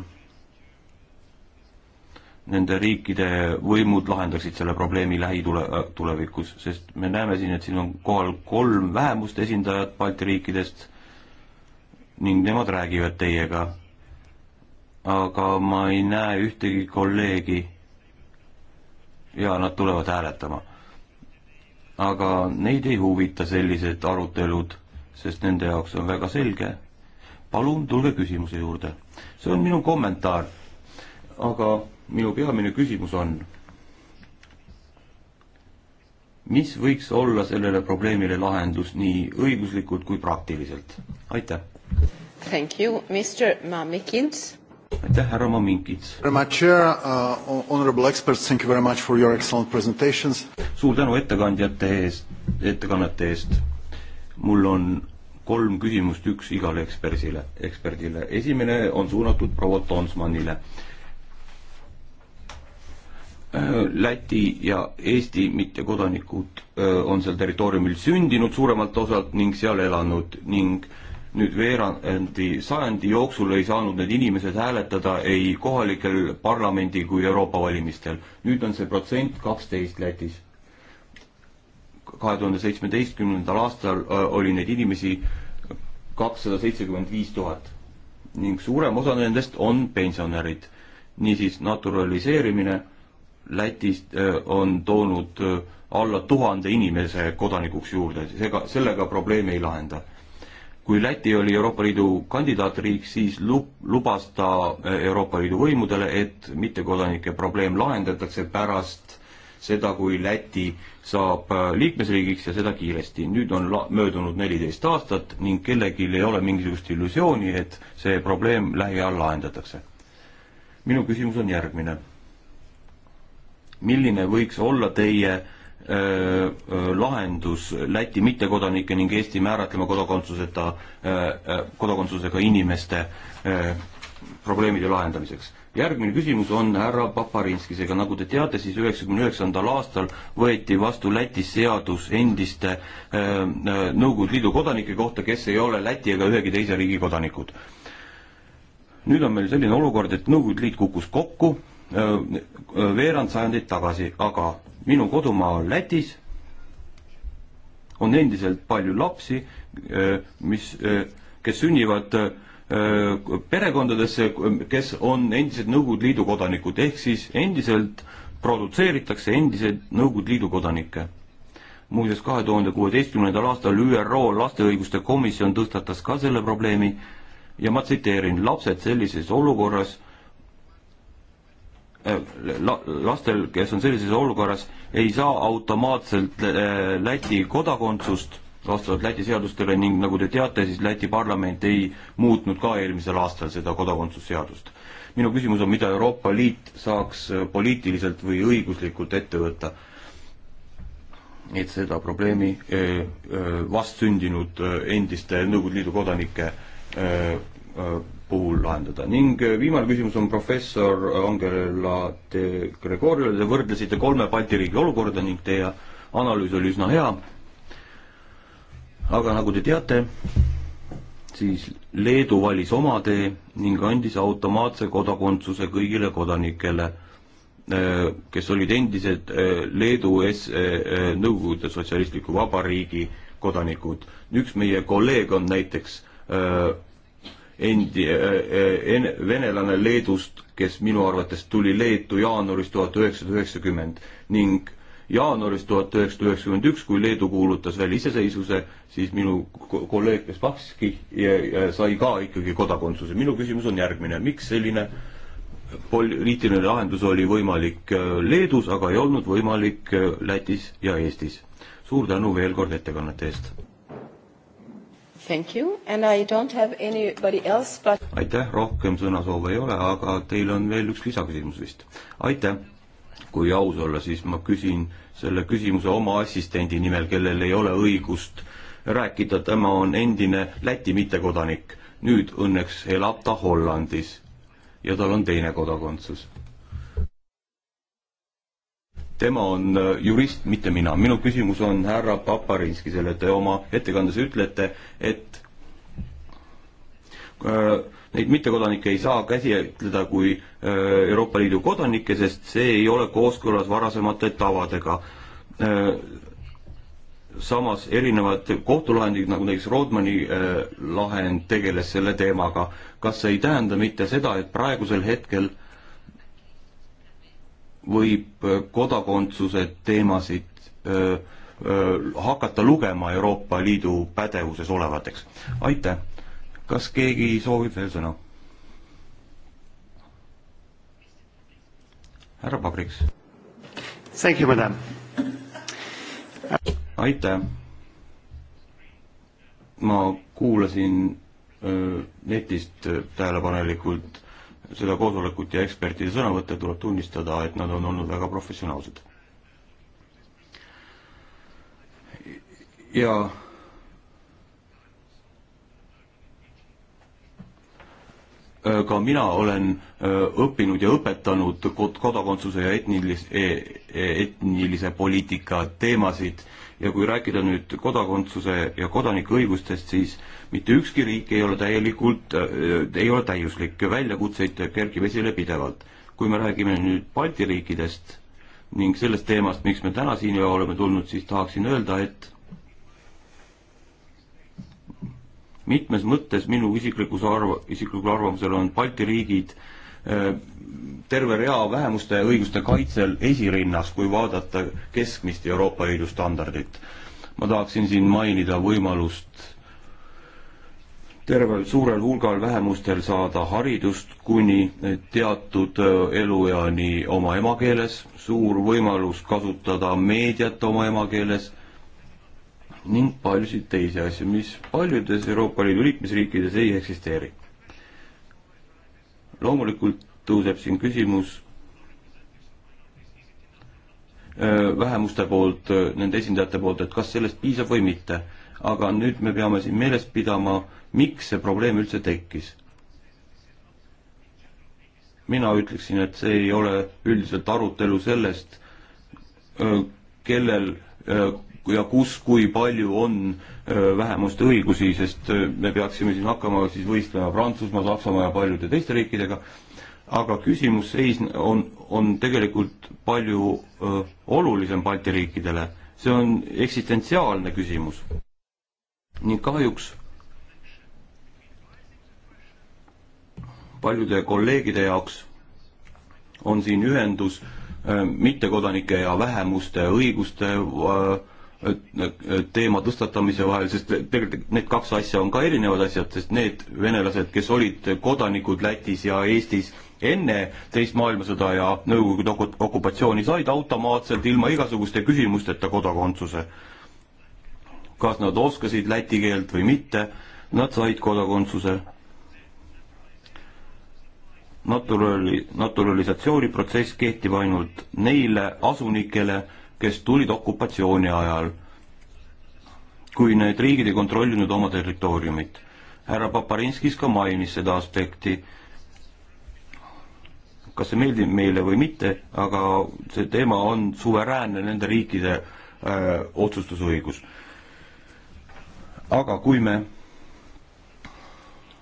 nende riikide võimud lahendaksid selle probleemi lähitulevikus, äh, sest me näeme siin, et siin on kohal kolm vähemuste esindajat Balti riikidest ning nemad räägivad teiega. aga ma ei näe ühtegi kolleegi. ja nad tulevad hääletama aga neid ei huvita sellised arutelud, sest nende jaoks on väga selge. palun tulge küsimuse juurde. see on minu kommentaar. aga minu peamine küsimus on, mis võiks olla sellele probleemile lahendus nii õiguslikult kui praktiliselt? aitäh! Thank you, Mr Mamikins aitäh, härra Maminkits! Uh, suur tänu ettekandjate eest, ettekannete eest. mul on kolm küsimust, üks igale ekspersile, eksperdile. esimene on suunatud proua Tonsmannile. Äh, Läti ja Eesti mittekodanikud äh, on seal territooriumil sündinud suuremalt osalt ning seal elanud ning äh, nüüd veerandi sajandi jooksul ei saanud need inimesed hääletada ei kohalikel parlamendi kui Euroopa valimistel. nüüd on see protsent kaksteist Lätis. kahe tuhande seitsmeteistkümnendal aastal äh, oli neid inimesi kakssada seitsekümmend viis tuhat ning suurem osa nendest on pensionärid. niisiis naturaliseerimine Lätist äh, on toonud äh, alla tuhande inimese kodanikuks juurde, seega sellega probleemi ei lahenda kui Läti oli Euroopa Liidu kandidaatriik, siis lu-, lubas ta eh, Euroopa Liidu võimudele, et mittekodanike probleem lahendatakse pärast seda, kui Läti saab eh, liikmesriigiks ja seda kiiresti. nüüd on la-, möödunud neliteist aastat ning kellelgi ei ole mingisugust illusiooni, et see probleem lähiajal lahendatakse. minu küsimus on järgmine. milline võiks olla teie Äh, äh, lahendus Läti mittekodanike ning Eesti määratlema kodakondsuseta äh, äh,, kodakondsusega inimeste äh, probleemide lahendamiseks. järgmine küsimus on härra Paparinskisega, nagu te teate, siis üheksakümne üheksandal aastal võeti vastu Lätis seadus endiste äh, Nõukogude Liidu kodanike kohta, kes ei ole Läti ega ühegi teise riigi kodanikud. nüüd on meil selline olukord, et Nõukogude Liit kukkus kokku, veerand sajandit tagasi, aga minu kodumaal Lätis on endiselt palju lapsi, äh, mis, äh, kes sünnivad äh, perekondadesse, kes on endised Nõukogude Liidu kodanikud, ehk siis endiselt produtseeritakse endiseid Nõukogude Liidu kodanikke. muuseas, kahe tuhande kuueteistkümnendal aastal ÜRO laste õiguste komisjon tõstatas ka selle probleemi ja ma tsiteerin, lapsed sellises olukorras Äh, la-, lastel, kes on sellises olukorras, ei saa automaatselt äh, Läti kodakondsust vastavalt Läti seadustele ning nagu te teate, siis Läti parlament ei muutnud ka eelmisel aastal seda kodakondsusseadust. minu küsimus on, mida Euroopa Liit saaks äh, poliitiliselt või õiguslikult ette võtta, et seda probleemi vastsündinud endiste Nõukogude Liidu kodanike puhul lahendada. ning äh, viimane küsimus on professor Angela de Gregoriole, te võrdlesite kolme Balti riigi olukorda ning teie analüüs oli üsna hea. aga nagu te teate, siis Leedu valis oma tee ning andis automaatse kodakondsuse kõigile kodanikele, äh, kes olid endised äh, Leedu S-, Nõukogude Sotsialistliku Vabariigi kodanikud. üks meie kolleeg on näiteks endi- äh,, en-, venelane Leedust, kes minu arvates tuli Leetu jaanuaris tuhat üheksasada üheksakümmend ning jaanuaris tuhat üheksasada üheksakümmend üks, kui Leedu kuulutas välja iseseisvuse, siis minu kolleeg Vespakski sai ka ikkagi kodakondsuse. minu küsimus on järgmine, miks selline poliitiline lahendus oli võimalik äh, Leedus, aga ei olnud võimalik äh, Lätis ja Eestis? suur tänu veel kord ettekannete eest! Thank you and I don't have anybody else but aitäh, rohkem sõnasoove ei ole, aga teil on veel üks lisaküsimus vist. aitäh! kui aus olla, siis ma küsin selle küsimuse oma assistendi nimel, kellel ei ole õigust rääkida, tema on endine Läti mittekodanik, nüüd õnneks elab ta Hollandis ja tal on teine kodakondsus tema on äh, jurist, mitte mina. minu küsimus on härra Paparinskisele, te oma ettekandes ütlete, et äh, neid mittekodanikke ei saa käsitleda kui äh, Euroopa Liidu kodanikke, sest see ei ole kooskõlas varasemate tavadega. samas erinevad kohtulahendid, nagu näiteks Rodmani lahend, tegeles selle teemaga. kas see ei tähenda mitte seda, et praegusel hetkel äh, võib äh, kodakondsuse teemasid öö, äh, öö, äh, hakata lugema Euroopa Liidu pädevuses olevateks. aitäh! kas keegi soovib veel sõna? härra Pagriks. Thank you, madam. aitäh! ma kuulasin öö, netist tähelepanelikult seda koosolekut ja ekspertide sõnavõtte, tuleb tunnistada, et nad on olnud väga professionaalsed. ja ka mina olen äh, õppinud ja õpetanud kod-, kodakondsuse ja etnilis-, e-, e-, etnilise poliitika teemasid ja kui rääkida nüüd kodakondsuse ja kodanikuõigustest, siis mitte ükski riik ei ole täielikult, äh, ei ole täiuslik, väljakutseid kerkib esile pidevalt. kui me räägime nüüd Balti riikidest ning sellest teemast, miks me täna siin juba oleme tulnud, siis tahaksin öelda, et mitmes mõttes minu isiklikus arv-, isiklikul arvamusel on Balti riigid äh, Äh, terve rea vähemuste õiguste kaitsel esirinnas, kui vaadata keskmist Euroopa Liidu standardit. ma tahaksin siin mainida võimalust tervel suurel hulgal vähemustel saada haridust kuni teatud äh, elueani oma emakeeles, suur võimalus kasutada meediat oma emakeeles ning paljusid teisi asju, mis paljudes Euroopa Liidu liikmesriikides ei eksisteeri loomulikult tõuseb siin küsimus äh, vähemuste poolt, äh, nende esindajate poolt, et kas sellest piisab või mitte. aga nüüd me peame siin meeles pidama, miks see probleem üldse tekkis. mina ütleksin, et see ei ole üldiselt arutelu sellest, äh, kellel ja kus, kui palju on äh, vähemuste õigusi, sest äh, me peaksime siin hakkama siis võistlema Prantsusmaa, Saksamaa ja paljude teiste riikidega, aga küsimus seis-, on, on tegelikult palju öö, äh, olulisem Balti riikidele. see on eksistentsiaalne küsimus. ning kahjuks paljude kolleegide jaoks on siin ühendus mittekodanike ja vähemuste õiguste öö, Äh, teema tõstatamise vahel, sest tegelikult need kaks asja on ka erinevad asjad, sest need venelased, kes olid kodanikud Lätis ja Eestis enne teist maailmasõda ja Nõukogude okupatsiooni, said automaatselt ilma igasuguste küsimusteta kodakondsuse. kas nad oskasid läti keelt või mitte, nad said kodakondsuse. naturali-, naturalisatsiooniprotsess kehtib ainult neile asunikele, kes tulid okupatsiooni ajal, kui need riigid ei kontrollinud oma territooriumit. härra Paparinskis ka mainis seda aspekti, kas see meeldib meile või mitte, aga see teema on suveräänne nende riikide öö, äh, otsustusõigus. aga kui me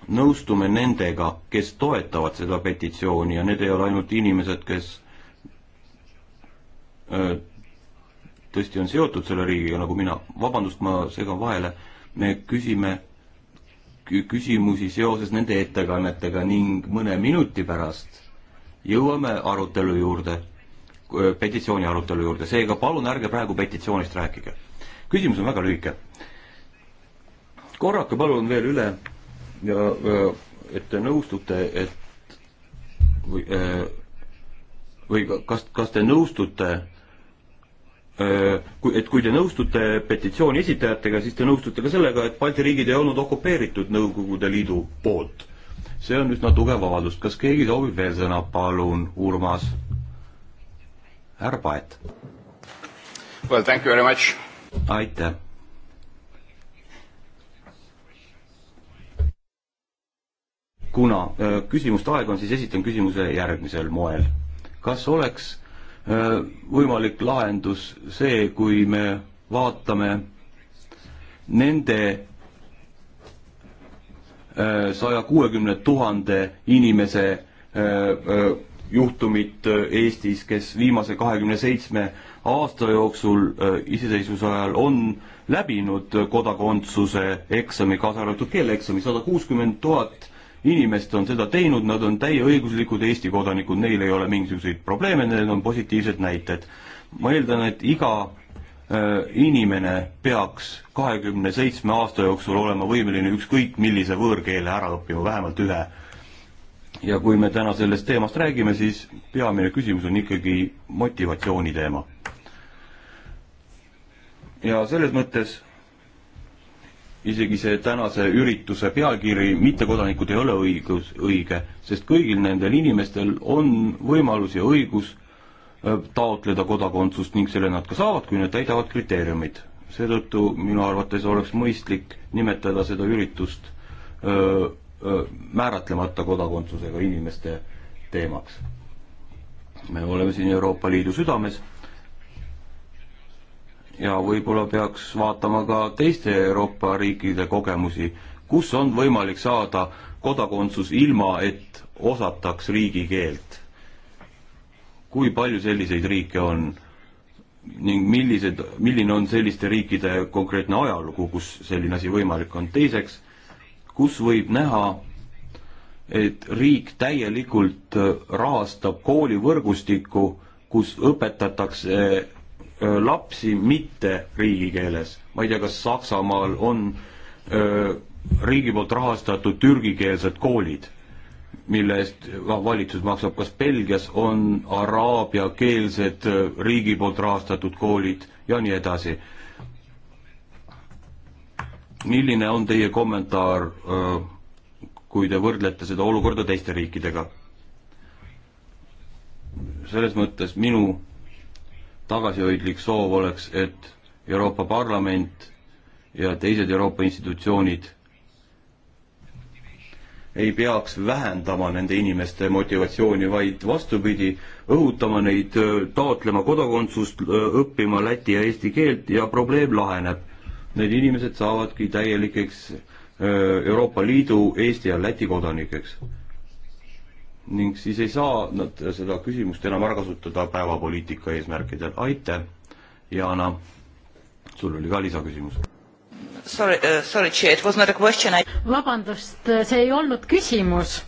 nõustume nendega, kes toetavad seda petitsiooni ja need ei ole ainult inimesed, kes öö, äh, tõesti on seotud selle riigiga, nagu mina, vabandust, ma segan vahele, me küsime küsimusi seoses nende ettekannetega ning mõne minuti pärast jõuame arutelu juurde, petitsiooni arutelu juurde, seega palun ärge praegu petitsioonist rääkige. küsimus on väga lühike. korrake palun veel üle ja et te nõustute, et või, või kas, kas te nõustute Äh, kui, et kui te nõustute petitsiooni esitajatega, siis te nõustute ka sellega, et Balti riigid ei olnud okupeeritud Nõukogude Liidu poolt. see on üsna tugev avaldus, kas keegi soovib veel sõna, palun, Urmas? härra Paet. Well, thank you very much. aitäh. kuna äh, küsimuste aeg on, siis esitan küsimuse järgmisel moel. kas oleks Äh, võimalik lahendus see, kui me vaatame nende äh, saja kuuekümne tuhande inimese äh, juhtumit Eestis, kes viimase kahekümne seitsme aasta jooksul iseseisvuse ajal on läbinud kodakondsuse eksami, kaasa arvatud keeleeksami, sada kuuskümmend tuhat inimest on seda teinud, nad on täieõiguslikud Eesti kodanikud, neil ei ole mingisuguseid probleeme, need on positiivsed näited. ma eeldan, et iga äh, inimene peaks kahekümne seitsme aasta jooksul olema võimeline ükskõik millise võõrkeele ära õppima, vähemalt ühe. ja kui me täna sellest teemast räägime, siis peamine küsimus on ikkagi motivatsiooni teema. ja selles mõttes isegi see tänase ürituse pealkiri Mittekodanikud ei ole õigus, õige, sest kõigil nendel inimestel on võimalus ja õigus äh, taotleda kodakondsust ning selle nad ka saavad, kui nad täidavad kriteeriumid. seetõttu minu arvates oleks mõistlik nimetada seda üritust öö, äh, öö, äh, määratlemata kodakondsusega inimeste teemaks. me oleme siin Euroopa Liidu südames ja võib-olla peaks vaatama ka teiste Euroopa riikide kogemusi, kus on võimalik saada kodakondsus ilma, et osataks riigikeelt. kui palju selliseid riike on ning millised, milline on selliste riikide konkreetne ajalugu, kus selline asi võimalik on. teiseks, kus võib näha, et riik täielikult rahastab koolivõrgustikku, kus õpetatakse lapsi mitte riigikeeles. ma ei tea, kas Saksamaal on öö, riigi poolt rahastatud türgikeelsed koolid, mille eest valitsus maksab, kas Belgias on araabiakeelsed riigi poolt rahastatud koolid ja nii edasi. milline on teie kommentaar, kui te võrdlete seda olukorda teiste riikidega? selles mõttes minu tagasihoidlik soov oleks, et Euroopa Parlament ja teised Euroopa institutsioonid ei peaks vähendama nende inimeste motivatsiooni, vaid vastupidi, õhutama neid taotlema kodakondsust, õppima läti ja eesti keelt ja probleem laheneb. Need inimesed saavadki täielikeks Euroopa Liidu, Eesti ja Läti kodanikeks ning siis ei saa nad seda küsimust enam ära kasutada päevapoliitika eesmärkidel. aitäh, Jana. sul oli ka lisaküsimus. Sorry uh,, sorry, it was not a question I.... vabandust, see ei olnud küsimus.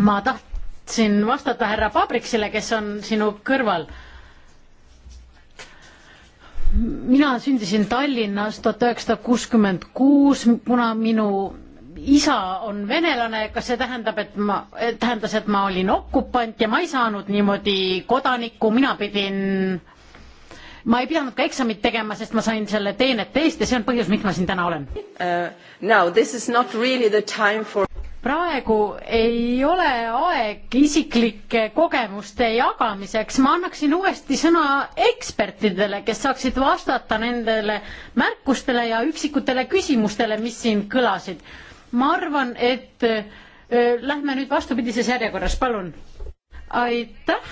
ma tahtsin vastata härra Fabriksile, kes on sinu kõrval. mina sündisin Tallinnas tuhat üheksasada kuuskümmend kuus, kuna minu isa on venelane, kas see tähendab, et ma, tähendas, et ma olin okupant ja ma ei saanud niimoodi kodanikku, mina pidin, ma ei pidanud ka eksamit tegema, sest ma sain selle teenete eest ja see on põhjus, miks ma siin täna olen uh,. Now this is not really the time for praegu ei ole aeg isiklike kogemuste jagamiseks, ma annaksin uuesti sõna ekspertidele, kes saaksid vastata nendele märkustele ja üksikutele küsimustele, mis siin kõlasid ma arvan, et äh, lähme nüüd vastupidises järjekorras, palun. aitäh,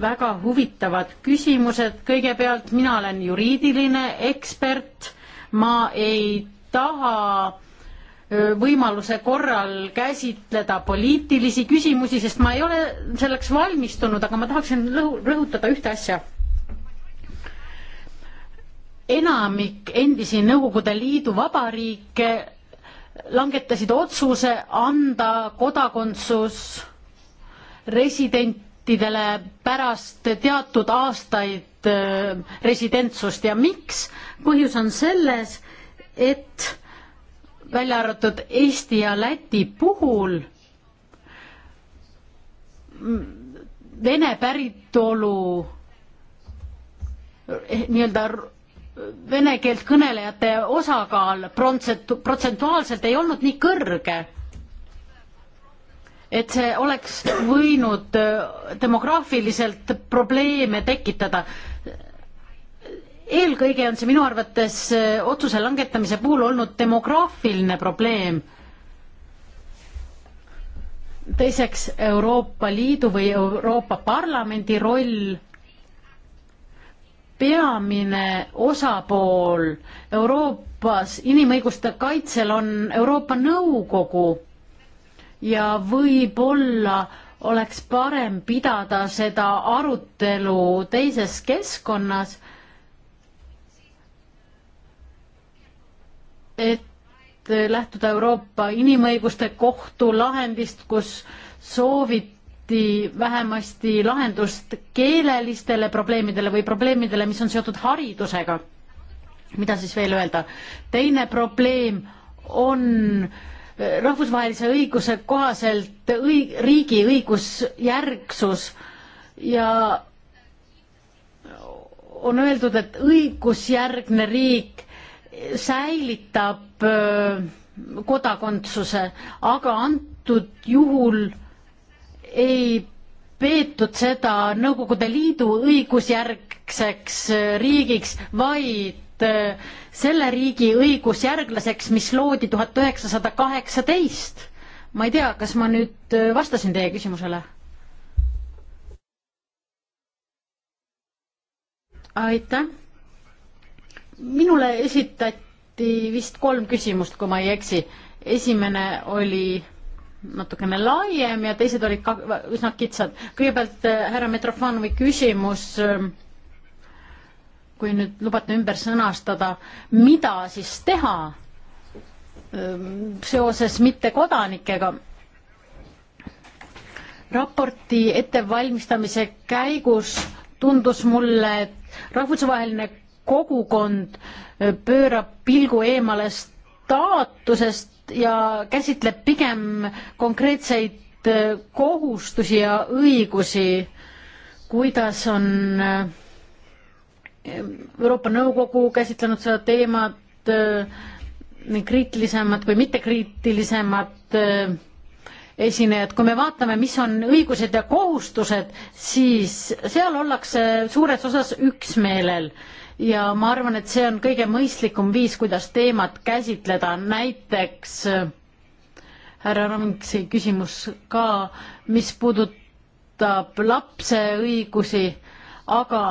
väga huvitavad küsimused, kõigepealt mina olen juriidiline ekspert, ma ei taha äh, võimaluse korral käsitleda poliitilisi küsimusi, sest ma ei ole selleks valmistunud, aga ma tahaksin rõhutada ühte asja. enamik endisi Nõukogude Liidu vabariike langetasid otsuse anda kodakondsus residentidele pärast teatud aastaid äh, residentsust ja miks? põhjus on selles, et välja arvatud Eesti ja Läti puhul Vene päritolu eh, nii-öelda vene keelt kõnelejate osakaal protsentuaalselt ei olnud nii kõrge, et see oleks võinud äh, demograafiliselt probleeme tekitada. eelkõige on see minu arvates äh, otsuse langetamise puhul olnud demograafiline probleem. teiseks Euroopa Liidu või Euroopa Parlamendi roll peamine osapool Euroopas inimõiguste kaitsel on Euroopa Nõukogu ja võib-olla oleks parem pidada seda arutelu teises keskkonnas, et lähtuda Euroopa Inimõiguste Kohtu lahendist, kus sooviti leiti vähemasti lahendust keelelistele probleemidele või probleemidele, mis on seotud haridusega. mida siis veel öelda? teine probleem on eh, rahvusvahelise õiguse kohaselt õig-, riigi õigusjärgsus ja on öeldud, et õigusjärgne riik säilitab eh, kodakondsuse, aga antud juhul ei peetud seda Nõukogude Liidu õigusjärgseks äh, riigiks, vaid äh, selle riigi õigusjärglaseks, mis loodi tuhat üheksasada kaheksateist. ma ei tea, kas ma nüüd äh, vastasin teie küsimusele? aitäh. minule esitati vist kolm küsimust, kui ma ei eksi. esimene oli natukene laiem ja teised olid ka üsna kitsad. kõigepealt äh, härra Metrofanovi küsimus, äh, kui nüüd lubate ümber sõnastada, mida siis teha äh, seoses mittekodanikega? raporti ettevalmistamise käigus tundus mulle, et rahvusvaheline kogukond pöörab pilgu eemale staatusest ja käsitleb pigem konkreetseid äh, kohustusi ja õigusi, kuidas on äh, Euroopa Nõukogu käsitlenud seda teemat, äh, kriitilisemad või mittekriitilisemad esinejad, kui me vaatame, mis on õigused ja kohustused, siis seal ollakse suures osas üksmeelel ja ma arvan, et see on kõige mõistlikum viis, kuidas teemat käsitleda, näiteks äh, härra Rongsi küsimus ka, mis puudutab lapse õigusi, aga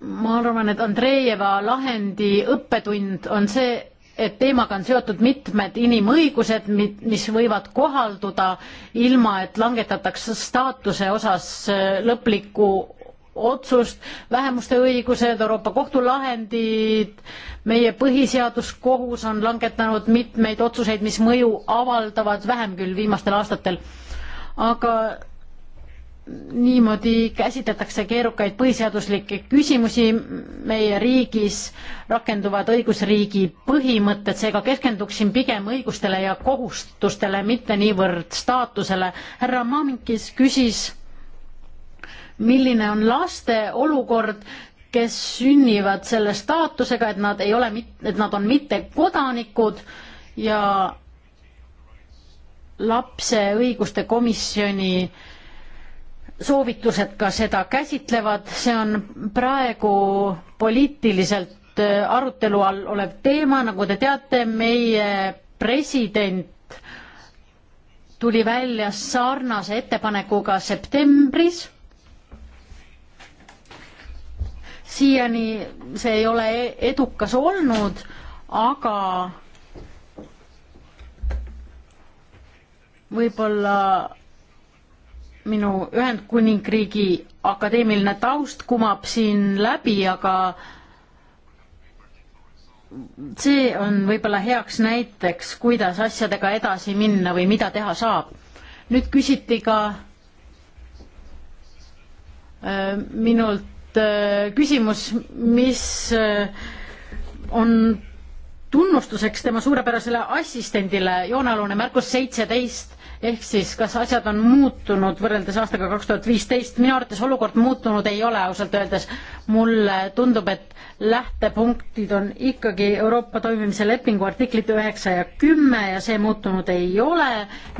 ma arvan, et Andreeva lahendi õppetund on see, et teemaga on seotud mitmed inimõigused, mis võivad kohalduda ilma, et langetataks staatuse osas äh, lõplikku otsust, vähemuste õigused, Euroopa Kohtu lahendid, meie põhiseaduskohus on langetanud mitmeid otsuseid, mis mõju avaldavad, vähem küll viimastel aastatel, aga niimoodi käsitletakse keerukaid põhiseaduslikke küsimusi, meie riigis rakenduvad õigusriigi põhimõtted, seega keskenduksin pigem õigustele ja kohustustele, mitte niivõrd staatusele. härra Mamkis küsis milline on laste olukord, kes sünnivad selle staatusega, et nad ei ole, et nad on mittekodanikud ja lapse õiguste komisjoni soovitused ka seda käsitlevad, see on praegu poliitiliselt äh, arutelu all olev teema, nagu te teate, meie president tuli välja sarnase ettepanekuga septembris siiani see ei ole e-, edukas olnud, aga võib-olla minu Ühendkuningriigi akadeemiline taust kumab siin läbi, aga see on võib-olla heaks näiteks, kuidas asjadega edasi minna või mida teha saab. nüüd küsiti ka äh, minult Äh, küsimus, mis äh, on tunnustuseks tema suurepärasele assistendile, joonealune märkus seitseteist, ehk siis kas asjad on muutunud võrreldes aastaga kaks tuhat viisteist, minu arvates olukord muutunud ei ole, ausalt öeldes. mulle tundub, et lähtepunktid on ikkagi Euroopa toimimise lepingu artiklid üheksa ja kümme ja see muutunud ei ole,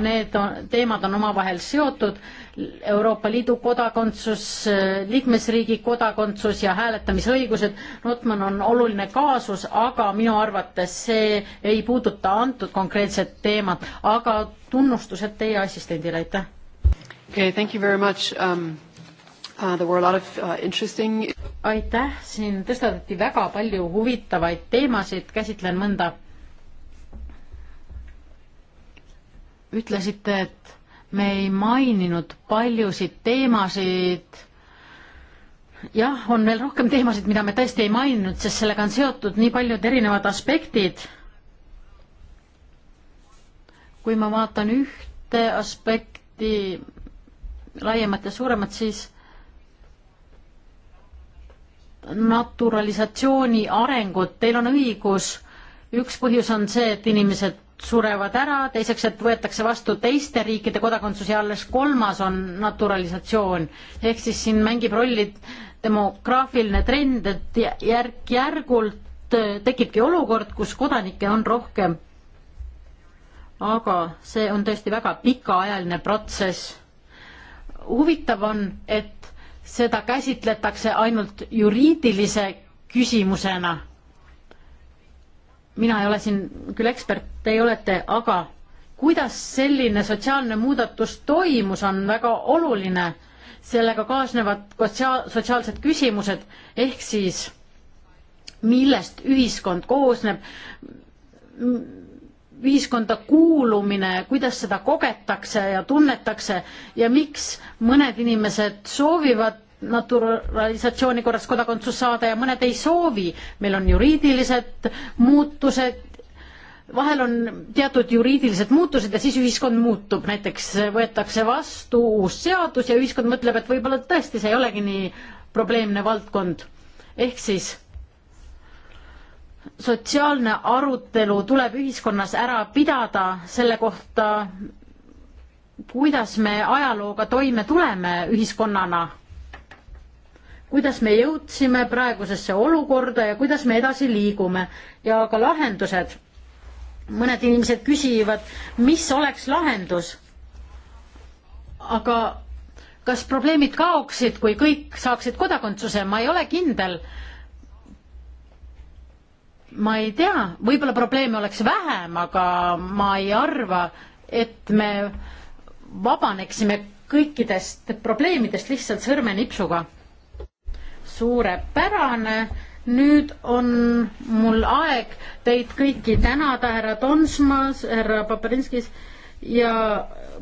need on, teemad on omavahel seotud Euroopa Liidu kodakondsus, liikmesriigi kodakondsus ja hääletamisõigused. Notman on oluline kaasus, aga minu arvates see ei puuduta antud konkreetset teemat, aga tunnustused teie assistendile, aitäh. Okay, thank you very much um,. Uh, there were a lot of uh, interesting aitäh, siin tõstatati väga palju huvitavaid teemasid, käsitlen mõnda. ütlesite, et me ei maininud paljusid teemasid. jah, on veel rohkem teemasid, mida me tõesti ei maininud, sest sellega on seotud nii paljud erinevad aspektid. kui ma vaatan ühte aspekti laiemat ja suuremat, siis naturalisatsiooni arengut, teil on õigus, üks põhjus on see, et inimesed surevad ära, teiseks, et võetakse vastu teiste riikide kodakondsus ja alles kolmas on naturalisatsioon. ehk siis siin mängib rolli demograafiline trend, et järk-järgult äh, tekibki olukord, kus kodanikke on rohkem. aga see on tõesti väga pikaajaline protsess. huvitav on, et seda käsitletakse ainult juriidilise küsimusena mina ei ole siin küll ekspert, teie olete, aga kuidas selline sotsiaalne muudatus toimus, on väga oluline. sellega kaasnevad sotsiaal, sotsiaalsed küsimused ehk siis millest ühiskond koosneb, ühiskonda kuulumine, kuidas seda kogetakse ja tunnetakse ja miks mõned inimesed soovivad naturalisatsiooni korras kodakondsus saada ja mõned ei soovi. meil on juriidilised muutused, vahel on teatud juriidilised muutused ja siis ühiskond muutub, näiteks võetakse vastu uus seadus ja ühiskond mõtleb, et võib-olla tõesti see ei olegi nii probleemne valdkond. ehk siis sotsiaalne arutelu tuleb ühiskonnas ära pidada selle kohta, kuidas me ajalooga toime tuleme ühiskonnana kuidas me jõudsime praegusesse olukorda ja kuidas me edasi liigume ja ka lahendused. mõned inimesed küsivad, mis oleks lahendus. aga kas probleemid kaoksid, kui kõik saaksid kodakondsuse, ma ei ole kindel. ma ei tea, võib-olla probleeme oleks vähem, aga ma ei arva, et me vabaneksime kõikidest probleemidest lihtsalt sõrmenipsuga suurepärane. nüüd on mul aeg teid kõiki tänada, härra Tonsmas, härra Paparinskis ja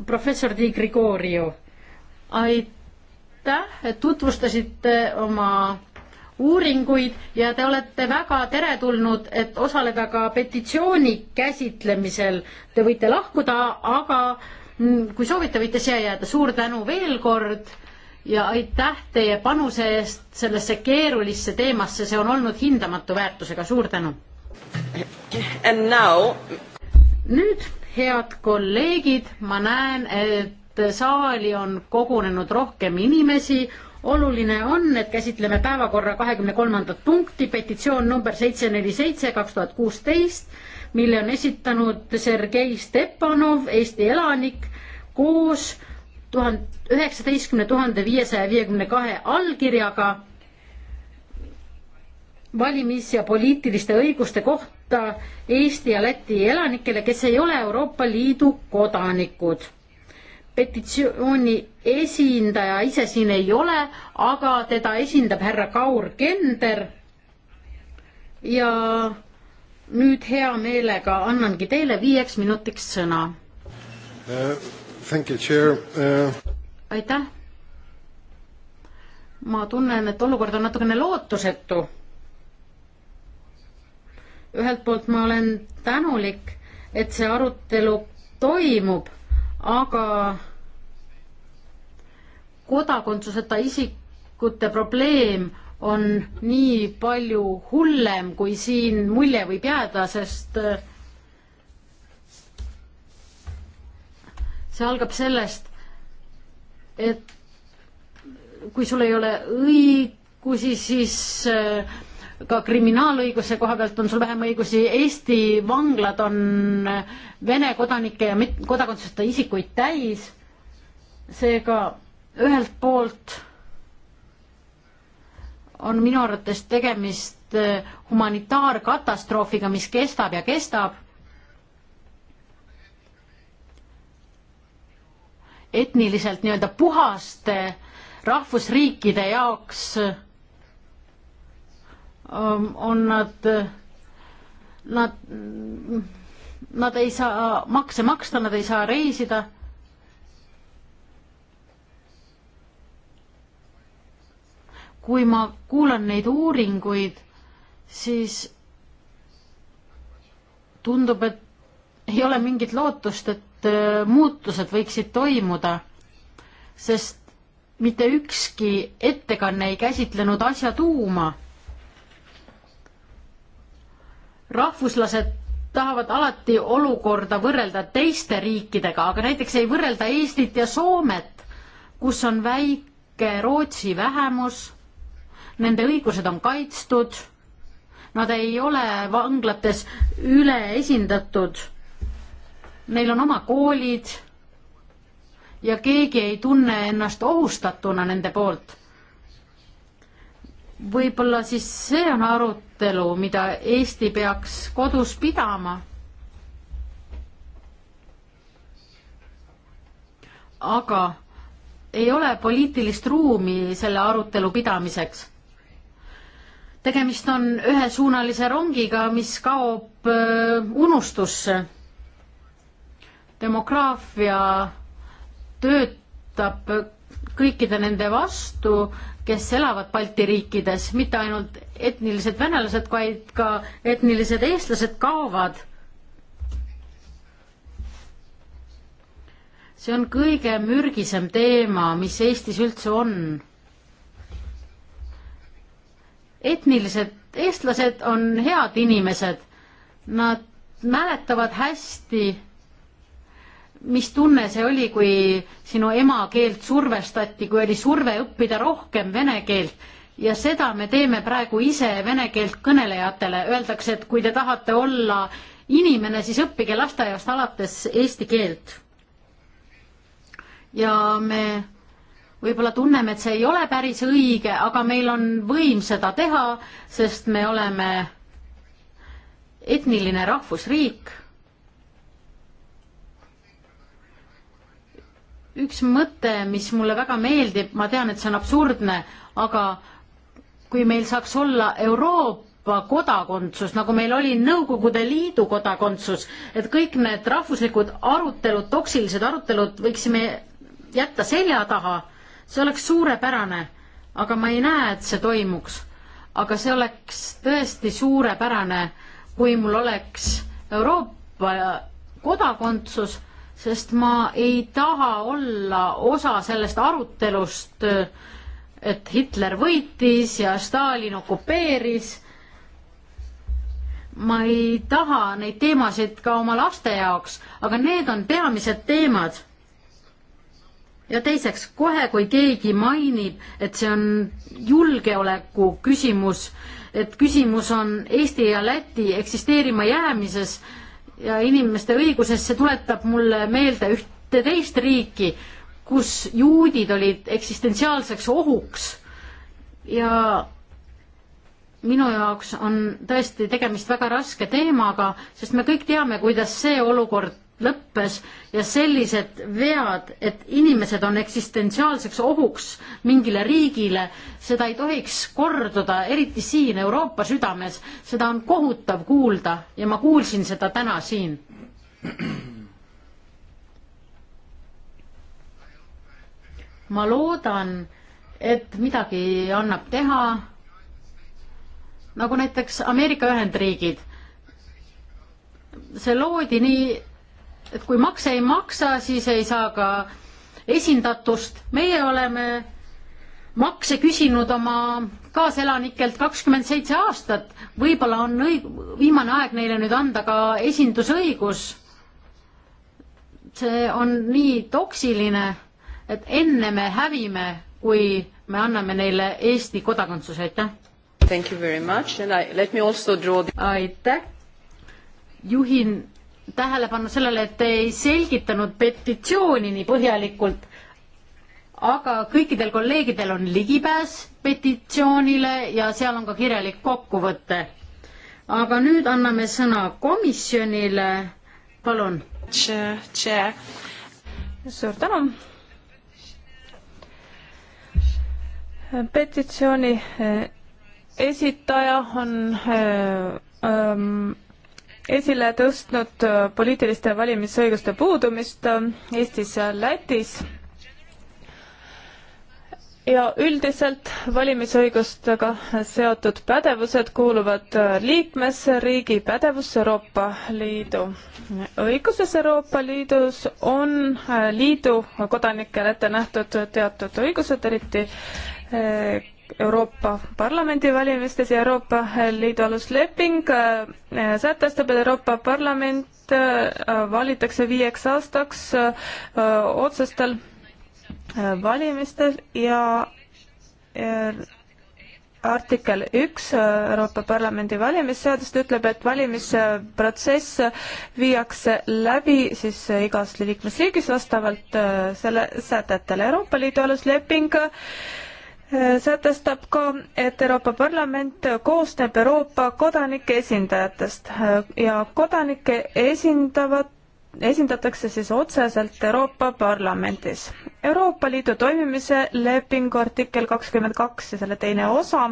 professor Di Grigorio. aitäh, et tutvustasite oma uuringuid ja te olete väga teretulnud, et osaleda ka petitsiooni käsitlemisel. Te võite lahkuda, aga kui soovite, võite siia jääda. suur tänu veel kord ja aitäh teie panuse eest sellesse keerulisse teemasse, see on olnud hindamatu väärtusega, suur tänu. Now... nüüd, head kolleegid, ma näen, et saali on kogunenud rohkem inimesi. oluline on, et käsitleme päevakorra kahekümne kolmandat punkti, petitsioon number seitse neli seitse kaks tuhat kuusteist, mille on esitanud Sergei Stepanov, Eesti elanik, koos tuhande, üheksateistkümne tuhande viiesaja viiekümne kahe allkirjaga valimis- ja poliitiliste õiguste kohta Eesti ja Läti elanikele, kes ei ole Euroopa Liidu kodanikud. petitsiooni esindaja ise siin ei ole, aga teda esindab härra Kaur Kender. ja nüüd hea meelega annangi teile viieks minutiks sõna äh Thank you, Chair uh.... aitäh. ma tunnen, et olukord on natukene lootusetu. ühelt poolt ma olen tänulik, et see arutelu toimub, aga kodakondsuseta isikute probleem on nii palju hullem, kui siin mulje võib jääda, sest äh, see algab sellest, et kui sul ei ole õigusi, siis äh, ka kriminaalõiguse koha pealt on sul vähem õigusi. Eesti vanglad on äh, Vene kodanikke ja kodakondsuseta isikuid täis. seega ühelt poolt on minu arvates tegemist äh, humanitaarkatastroofiga, mis kestab ja kestab etniliselt nii-öelda puhaste rahvusriikide jaoks ähm, on nad, nad, nad ei saa makse maksta, nad ei saa reisida. kui ma kuulan neid uuringuid, siis tundub, et ei ole mingit lootust, et Äh, muutused võiksid toimuda, sest mitte ükski ettekanne ei käsitlenud asja tuuma. rahvuslased tahavad alati olukorda võrrelda teiste riikidega, aga näiteks ei võrrelda Eestit ja Soomet, kus on väike Rootsi vähemus, nende õigused on kaitstud, nad ei ole vanglates üleesindatud neil on oma koolid ja keegi ei tunne ennast ohustatuna nende poolt. võib-olla siis see on arutelu, mida Eesti peaks kodus pidama. aga ei ole poliitilist ruumi selle arutelu pidamiseks. tegemist on ühesuunalise rongiga, mis kaob äh, unustusse demograafia töötab kõikide nende vastu, kes elavad Balti riikides, mitte ainult etnilised venelased, vaid ka etnilised eestlased kaovad. see on kõige mürgisem teema, mis Eestis üldse on. etnilised eestlased on head inimesed, nad mäletavad hästi mis tunne see oli, kui sinu emakeelt survestati, kui oli surve õppida rohkem vene keelt ja seda me teeme praegu ise vene keelt kõnelejatele, öeldakse, et kui te tahate olla inimene, siis õppige lasteaiast alates eesti keelt. ja me võib-olla tunneme, et see ei ole päris õige, aga meil on võim seda teha, sest me oleme etniline rahvusriik üks mõte, mis mulle väga meeldib, ma tean, et see on absurdne, aga kui meil saaks olla Euroopa kodakondsus, nagu meil oli Nõukogude Liidu kodakondsus, et kõik need rahvuslikud arutelud, toksilised arutelud võiksime jätta selja taha, see oleks suurepärane, aga ma ei näe, et see toimuks. aga see oleks tõesti suurepärane, kui mul oleks Euroopa kodakondsus sest ma ei taha olla osa sellest arutelust, et Hitler võitis ja Stalin okupeeris. ma ei taha neid teemasid ka oma laste jaoks, aga need on peamised teemad. ja teiseks, kohe kui keegi mainib, et see on julgeoleku küsimus, et küsimus on Eesti ja Läti eksisteerima jäämises ja inimeste õigusest, see tuletab mulle meelde ühte teist riiki, kus juudid olid eksistentsiaalseks ohuks ja minu jaoks on tõesti tegemist väga raske teemaga, sest me kõik teame, kuidas see olukord lõppes ja sellised vead, et inimesed on eksistentsiaalseks ohuks mingile riigile, seda ei tohiks korduda, eriti siin Euroopa südames. seda on kohutav kuulda ja ma kuulsin seda täna siin. ma loodan, et midagi annab teha, nagu näiteks Ameerika Ühendriigid see loodi nii, et kui makse ei maksa, siis ei saa ka esindatust. meie oleme makse küsinud oma kaaselanikelt kakskümmend seitse aastat, võib-olla on õig-, viimane aeg neile nüüd anda ka esindusõigus. see on nii toksiline, et enne me hävime, kui me anname neile Eesti kodakondsuse, aitäh! Thank you very much and I, let me also draw the... aitäh! juhin tähelepanu sellele, et te ei selgitanud petitsiooni nii põhjalikult, aga kõikidel kolleegidel on ligipääs petitsioonile ja seal on ka kirjalik kokkuvõte. aga nüüd anname sõna komisjonile, palun. suur tänu. petitsiooni eh, esitaja on öö, eh, öö, ähm, esile tõstnud äh, poliitiliste valimisõiguste puudumist äh, Eestis ja Lätis ja üldiselt valimisõigustega seotud pädevused kuuluvad äh, liikmesriigi pädevusse Euroopa Liidu õiguses. Euroopa Liidus on liidu kodanikele ette nähtud teatud õigused, eriti Euroopa Parlamendi valimistes ja Euroopa Liidu alusleping äh, sätestab, et Euroopa Parlament äh, valitakse viieks aastaks äh, otsestel valimistel ja artikkel üks Euroopa Parlamendi valimisseadust ütleb, et valimisprotsess viiakse läbi siis igas liikmesriigis vastavalt selle sätetele. Euroopa Liidu alusleping äh, sätestab ka, et Euroopa Parlament koosneb Euroopa kodanike esindajatest ja kodanikke esindavad, esindatakse siis otseselt Euroopa Parlamendis. Euroopa Liidu toimimise lepingu artikkel kakskümmend kaks ja selle teine osa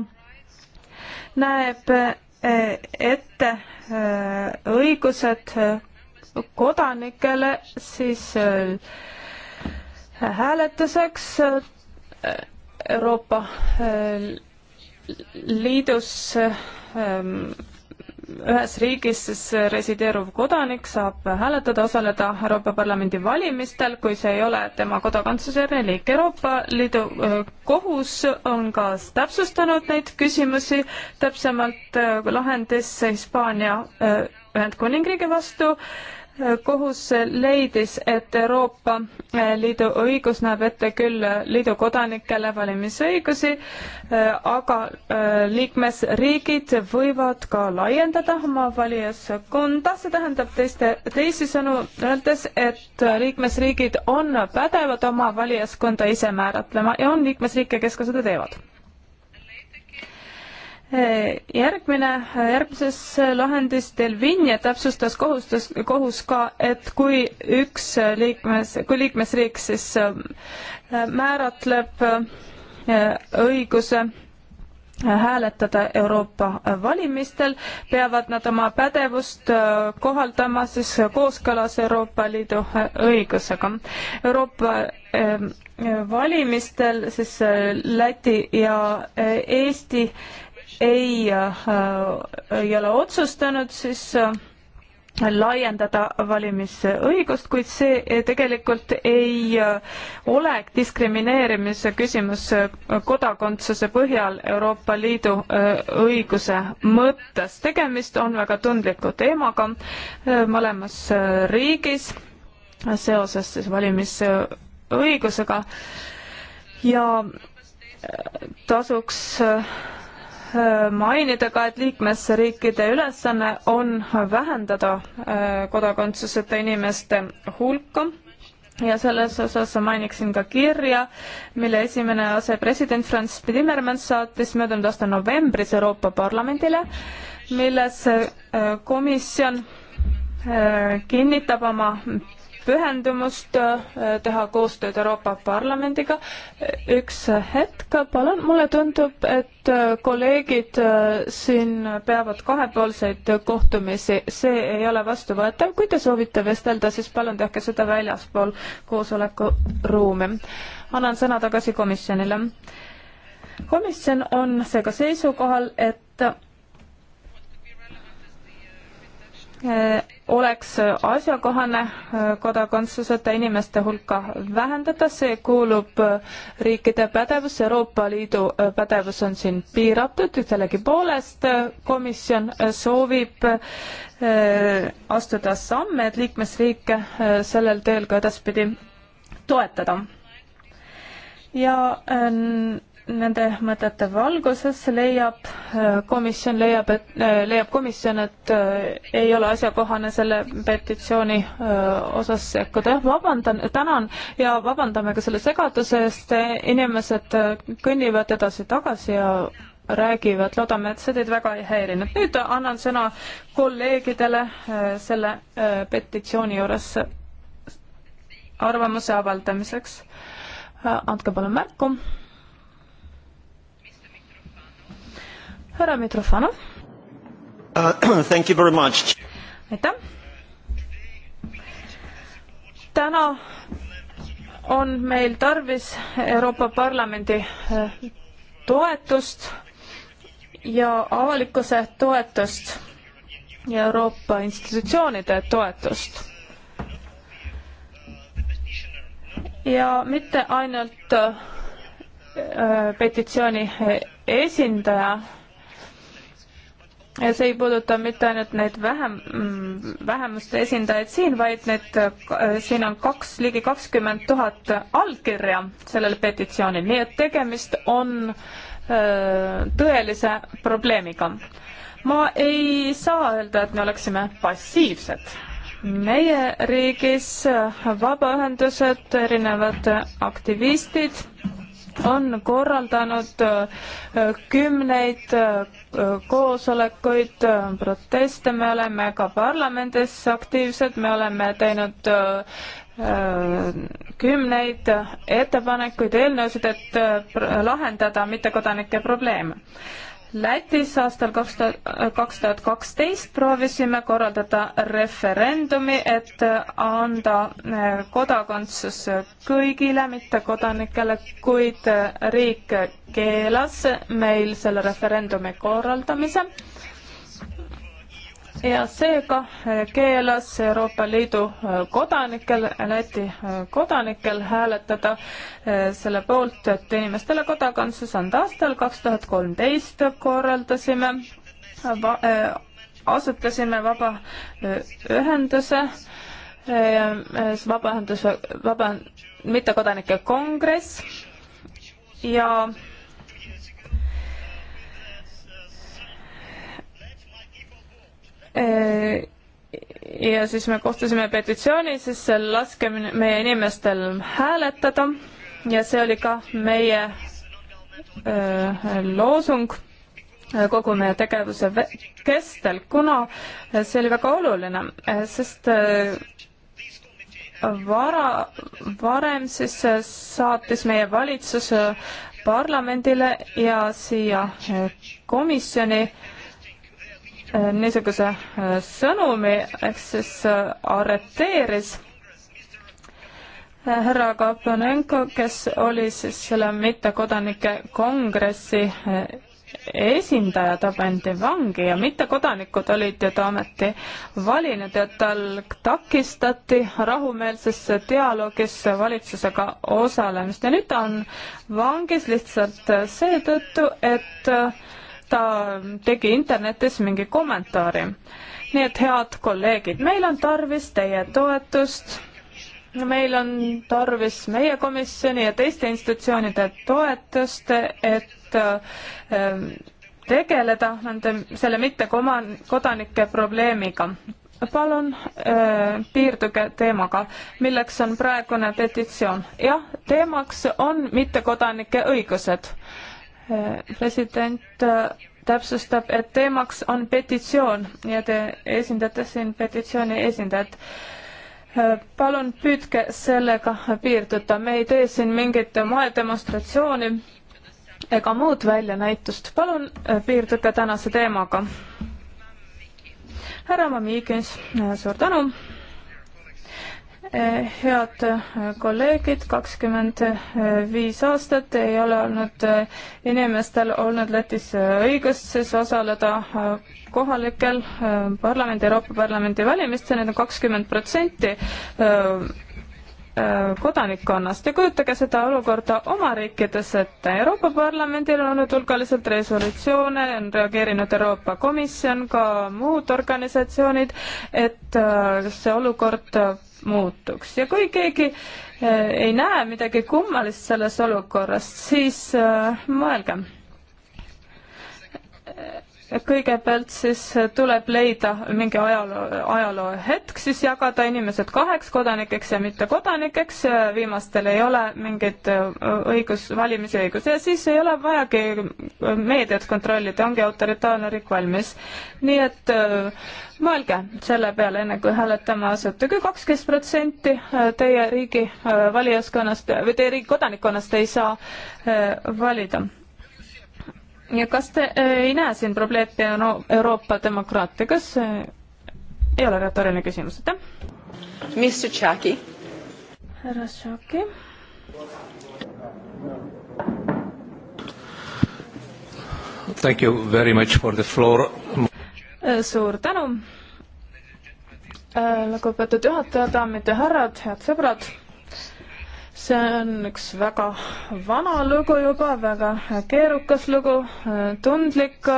näeb eh, ette eh, õigused kodanikele siis eh, hääletuseks Euroopa äh, Liidus ähm, ühes riigis siis resideeruv kodanik saab hääletada, osaleda Euroopa Parlamendi valimistel, kui see ei ole tema kodakondsusjärgne liik. Euroopa Liidu äh, kohus on ka täpsustanud neid küsimusi, täpsemalt äh, lahendis Hispaania Ühendkuningriigi vastu äh, kohus leidis, et Euroopa Liidu õigus näeb ette küll liidu kodanikele valimisõigusi, aga äh, liikmesriigid võivad ka laiendada oma valijaskonda, see tähendab teiste, teisisõnu öeldes, et liikmesriigid on pädevad oma valijaskonda ise määratlema ja on liikmesriike, kes ka seda teevad järgmine, järgmises lahendis Delvinje täpsustas kohustus, kohus ka, et kui üks liikmes, kui liikmesriik siis ähm, määratleb äh, õiguse äh, hääletada Euroopa valimistel, peavad nad oma pädevust äh, kohaldama siis kooskõlas Euroopa Liidu õigusega. Euroopa ähm, valimistel siis Läti ja Eesti ei, äh, ei ole otsustanud, siis äh, laiendada valimisõigust, kuid see äh, tegelikult ei ole diskrimineerimise küsimus kodakondsuse põhjal Euroopa Liidu õiguse mõttes. tegemist on väga tundliku teemaga mõlemas riigis seoses siis valimisõigusega ja tasuks Äh, mainida ka, et liikmesriikide ülesanne on vähendada äh, kodakondsuseta inimeste hulka ja selles osas mainiksin ka kirja, mille esimene asepresident Franz Timmermans saatis möödunud aasta novembris Euroopa Parlamendile, milles äh, komisjon kinnitab oma pühendumust äh, teha koostööd Euroopa Parlamendiga. üks hetk, palun, mulle tundub, et äh, kolleegid äh, siin peavad kahepoolseid kohtumisi, see ei ole vastuvõetav, kui te soovite vestelda, siis palun tehke seda väljaspool koosolekuruumi. annan sõna tagasi komisjonile. komisjon on seega seisukohal, et Äh, oleks asjakohane äh, kodakondsuseta inimeste hulka vähendada, see kuulub äh, riikide pädevus, Euroopa Liidu pädevus on siin piiratud, sellegipoolest komisjon soovib astuda samme, et liikmesriike sellel teel ka edaspidi toetada ja nende mõtete valguses leiab äh, komisjon, leiab, et, äh, leiab komisjon, et äh, ei ole asjakohane selle petitsiooni osas sekkuda. vabandan, tänan ja vabandame ka selle segaduse eest. inimesed kõnnivad edasi-tagasi ja räägivad, loodame, et see teid väga ei häirinud. nüüd annan sõna kolleegidele selle petitsiooni juures arvamuse avaldamiseks. andke palun märku härra Mitrofanov uh,. <clears throat> Thank you very much. aitäh. täna on meil tarvis Euroopa Parlamendi eh, toetust ja avalikkuse toetust ja Euroopa institutsioonide toetust. ja mitte ainult eh, petitsiooni esindaja ja see ei puuduta mitte ainult neid vähem, mm, vähemuste esindajaid siin, vaid need, äh, siin on kaks, ligi kakskümmend tuhat allkirja sellel petitsioonil, nii et tegemist on äh, tõelise probleemiga. ma ei saa öelda, et me oleksime passiivsed. meie riigis vabaühendused, erinevad aktivistid on korraldanud äh, kümneid äh, koosolekuid, äh, proteste, me oleme ka parlamendis aktiivsed, me oleme teinud kümneid ettepanekuid, eelnõusid, et lahendada mittekodanike probleeme. Lätis aastal kaks tuhat, kaks tuhat kaksteist proovisime korraldada referendumi, et anda eh, kodakondsus kõigile mittekodanikele, kuid riik keelas meil selle referendumi korraldamise ja seega eh, keelas Euroopa Liidu eh, kodanikel, Läti eh, kodanikel hääletada selle poolt, et inimestele kodakondsus anda aastal kaks tuhat kolmteist korraldasime va,, asutasime vabaühenduse, vabaühenduse, vaba, vaba mittekodanike kongress ja Äh, ja siis me kohtusime petitsiooni, siis seal laskemine meie inimestel hääletada ja see oli ka meie öö, äh, loosung äh, kogu meie tegevuse kestel, kuna see oli väga oluline, sest vara, varem siis saatis meie valitsus parlamendile ja siia komisjoni äh, Äh, niisuguse äh, sõnumi, ehk siis äh, arreteeris härra Kapanenko, kes oli siis selle mittekodanike kongressi esindaja, ta pandi vangi ja mittekodanikud olid ju ta ameti valinud ja tal takistati rahumeelsesse dialoogisse valitsusega osalemist ja nüüd ta on vangis lihtsalt seetõttu, et äh, ta tegi internetis mingi kommentaari. nii et head kolleegid, meil on tarvis teie toetust, meil on tarvis meie komisjoni ja teiste institutsioonide toetust, et ähm, tegeleda nende, selle mittekodanike probleemiga palun öö, äh, piirduge teemaga, milleks on praegune petitsioon. jah, teemaks on mittekodanike õigused Eh, president eh, täpsustab, et teemaks on petitsioon ja te esindate siin petitsiooni esindajat. Eh, palun püüdke sellega piirduda, me ei tee siin mingit moedemonstratsiooni ega muud väljanäitust, palun piirduge tänase teemaga. härra Mamikins, suur tänu head äh, kolleegid, kakskümmend viis aastat ei ole olnud äh, inimestel olnud Lätis äh, õigust siis osaleda kohalikel parlamendi, Euroopa Parlamendi valimistel, need on kakskümmend protsenti kodanikkonnast ja kujutage seda olukorda oma riikides, et Euroopa Parlamendil on olnud hulgaliselt resolutsioone, on reageerinud Euroopa Komisjon, ka muud organisatsioonid, et see olukord muutuks ja kui keegi äh, ei näe midagi kummalist selles olukorras, siis äh, mõelgem äh, kõigepealt siis tuleb leida mingi ajaloo, ajaloohetk, siis jagada inimesed kaheks, kodanikeks ja mittekodanikeks, viimastel ei ole mingit äh, õigus, valimisõigust ja siis ei ole vajagi meediat kontrollida, ongi autoritaarne riik valmis. nii et äh, mõelge selle peale, enne kui hääletama asute, kui kaksteist protsenti äh, teie riigi valijaskonnast või teie riigi kodanikkonnast ei saa valida ja kas te äh, ei näe siin probleemi no, Euroopa demokraatia, kas äh, ei ole retooriline küsimus, aitäh? Mr Tšaki. härra Tšaki. Thank you very much for the floor. Äh, suur tänu. lugupeetud juhataja, daamid ja härrad, head sõbrad see on üks väga vana lugu juba, väga keerukas lugu, tundlik,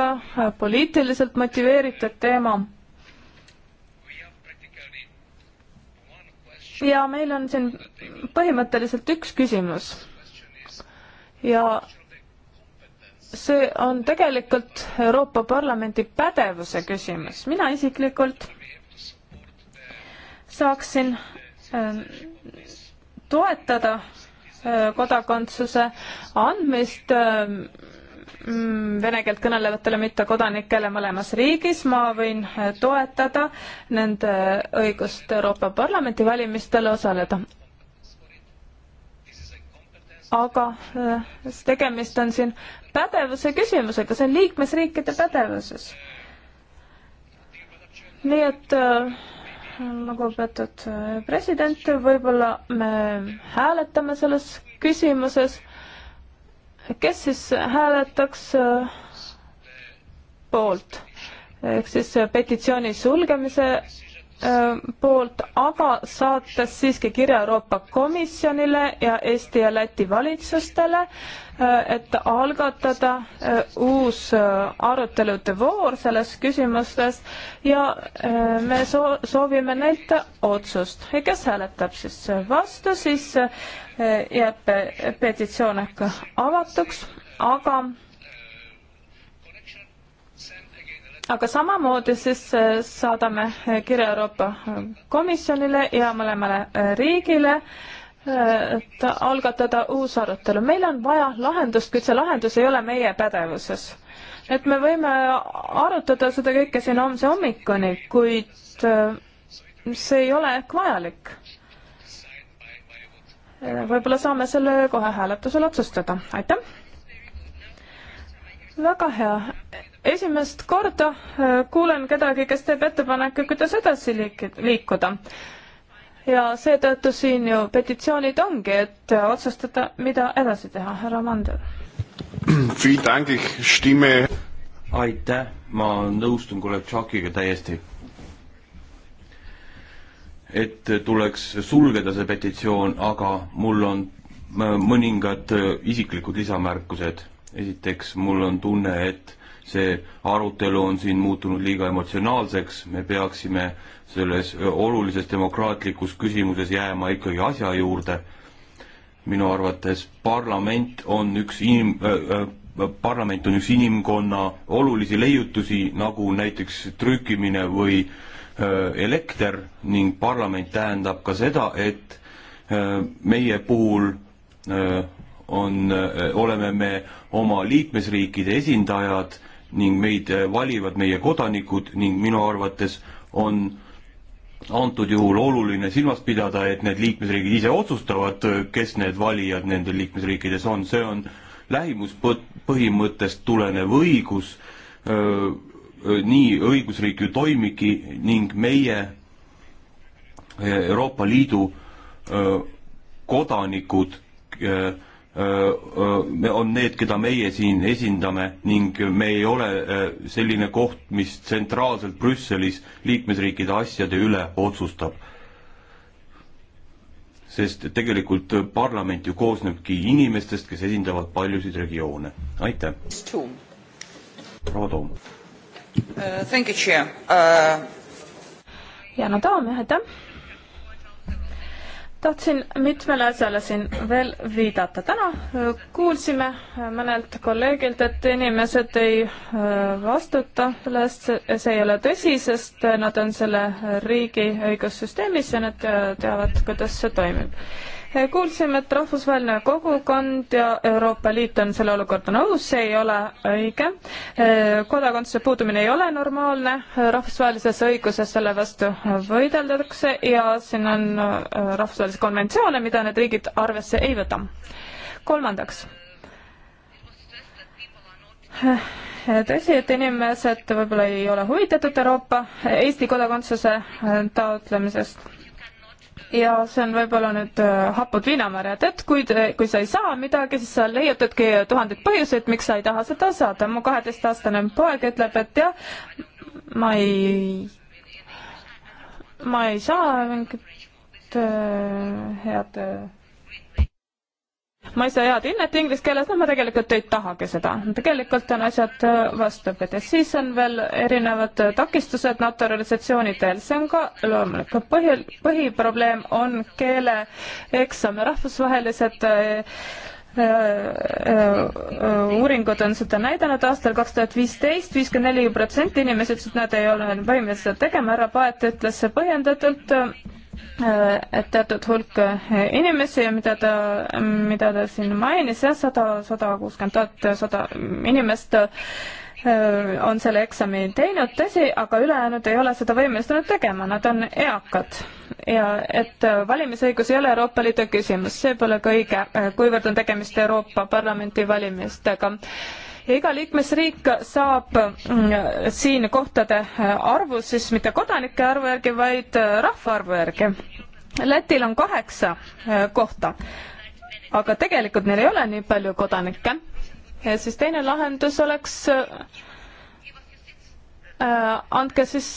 poliitiliselt motiveeritud teema. ja meil on siin põhimõtteliselt üks küsimus. ja see on tegelikult Euroopa Parlamendi pädevuse küsimus. mina isiklikult saaksin äh, toetada äh, kodakondsuse andmist äh, mm, vene keelt kõnelevatele mittekodanikele mõlemas riigis, ma võin äh, toetada nende õigust Euroopa Parlamenti valimistel osaleda. aga tegemist on siin pädevuse küsimusega, see on liikmesriikide pädevuses. nii et äh, lugupeetud äh, president, võib-olla me hääletame selles küsimuses. kes siis hääletaks äh, poolt ehk siis äh, petitsiooni sulgemise poolt, aga saates siiski kirja Euroopa Komisjonile ja Eesti ja Läti valitsustele Äh, et algatada äh, uus äh, arutelude voor selles küsimustes ja me soo soovime neilt otsust. ja kes hääletab siis vastu, siis jääb petitsioon ehk avatuks, aga aga samamoodi siis saadame kirja Euroopa Komisjonile ja mõlemale riigile äh, et algatada uus arutelu. meil on vaja lahendust, kuid see lahendus ei ole meie pädevuses. et me võime arutada seda kõike siin homse hommikuni, kuid äh, see ei ole ehk vajalik. võib-olla saame selle kohe hääletusel otsustada. aitäh! väga hea. esimest korda äh, kuulen kedagi, kes teeb ettepaneku, kuidas edasi liikuda ja seetõttu siin ju petitsioonid ongi, et otsustada, mida edasi teha, härra Mandel. <clears throat> aitäh, ma nõustun kolleeg Tšakiga täiesti. et tuleks sulgeda see petitsioon, aga mul on äh, mõningad äh, isiklikud lisamärkused. esiteks, mul on tunne, et see arutelu on siin muutunud liiga emotsionaalseks, me peaksime selles olulises demokraatlikus küsimuses jääma ikkagi asja juurde. minu arvates parlament on üks inim- äh,, äh, parlament on üks inimkonna olulisi leiutusi, nagu näiteks trükkimine või äh, elekter ning parlament tähendab ka seda, et äh, meie puhul äh, on, äh, oleme me oma liikmesriikide esindajad ning meid eh, valivad meie kodanikud ning minu arvates on antud juhul oluline silmas pidada, et need liikmesriigid ise otsustavad, eh, kes need valijad nendel liikmesriikides on, see on lähimuspõhimõttest tulenev õigus, eh, nii õigusriik ju toimibki ning meie Euroopa Liidu kodanikud öö, on need, keda meie siin esindame ning me ei ole selline koht, mis tsentraalselt Brüsselis liikmesriikide asjade üle otsustab. sest tegelikult parlament ju koosnebki inimestest, kes esindavad paljusid regioone. aitäh. proua Toom. Uh, uh, ja no Toom, jah, aitäh tahtsin mitmele asjale siin veel viidata. täna äh, kuulsime äh, mõnelt kolleegilt, et inimesed ei äh, vastuta selle eest, see ei ole tõsi, sest nad on selle riigi õigussüsteemis ja nad teavad, kuidas see toimib kuulsime, et rahvusvaheline kogukond ja Euroopa Liit on selle olukorda nõus, see ei ole õige. kodakondsuse puudumine ei ole normaalne, rahvusvahelises õiguses selle vastu võideldakse ja siin on äh, rahvusvahelisi konventsioone, mida need riigid arvesse ei võta. kolmandaks tõsi, et inimesed võib-olla ei ole huvitatud Euroopa, Eesti kodakondsuse taotlemisest, ja see on võib-olla nüüd äh, hapud viinamarjad, et kui, kui sa ei saa midagi, siis sa leiutadki tuhandeid põhjuseid, miks sa ei taha seda saada. mu kaheteistaastane poeg ütleb, et jah, ma ei, ma ei saa mingit äh, head äh, ma ei saa head hinnet inglise keeles, no ma tegelikult ei tahagi seda. tegelikult on asjad äh, vastupidi, siis on veel erinevad äh, takistused naturalisatsiooni teel, see on ka loomulik. põhi, põhiprobleem on keeleeksam, rahvusvahelised äh, uuringud on seda näidanud, aastal kaks tuhat viisteist viiskümmend neli protsenti inimesi ütles, et nad ei ole valmis seda tegema, härra Paet ütles põhjendatult Äh, teatud hulk äh, inimesi ja mida ta, mida ta siin mainis, jah, sada, sada kuuskümmend tuhat, sada inimest äh, on selle eksami teinud, tõsi, aga ülejäänud ei ole seda võimestunud tegema, nad on eakad. ja et valimisõigus ei ole Euroopa Liidu küsimus, see pole ka õige, kuivõrd on tegemist Euroopa Parlamenti valimistega iga liikmesriik saab mm, siin kohtade arvu siis mitte kodanike arvu järgi, vaid äh, rahvaarvu järgi. Lätil on kaheksa äh, kohta, aga tegelikult neil ei ole nii palju kodanikke. ja siis teine lahendus oleks äh, andke siis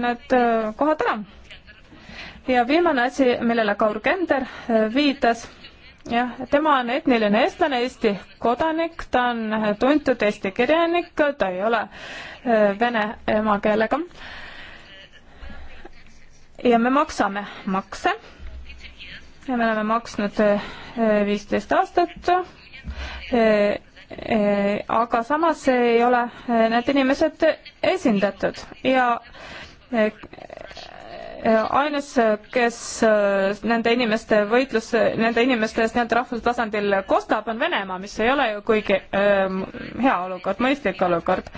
need kohad ära. ja viimane asi, millele Kaur Kender viitas jah, tema on etniline eestlane, Eesti kodanik, ta on tuntud Eesti kirjanik, ta ei ole äh, vene emakeelega. ja me maksame makse. ja me oleme maksnud äh, äh, viisteist aastat. aga samas ei ole need inimesed esindatud ja ainus, kes äh, nende inimeste võitlus, nende inimeste eest nii-öelda rahvuse tasandil kostab, on Venemaa, mis ei ole ju kuigi ähm, hea olukord, mõistlik olukord.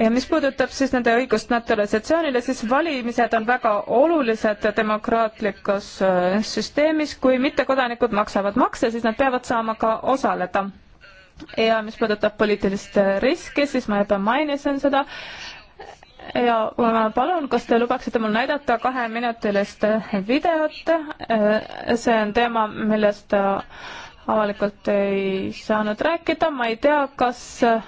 ja mis puudutab siis nende õigust naturalisatsioonile, siis valimised on väga olulised demokraatlikus äh, süsteemis, kui mittekodanikud maksavad makse, siis nad peavad saama ka osaleda ja mis puudutab poliitilist riski, siis ma juba mainisin seda äh,, ja ma palun, kas te lubaksite mul näidata kaheminutilist videot, äh, see on teema, millest äh, avalikult ei saanud rääkida, ma ei tea, kas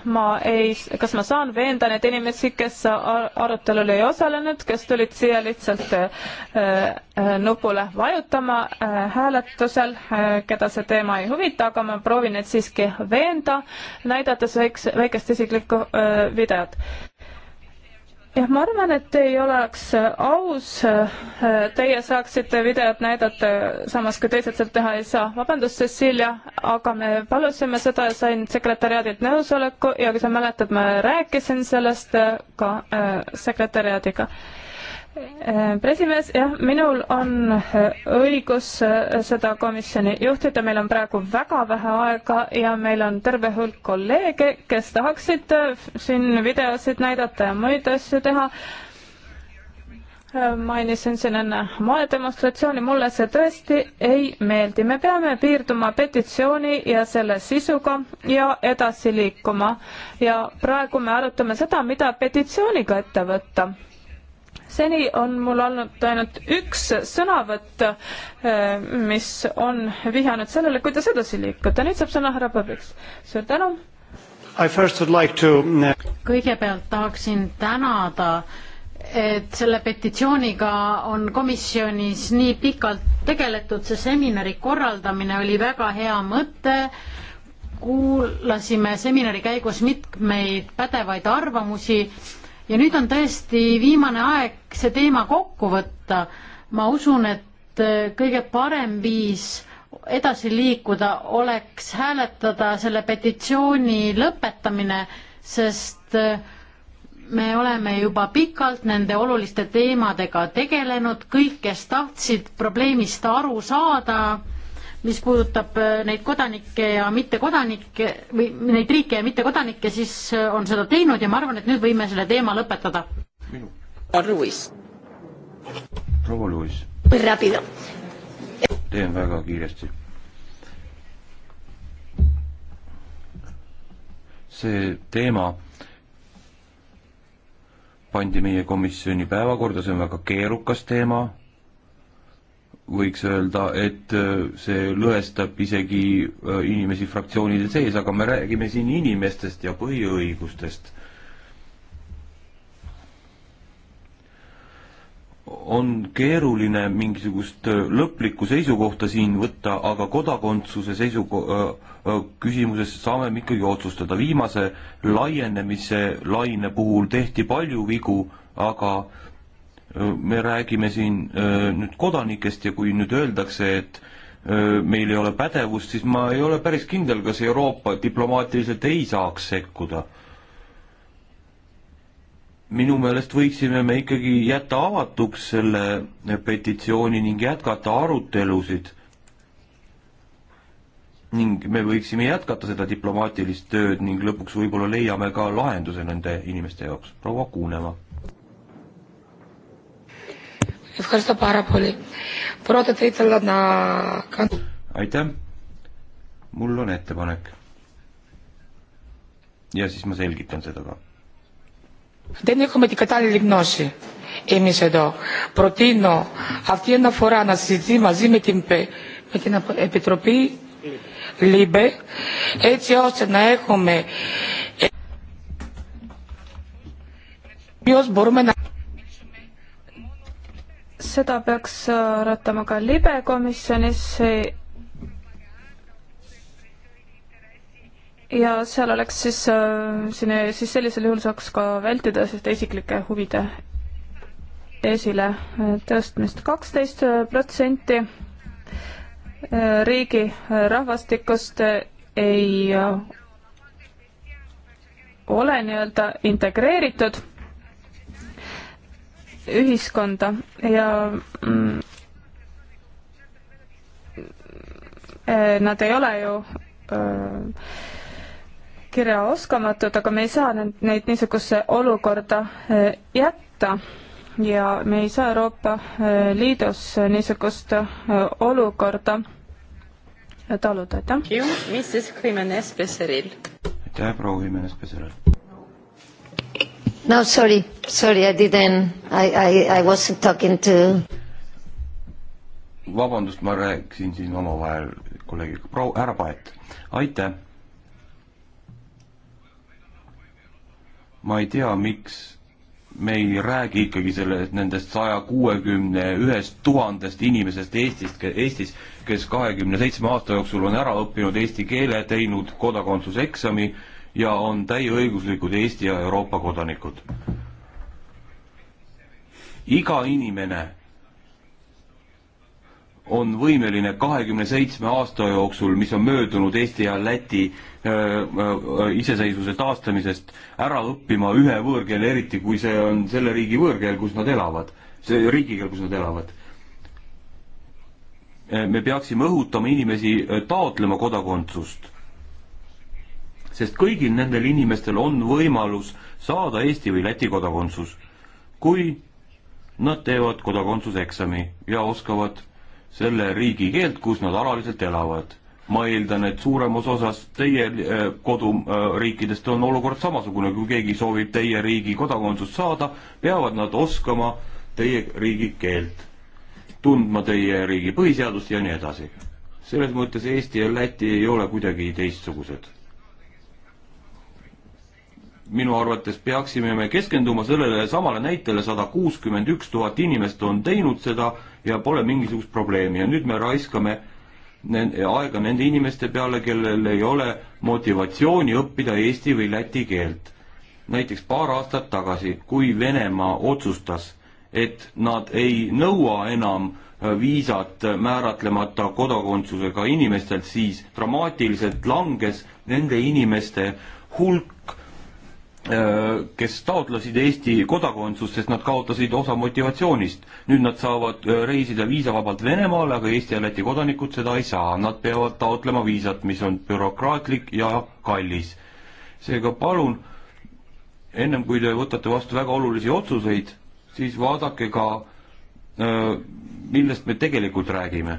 ma ei, kas ma saan veenda neid inimesi, kes arutelul ei osalenud, kes tulid siia lihtsalt äh, nupule vajutama hääletusel, keda see teema ei huvita, aga ma proovin neid siiski veenda, näidates väikse, väikest isiklikku videot jah, ma arvan, et ei oleks äh, aus, äh, teie saaksite videot näidata, samas kui teised sealt teha ei saa. vabandust, Cecilia, aga me palusime seda ja sain sekretäriaadilt nõusoleku ja kui sa mäletad, ma rääkisin sellest äh, ka äh, sekretäriaadiga äh, Äh, presimees, jah, minul on äh, õigus äh, seda komisjoni juhtida, meil on praegu väga vähe aega ja meil on terve hulk kolleege, kes tahaksid siin videosid näidata ja muid asju teha. mainisin siin enne maedemonstratsiooni, mulle see tõesti ei meeldi, me peame piirduma petitsiooni ja selle sisuga ja edasi liikuma ja praegu me arutame seda, mida petitsiooniga ette võtta seni on mul olnud ainult üks sõnavõtt, eh, mis on vihjanud sellele, kuidas edasi liikuda. nüüd saab sõna härra Põbriks. suur tänu. Like to... Eh, kõigepealt tahaksin tänada et selle petitsiooniga on komisjonis nii pikalt tegeletud, see seminari korraldamine oli väga hea mõte, kuulasime seminari käigus mitmeid pädevaid arvamusi ja nüüd on tõesti viimane aeg see teema kokku võtta. ma usun, et äh, kõige parem viis edasi liikuda oleks hääletada selle petitsiooni lõpetamine, sest äh, me oleme juba pikalt nende oluliste teemadega tegelenud, kõik, kes tahtsid probleemist aru saada, mis puudutab äh, neid kodanikke ja mittekodanikke või neid riike ja mittekodanikke, siis äh, on seda teinud ja ma arvan, et nüüd võime selle teema lõpetada. Ruiz. proua Luis. teen väga kiiresti. see teema pandi meie komisjoni päevakorda, see on väga keerukas teema võiks öelda, et äh, see lõhestab isegi äh, inimesi fraktsioonide sees, aga me räägime siin inimestest ja põhiõigustest. on keeruline mingisugust äh, lõplikku seisukohta siin võtta, aga kodakondsuse seisuko-, küsimuses saame me ikkagi otsustada. viimase laienemise laine puhul tehti palju vigu, aga äh, me räägime siin äh, nüüd kodanikest ja kui nüüd öeldakse, et äh, meil ei ole pädevust, siis ma ei ole päris kindel, kas Euroopa diplomaatiliselt ei saaks sekkuda. minu meelest võiksime me ikkagi jätta avatuks selle petitsiooni ning jätkata arutelusid. ning me võiksime jätkata seda diplomaatilist tööd ning lõpuks võib-olla leiame ka lahenduse nende inimeste jaoks. proua Kuunemaa Ευχαριστώ πάρα πολύ. Πρώτα θα ήθελα να κάνω... Aitäh. Mul on ettepanek. Ja siis ma selgitan seda ka. Δεν έχουμε την κατάλληλη γνώση εμείς εδώ. Προτείνω αυτή η αναφορά να συζητεί μαζί με την, με την Επιτροπή ΛΥΜΠΕ έτσι ώστε να έχουμε ποιος μπορούμε να seda peaks äh, arutama ka libe komisjonis ja seal oleks siis, äh, siis sellisel juhul saaks ka vältida siis isiklike huvide esile äh, tõstmist. kaksteist protsenti riigi rahvastikust ei ole nii-öelda integreeritud ühiskonda ja mm, nad ei ole ju kirjaoskamatud, aga me ei saa neid, neid niisugusesse olukorda jätta ja me ei saa Euroopa Liidus niisugust olukorda taluda, aitäh. aitäh, proua Jimenez-Peseril. No, sorry, sorry, I didn't, I, I, I wasn't talking to. vabandust, ma rääkisin siin omavahel kolleegiga, proua, härra Paet, aitäh. ma ei tea, miks me ei räägi ikkagi selle, nendest saja kuuekümne ühest tuhandest inimesest Eestist, Eestis, kes kahekümne seitsme aasta jooksul on ära õppinud eesti keele, teinud kodakondsuseksami ja on täieõiguslikud Eesti ja Euroopa kodanikud. iga inimene on võimeline kahekümne seitsme aasta jooksul, mis on möödunud Eesti ja Läti öö, äh, öö, äh, iseseisvuse taastamisest, ära õppima ühe võõrkeele, eriti kui see on selle riigi võõrkeel, kus nad elavad, see riigikeel, kus nad elavad. Äh, me peaksime õhutama inimesi taotlema kodakondsust sest kõigil nendel inimestel on võimalus saada Eesti või Läti kodakondsus, kui nad teevad kodakondsuseksami ja oskavad selle riigi keelt, kus nad alaliselt elavad. ma eeldan, et suuremas osas teie äh, koduriikidest on olukord samasugune, kui keegi soovib teie riigi kodakondsust saada, peavad nad oskama teie riigi keelt, tundma teie riigi põhiseadust ja nii edasi. selles mõttes Eesti ja Läti ei ole kuidagi teistsugused minu arvates peaksime me keskenduma sellele samale näitele, sada kuuskümmend üks tuhat inimest on teinud seda ja pole mingisugust probleemi ja nüüd me raiskame aega nende inimeste peale, kellel ei ole motivatsiooni õppida eesti või läti keelt. näiteks paar aastat tagasi, kui Venemaa otsustas, et nad ei nõua enam viisat määratlemata kodakondsusega inimestelt, siis dramaatiliselt langes nende inimeste hulk, Äh, kes taotlesid Eesti kodakondsust, sest nad kaotasid osa motivatsioonist. nüüd nad saavad äh, reisida viisavabalt Venemaale, aga Eesti ja Läti kodanikud seda ei saa. Nad peavad taotlema viisat, mis on bürokraatlik ja kallis. seega palun, ennem kui te võtate vastu väga olulisi otsuseid, siis vaadake ka, äh, millest me tegelikult räägime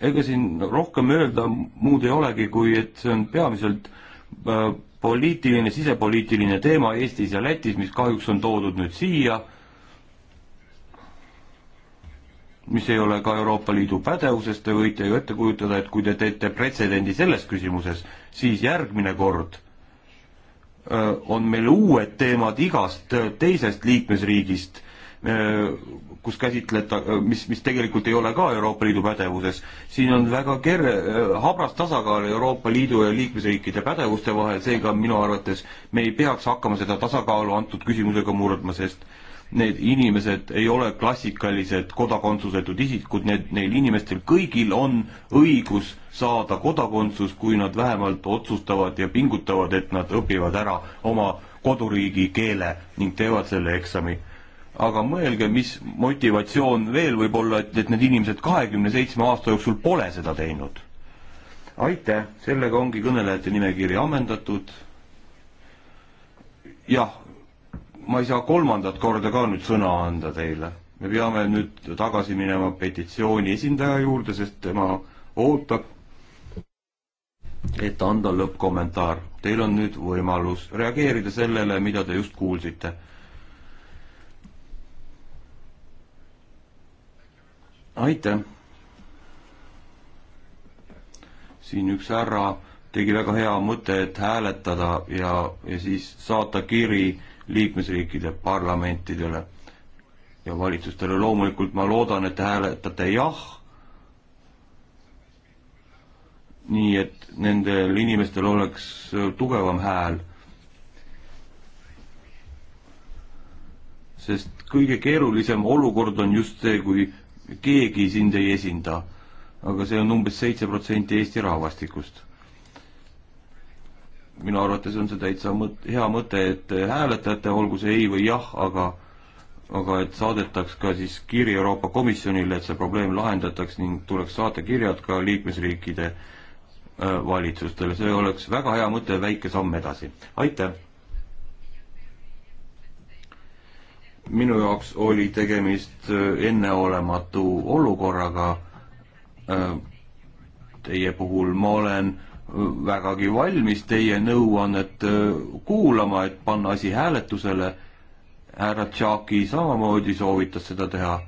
ega siin rohkem öelda muud ei olegi, kui et see on peamiselt äh, poliitiline, sisepoliitiline teema Eestis ja Lätis, mis kahjuks on toodud nüüd siia, mis ei ole ka Euroopa Liidu pädevuses, te võite ju ette kujutada, et kui te teete pretsedendi selles küsimuses, siis järgmine kord äh, on meil uued teemad igast teisest liikmesriigist, äh, kus käsitleta, mis, mis tegelikult ei ole ka Euroopa Liidu pädevuses. siin on väga kerge, habras tasakaal Euroopa Liidu ja liikmesriikide pädevuste vahel, seega minu arvates me ei peaks hakkama seda tasakaalu antud küsimusega murdma, sest need inimesed ei ole klassikalised kodakondsusetud isikud, need, neil inimestel kõigil on õigus saada kodakondsus, kui nad vähemalt otsustavad ja pingutavad, et nad õpivad ära oma koduriigi keele ning teevad selle eksami aga mõelge, mis motivatsioon veel võib olla, et, et need inimesed kahekümne seitsme aasta jooksul pole seda teinud. aitäh, sellega ongi kõnelejate nimekiri ammendatud. jah, ma ei saa kolmandat korda ka nüüd sõna anda teile. me peame nüüd tagasi minema petitsiooni esindaja juurde, sest tema ootab, et anda lõppkommentaar. Teil on nüüd võimalus reageerida sellele, mida te just kuulsite aitäh! siin üks härra tegi väga hea mõte, et hääletada ja, ja siis saata kiri liikmesriikide parlamentidele ja valitsustele. loomulikult ma loodan, et te hääletate jah, nii et nendel inimestel oleks tugevam hääl. sest kõige keerulisem olukord on just see, kui keegi sind ei esinda, aga see on umbes seitse protsenti Eesti rahvastikust. minu arvates on see täitsa mõt-, hea mõte, et hääletajate, olgu see ei või jah, aga aga et saadetaks ka siis kiri Euroopa Komisjonile, et see probleem lahendataks ning tuleks saata kirjad ka liikmesriikide äh, valitsustele, see oleks väga hea mõte, väike samm edasi. aitäh! minu jaoks oli tegemist äh, enneolematu olukorraga äh, teie puhul. ma olen äh, vägagi valmis teie nõuannet kuulama, et panna asi hääletusele. härra Tšaki samamoodi soovitas seda teha.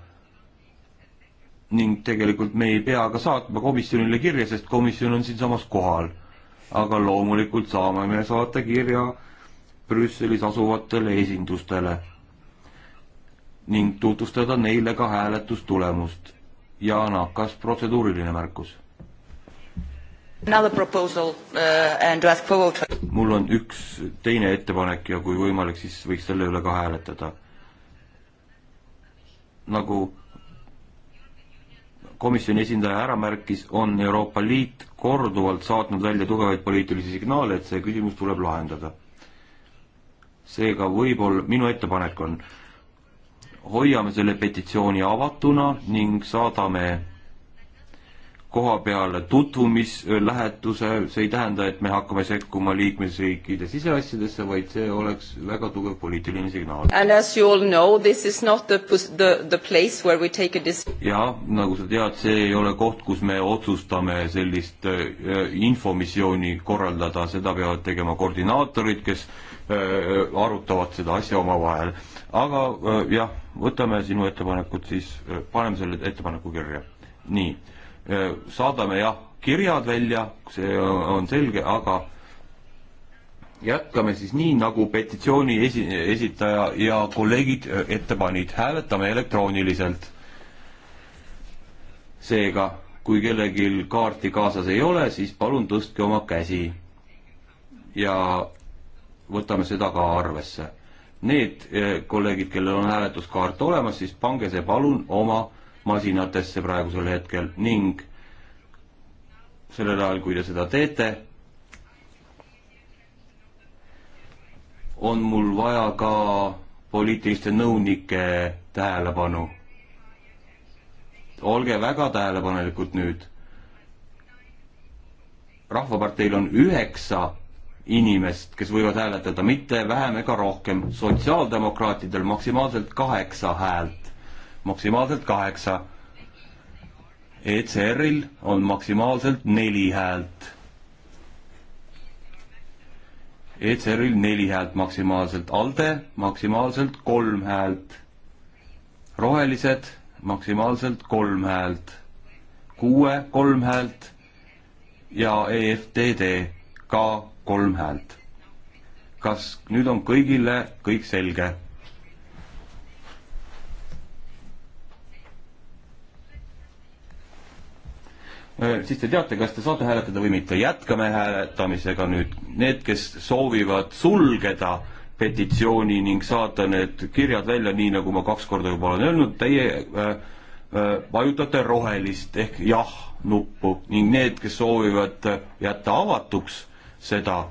ning tegelikult me ei pea ka saatma komisjonile kirja, sest komisjon on siinsamas kohal. aga loomulikult saame me saata kirja Brüsselis asuvatele esindustele ning tutvustada neile ka hääletustulemust. Jana, kas protseduuriline märkus? Uh, mul on üks teine ettepanek ja kui võimalik, siis võiks selle üle ka hääletada. nagu komisjoni esindaja ära märkis, on Euroopa Liit korduvalt saatnud välja tugevaid poliitilisi signaale, et see küsimus tuleb lahendada. seega võib-olla, minu ettepanek on äh, hoiame selle petitsiooni avatuna ning saadame koha peale tutvumislähetuse, see ei tähenda, et me hakkame sekkuma liikmesriikide siseasjadesse, vaid see oleks väga tugev poliitiline signaal. ja nagu sa tead, see ei ole koht, kus me otsustame sellist äh, infomissiooni korraldada, seda peavad tegema koordinaatorid, kes Äh, arutavad seda asja omavahel. aga äh, jah, võtame sinu ettepanekud siis, äh, paneme selle ettepaneku kirja. nii, saadame jah, kirjad välja, see on selge, aga jätkame siis nii, nagu petitsiooni esi-, esitaja ja kolleegid ette panid, hääletame elektrooniliselt. seega, kui kellelgi kaarti kaasas ei ole, siis palun tõstke oma käsi. ja võtame seda ka arvesse. Need eh, kolleegid, kellel on hääletuskaart olemas, siis pange see palun oma masinatesse praegusel hetkel ning sellel ajal, kui te seda teete, on mul vaja ka poliitiliste nõunike tähelepanu. olge väga tähelepanelikud nüüd. rahvaparteil on üheksa inimest, kes võivad hääletada, mitte vähem ega rohkem. sotsiaaldemokraatidel maksimaalselt kaheksa häält, maksimaalselt kaheksa. ECR-il on maksimaalselt neli häält. ECR-il neli häält maksimaalselt, ALDE maksimaalselt kolm häält, rohelised maksimaalselt kolm häält, kuue kolm häält ja EFTD ka kolm häält. kas nüüd on kõigile kõik selge? Äh, siis te teate, kas te saate hääletada või mitte. jätkame hääletamisega nüüd. Need, kes soovivad sulgeda petitsiooni ning saata need kirjad välja, nii nagu ma kaks korda juba olen öelnud, teie äh, äh, vajutate rohelist ehk jah nuppu ning need, kes soovivad äh, jätta avatuks seda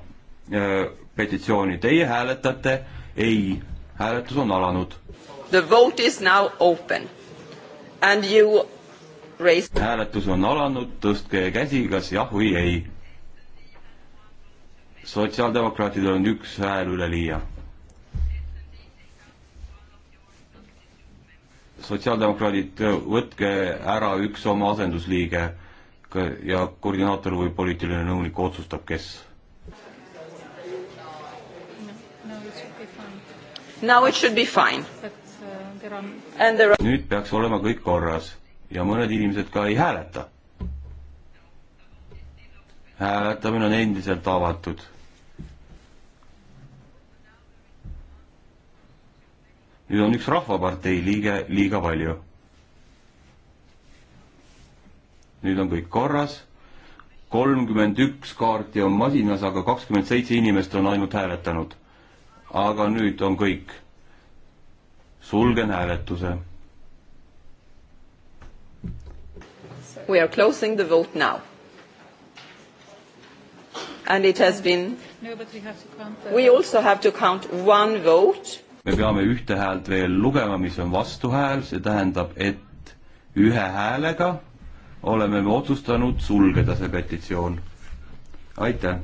petitsiooni. Teie hääletate ei, hääletus on alanud. The vote is now open and you raise. hääletus on alanud, tõstke käsi, kas jah või ei. sotsiaaldemokraatidel on üks hääl üleliia. sotsiaaldemokraadid, võtke ära üks oma asendusliige ja koordinaator või poliitiline nõunik otsustab, kes Now it should be fine. And there are... nüüd peaks olema kõik korras ja mõned inimesed ka ei hääleta. hääletamine on endiselt avatud. nüüd on üks Rahvapartei liige liiga palju. nüüd on kõik korras. kolmkümmend üks kaarti on masinas, aga kakskümmend seitse inimest on ainult hääletanud aga nüüd on kõik. sulgen hääletuse. We are closing the vote now. And it has been no, but we, have to count the... we also have to count one vote. me peame ühte häält veel lugema, mis on vastuhääl, see tähendab, et ühe häälega oleme me otsustanud sulgeda see petitsioon. aitäh!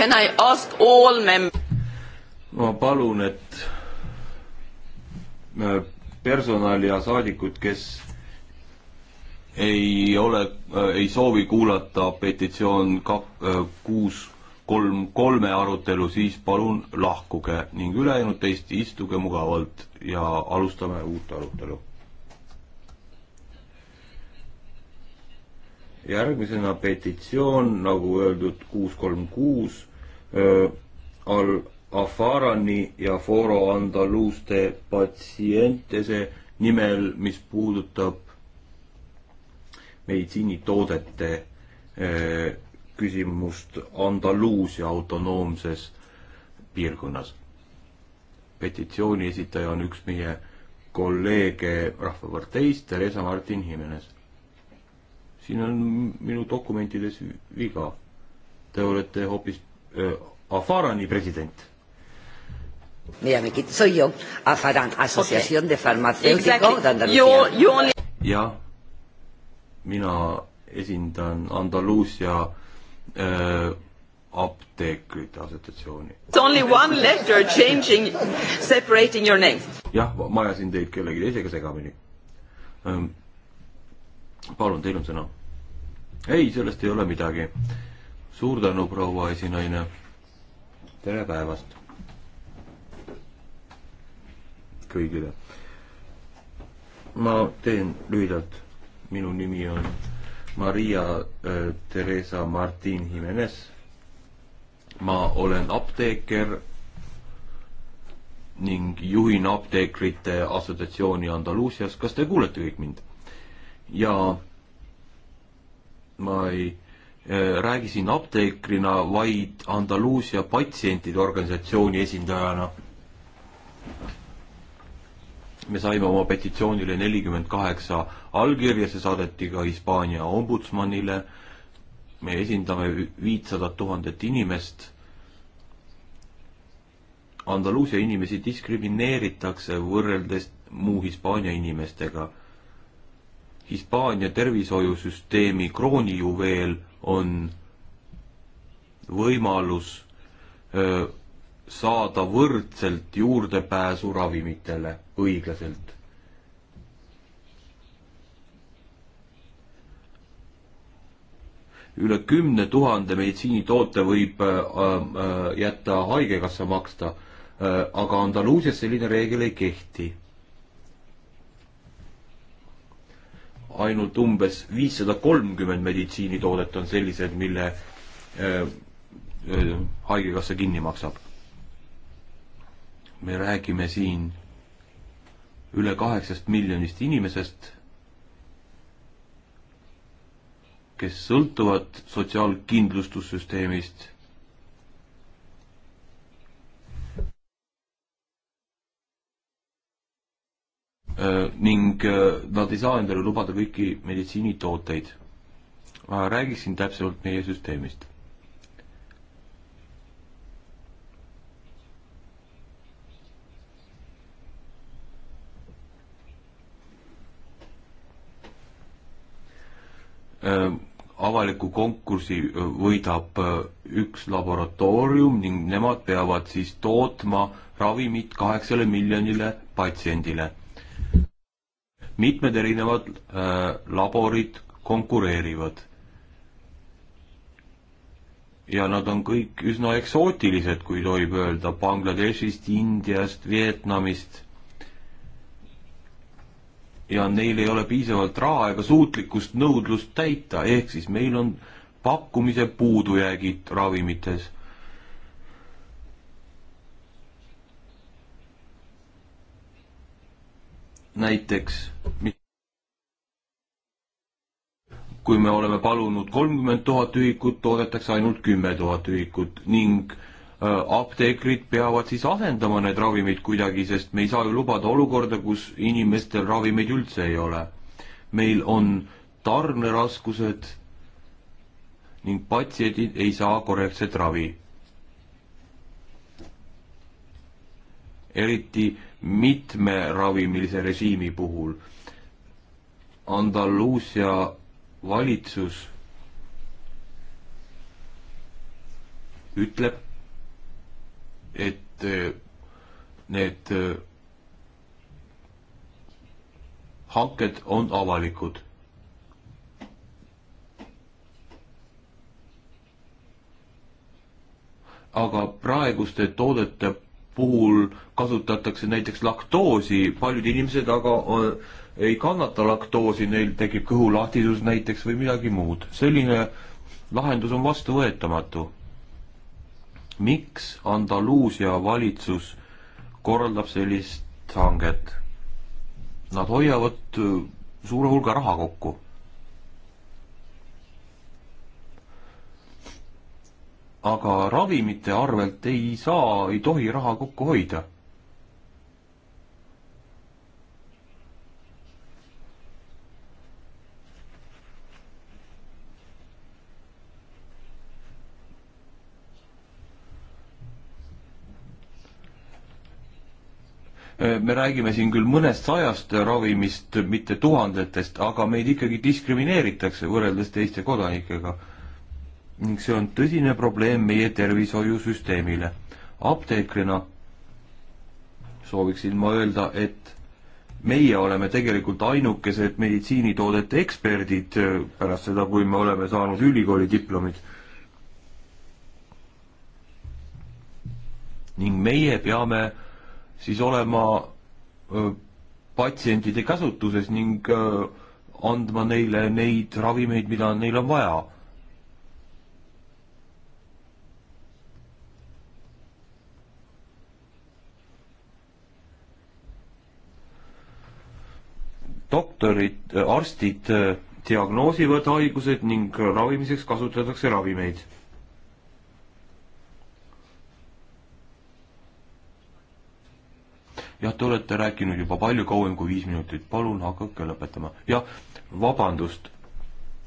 Can I ask all mem-? ma palun, et äh, personal ja saadikud, kes ei ole, äh, ei soovi kuulata petitsioon kak-, äh, kuus kolm, kolme arutelu, siis palun lahkuge ning ülejäänud teist istuge mugavalt ja alustame uut arutelu. järgmisena petitsioon, nagu öeldud, kuus kolm kuus Al-Afarani ja Foro Andaluste patsientese nimel, mis puudutab meditsiinitoodete öö, küsimust Andaluusia autonoomses piirkonnas. petitsiooni esitaja on üks meie kolleege Rahvaparteist, Theresa Martin Jimenez. siin on minu dokumentides viga. Te olete hoopis Afarani president. jah, mina esindan Andaluusia äh, apteekrite assotsiatsiooni. It's only one letter changing, separating your name. jah, ma ajasin teid kellegi teisega segamini ähm,. palun, teil on sõna. ei, sellest ei ole midagi suur tänu, proua esinaine. tere päevast kõigile. ma teen lühidalt. minu nimi on Maria äh, Teresa Martin Jimenez. ma olen apteeker ning juhin apteekrite assotsiatsiooni Andaluusias. kas te kuulete kõik mind? ja ma ei äh, Äh, räägi siin apteekrina, vaid Andaluusia patsientide organisatsiooni esindajana. me saime oma petitsioonile nelikümmend kaheksa allkirja, see saadeti ka Hispaania ombudsmanile. me esindame viitsadat tuhandet inimest. Andaluusia inimesi diskrimineeritakse võrreldes muu Hispaania inimestega. Hispaania tervishoiusüsteemi kroonijuveel on võimalus öö, saada võrdselt juurdepääsu ravimitele õiglaselt. üle kümne tuhande meditsiinitoote võib äh, jätta Haigekassa maksta äh,, aga Andaluusias selline reegel ei kehti ainult umbes viissada kolmkümmend meditsiinitoodet on sellised, mille öö, äh, öö, äh, haigekassa kinni maksab. me räägime siin üle kaheksast miljonist inimesest, kes sõltuvad sotsiaalkindlustussüsteemist Äh, ning äh, nad ei saa endale lubada kõiki meditsiinitooteid. ma räägiksin täpsemalt meie süsteemist. Äh, avaliku konkursi võidab üks laboratoorium ning nemad peavad siis tootma ravimit kaheksale miljonile patsiendile mitmed erinevad äh, laborid konkureerivad. ja nad on kõik üsna eksootilised, kui tohib öelda, Bangladeshist, Indiast, Vietnamist. ja neil ei ole piisavalt raha ega suutlikkust nõudlust täita, ehk siis meil on pakkumise puudujäägid ravimites näiteks kui me oleme palunud kolmkümmend tuhat ühikut, toodetakse ainult kümme tuhat ühikut ning äh, apteekrid peavad siis asendama need ravimid kuidagi, sest me ei saa ju lubada olukorda, kus inimestel ravimeid üldse ei ole. meil on tarneraskused ning patsiendid ei saa korrektset ravi. eriti mitmeravimilise režiimi puhul. Andaluusia valitsus ütleb, et äh, need äh, hanked on avalikud. aga praeguste toodete puhul kasutatakse näiteks laktoosi, paljud inimesed aga äh, ei kannata laktoosi, neil tekib kõhulahtisus näiteks või midagi muud. selline lahendus on vastuvõetamatu. miks Andaluusia valitsus korraldab sellist hanget? Nad hoiavad äh, suure hulga raha kokku aga ravimite arvelt ei saa, ei tohi raha kokku hoida. me räägime siin küll mõnest sajast ravimist, mitte tuhandetest, aga meid ikkagi diskrimineeritakse võrreldes teiste kodanikega ning see on tõsine probleem meie tervishoiusüsteemile. apteekrina sooviksin ma öelda, et meie oleme tegelikult ainukesed meditsiinitoodete eksperdid äh, pärast seda, kui me oleme saanud ülikooli diplomid. ning meie peame siis olema äh, patsientide käsutuses ning äh, andma neile neid ravimeid, mida neil on vaja doktorid, äh, arstid äh, diagnoosivad haigused ning ravimiseks kasutatakse ravimeid. jah, te olete rääkinud juba palju kauem kui viis minutit, palun hakake lõpetama. jah, vabandust,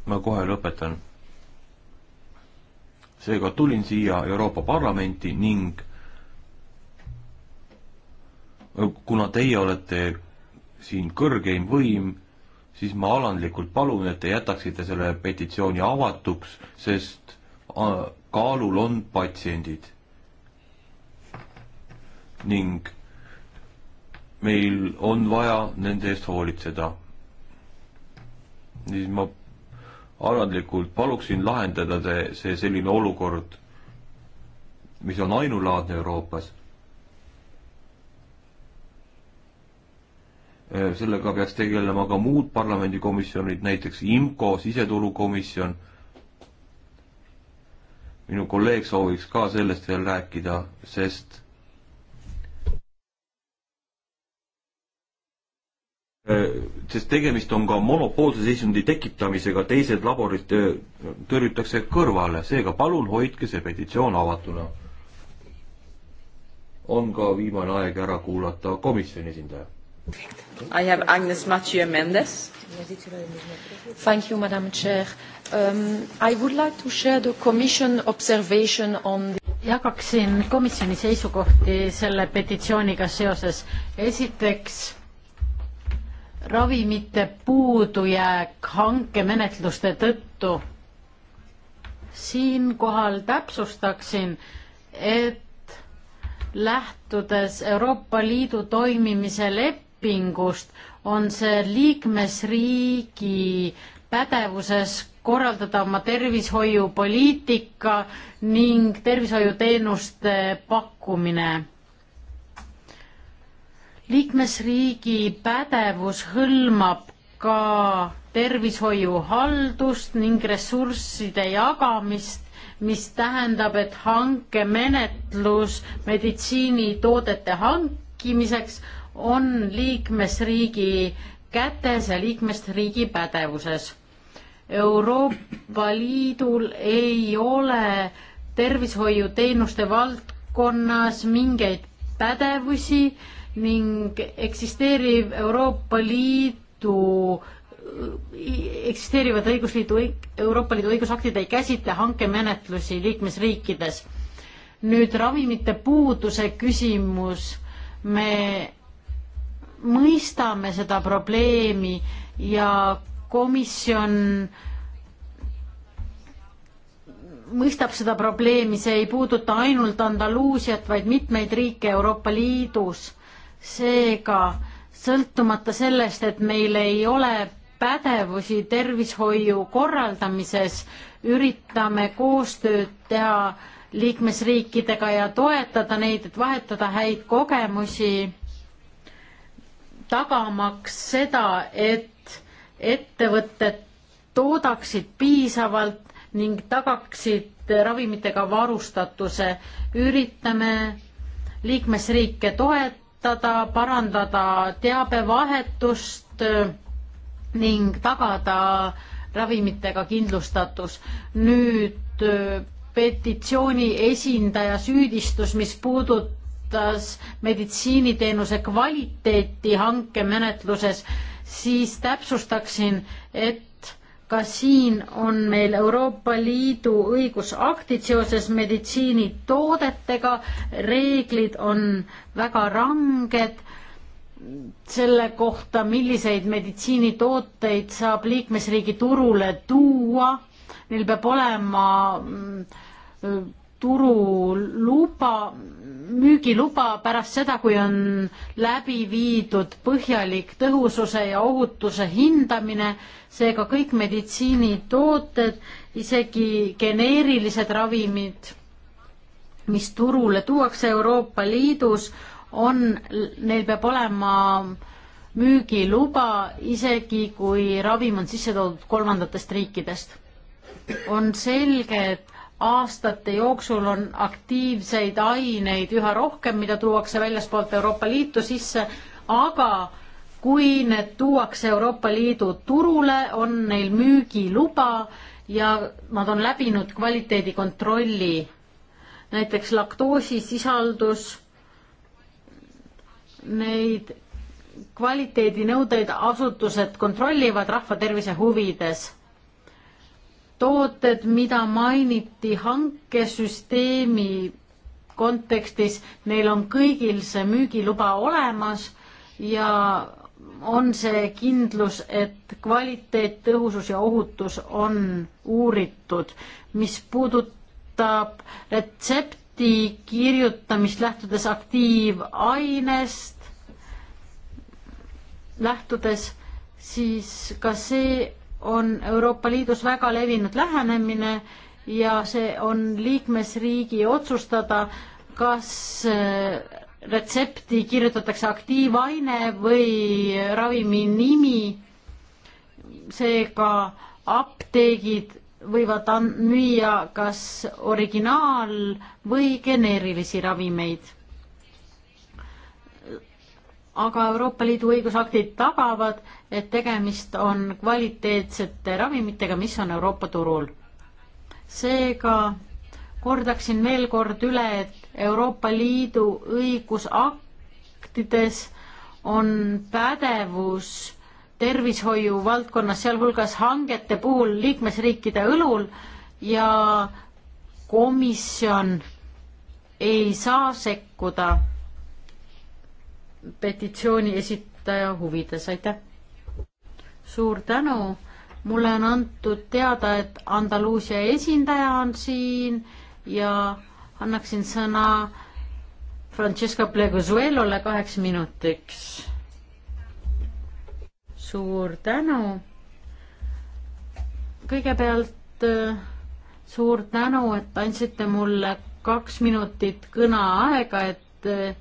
ma kohe lõpetan. seega tulin siia Euroopa Parlamenti ning äh, kuna teie olete siin kõrgeim võim, siis ma alandlikult palun, et te jätaksite selle petitsiooni avatuks, sest äh, kaalul on patsiendid. ning meil on vaja nende eest hoolitseda. siis ma alandlikult paluksin lahendada see, see selline olukord, mis on ainulaadne Euroopas Äh, sellega peaks tegelema ka muud parlamendikomisjonid, näiteks IMCO, siseturukomisjon. minu kolleeg sooviks ka sellest veel rääkida, sest äh, sest tegemist on ka monopoolse seisundi tekitamisega, teised laborid äh, tõrjutakse kõrvale, seega palun hoidke see petitsioon avatuna. on ka viimane aeg ära kuulata komisjoni esindaja I have Agnes Mathieu Mendes. Thank you, Madam Chair. Um, I would like to share the Commission observation on the jagaksin komisjoni seisukohti selle petitsiooniga seoses. esiteks ravimite puudujääk hankemenetluste tõttu. siinkohal täpsustaksin, et lähtudes Euroopa Liidu toimimise leppest, lepingust, on see liikmesriigi pädevuses korraldada oma tervishoiupoliitika ning tervishoiuteenuste pakkumine. liikmesriigi pädevus hõlmab ka tervishoiuhaldust ning ressursside jagamist, mis tähendab, et hankemenetlus meditsiinitoodete hankimiseks on liikmesriigi kätes ja liikmesriigi pädevuses. Euroopa Liidul ei ole tervishoiuteenuste valdkonnas mingeid pädevusi ning eksisteeriv Euroopa Liidu eksisteerivad õigusliidu, Euroopa Liidu õigusaktid ei käsitle hankemenetlusi liikmesriikides. nüüd ravimite puuduse küsimus, me mõistame seda probleemi ja komisjon mõistab seda probleemi, see ei puuduta ainult Andaluusiat, vaid mitmeid riike Euroopa Liidus. seega sõltumata sellest, et meil ei ole pädevusi tervishoiu korraldamises, üritame koostööd teha liikmesriikidega ja toetada neid, et vahetada häid kogemusi tagamaks seda, et ettevõtted toodaksid piisavalt ning tagaksid ravimitega varustatuse. üritame liikmesriike toetada, parandada teabevahetust äh, ning tagada ravimitega kindlustatus. nüüd äh, petitsiooni esindaja süüdistus, mis puudutab puudutas meditsiiniteenuse kvaliteeti hankemenetluses, siis täpsustaksin, et ka siin on meil Euroopa Liidu õigusaktid seoses meditsiinitoodetega, reeglid on väga ranged selle kohta, milliseid meditsiinitooteid saab liikmesriigi turule tuua, neil peab olema mm, turuluba, müügiluba pärast seda, kui on läbi viidud põhjalik tõhususe ja ohutuse hindamine, seega kõik meditsiinitooted, isegi geneerilised ravimid, mis turule tuuakse Euroopa Liidus, on, neil peab olema müügiluba, isegi kui ravim on sisse toodud kolmandatest riikidest. on selge, et aastate jooksul on aktiivseid aineid üha rohkem, mida tuuakse väljaspoolt Euroopa Liitu sisse, aga kui need tuuakse Euroopa Liidu turule, on neil müügiluba ja nad on läbinud kvaliteedikontrolli. näiteks laktoosisisaldus, neid kvaliteedinõudeid asutused kontrollivad rahva tervise huvides tooted, mida mainiti hankesüsteemi kontekstis, neil on kõigil see müügiluba olemas ja on see kindlus, et kvaliteet, tõhusus ja ohutus on uuritud. mis puudutab retsepti kirjutamist lähtudes aktiivainest, lähtudes, siis ka see on Euroopa Liidus väga levinud lähenemine ja see on liikmesriigi otsustada, kas äh, retsepti kirjutatakse aktiivaine või ravimi nimi. seega apteegid võivad müüa kas originaal või geneerilisi ravimeid aga Euroopa Liidu õigusaktid tagavad, et tegemist on kvaliteetsete ravimitega, mis on Euroopa turul. seega kordaksin veel kord üle, et Euroopa Liidu õigusaktides on pädevus tervishoiu valdkonnas, sealhulgas hangete puhul liikmesriikide õlul ja komisjon ei saa sekkuda petitsiooni esitaja huvides, aitäh! suur tänu, mulle on antud teada, et Andaluusia esindaja on siin ja annaksin sõna Francesca Pleguzuelole kaheks minutiks. suur tänu! kõigepealt äh, suur tänu, et andsite mulle kaks minutit kõneaega, et äh,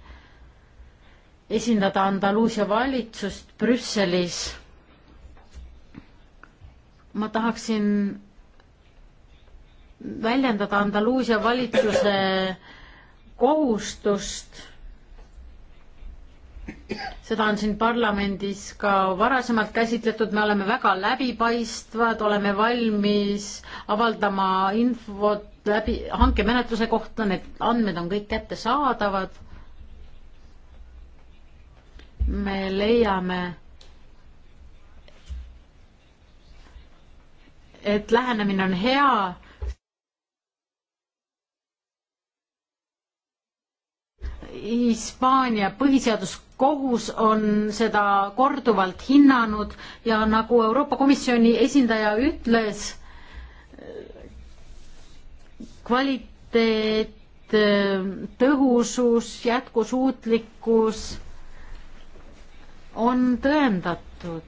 esindada Andaluusia valitsust Brüsselis. ma tahaksin väljendada Andaluusia valitsuse kohustust. seda on siin parlamendis ka varasemalt käsitletud, me oleme väga läbipaistvad, oleme valmis avaldama infot läbi hankemenetluse kohta, need andmed on kõik kättesaadavad me leiame, et lähenemine on hea Hispaania põhiseaduskohus on seda korduvalt hinnanud ja nagu Euroopa Komisjoni esindaja ütles, kvaliteet, tõhusus, jätkusuutlikkus on tõendatud.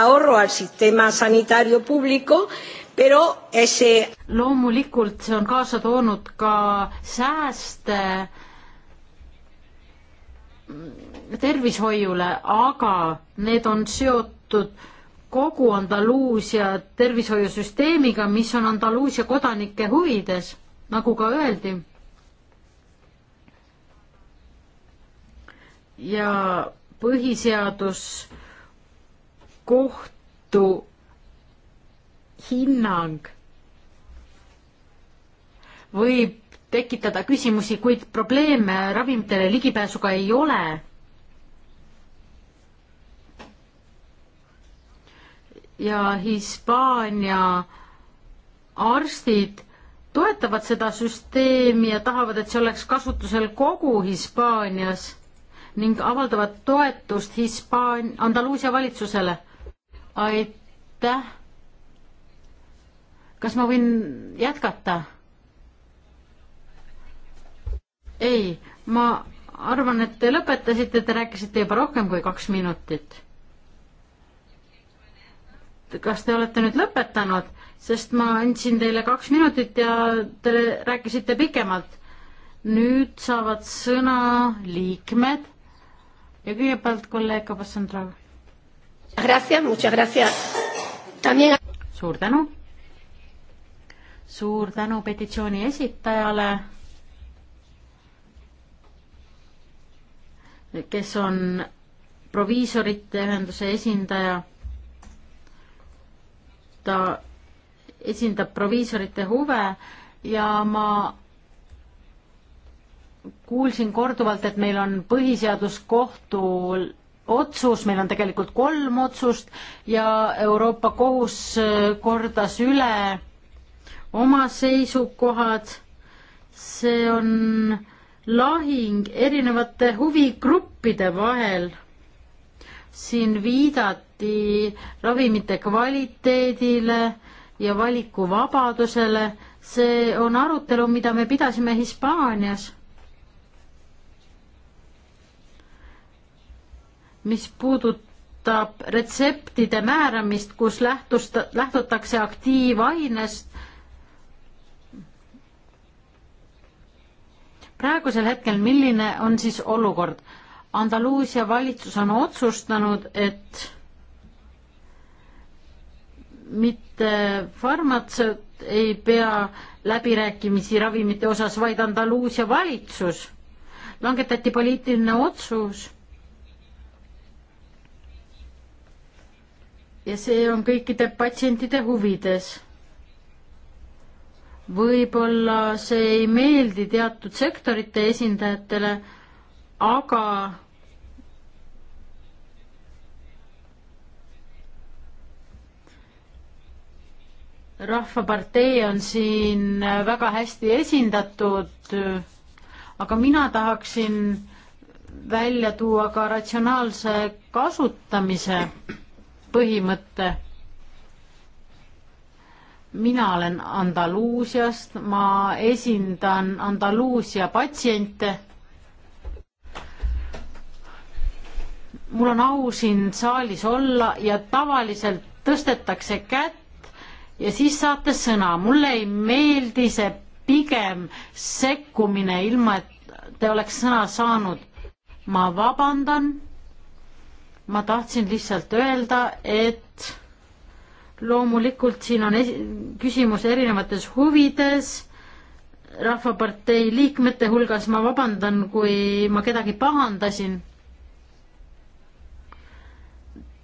ahorro al sistema sanitario público, pero ese. loomulikult see on kaasa toonud ka sääste tervishoiule, aga need on seotud kogu Andaluusia tervishoiusüsteemiga, mis on Andaluusia kodanike huvides, nagu ka öeldi ja põhiseaduskohtu hinnang võib tekitada küsimusi, kuid probleeme ravimitele ligipääsuga ei ole ja Hispaania arstid toetavad seda süsteemi ja tahavad, et see oleks kasutusel kogu Hispaanias ning avaldavad toetust Hispaan-, Andaluusia valitsusele. aitäh. kas ma võin jätkata? ei, ma arvan, et te lõpetasite, te rääkisite juba rohkem kui kaks minutit. kas te olete nüüd lõpetanud, sest ma andsin teile kaks minutit ja te rääkisite pikemalt. nüüd saavad sõna liikmed ja kõigepealt kolleeg Kabassandrov. suur tänu. suur tänu petitsiooni esitajale, kes on proviisorite ühenduse esindaja. ta esindab proviisorite huve ja ma kuulsin korduvalt, et meil on põhiseaduskohtu otsus, meil on tegelikult kolm otsust ja Euroopa Kohus äh, kordas üle oma seisukohad. see on lahing erinevate huvigruppide vahel. siin viidati ravimite kvaliteedile ja valikuvabadusele. see on arutelu, mida me pidasime Hispaanias mis puudutab retseptide määramist, kus lähtust, lähtutakse aktiivainest. praegusel hetkel, milline on siis olukord? Andaluusia valitsus on otsustanud, et mitte farmatseut ei pea läbirääkimisi ravimite osas, vaid Andaluusia valitsus. langetati poliitiline otsus ja see on kõikide patsientide huvides. võib-olla see ei meeldi teatud sektorite esindajatele, aga rahvapartei on siin väga hästi esindatud, aga mina tahaksin välja tuua ka ratsionaalse kasutamise põhimõtte. mina olen Andaluusiast, ma esindan Andaluusia patsiente. mul on au siin saalis olla ja tavaliselt tõstetakse kätt ja siis saate sõna. mulle ei meeldi see pigem sekkumine, ilma et te oleks sõna saanud. ma vabandan ma tahtsin lihtsalt öelda, et loomulikult siin on esi-, küsimus erinevates huvides, Rahvapartei liikmete hulgas ma vabandan, kui ma kedagi pahandasin.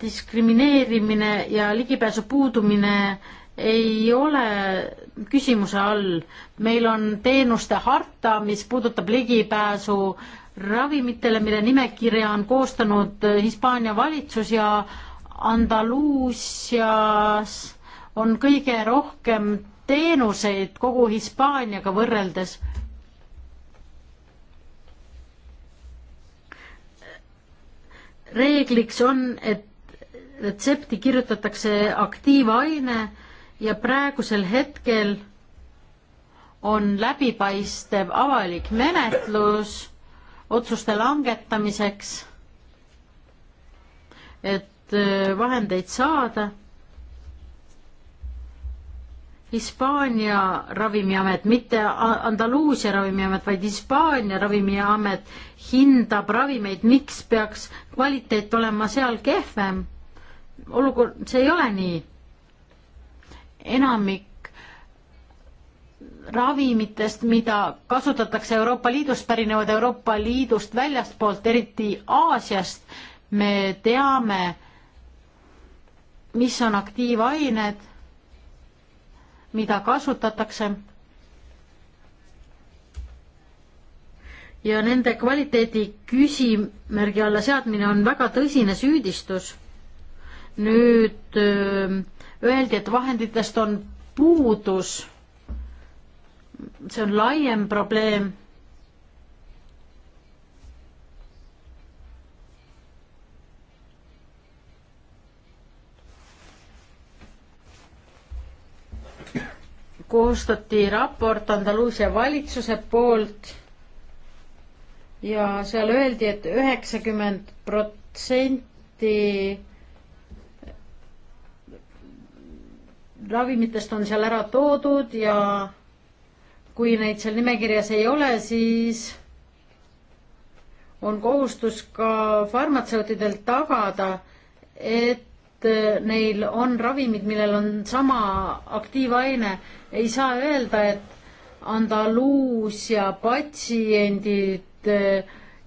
diskrimineerimine ja ligipääsu puudumine ei ole küsimuse all. meil on teenuste harta, mis puudutab ligipääsu äh, ravimitele, mille nimekirja on koostanud äh, Hispaania valitsus ja Andaluusias on kõige rohkem teenuseid kogu Hispaaniaga võrreldes. reegliks on, et retsepti kirjutatakse aktiivaine ja praegusel hetkel on läbipaistev avalik menetlus otsuste langetamiseks, et äh, vahendeid saada. Hispaania ravimiamet, mitte Andaluusia ravimiamet, vaid Hispaania ravimiamet hindab ravimeid, miks peaks kvaliteet olema seal kehvem. olukord, see ei ole nii. enamik ravimitest, mida kasutatakse Euroopa Liidust, pärinevad Euroopa Liidust väljastpoolt, eriti Aasiast. me teame, mis on aktiivained, mida kasutatakse. ja nende kvaliteedi küsimärgi alla seadmine on väga tõsine süüdistus. nüüd öö, öeldi, et vahenditest on puudus see on laiem probleem. koostati raport Andaluusia valitsuse poolt ja seal öeldi et, et üheksakümmend protsenti ravimitest on seal ära toodud ja kui neid seal nimekirjas ei ole, siis on kohustus ka farmatseutidel tagada, et äh, neil on ravimid, millel on sama aktiivaine. ei saa öelda, et Andaluusia patsiendid äh,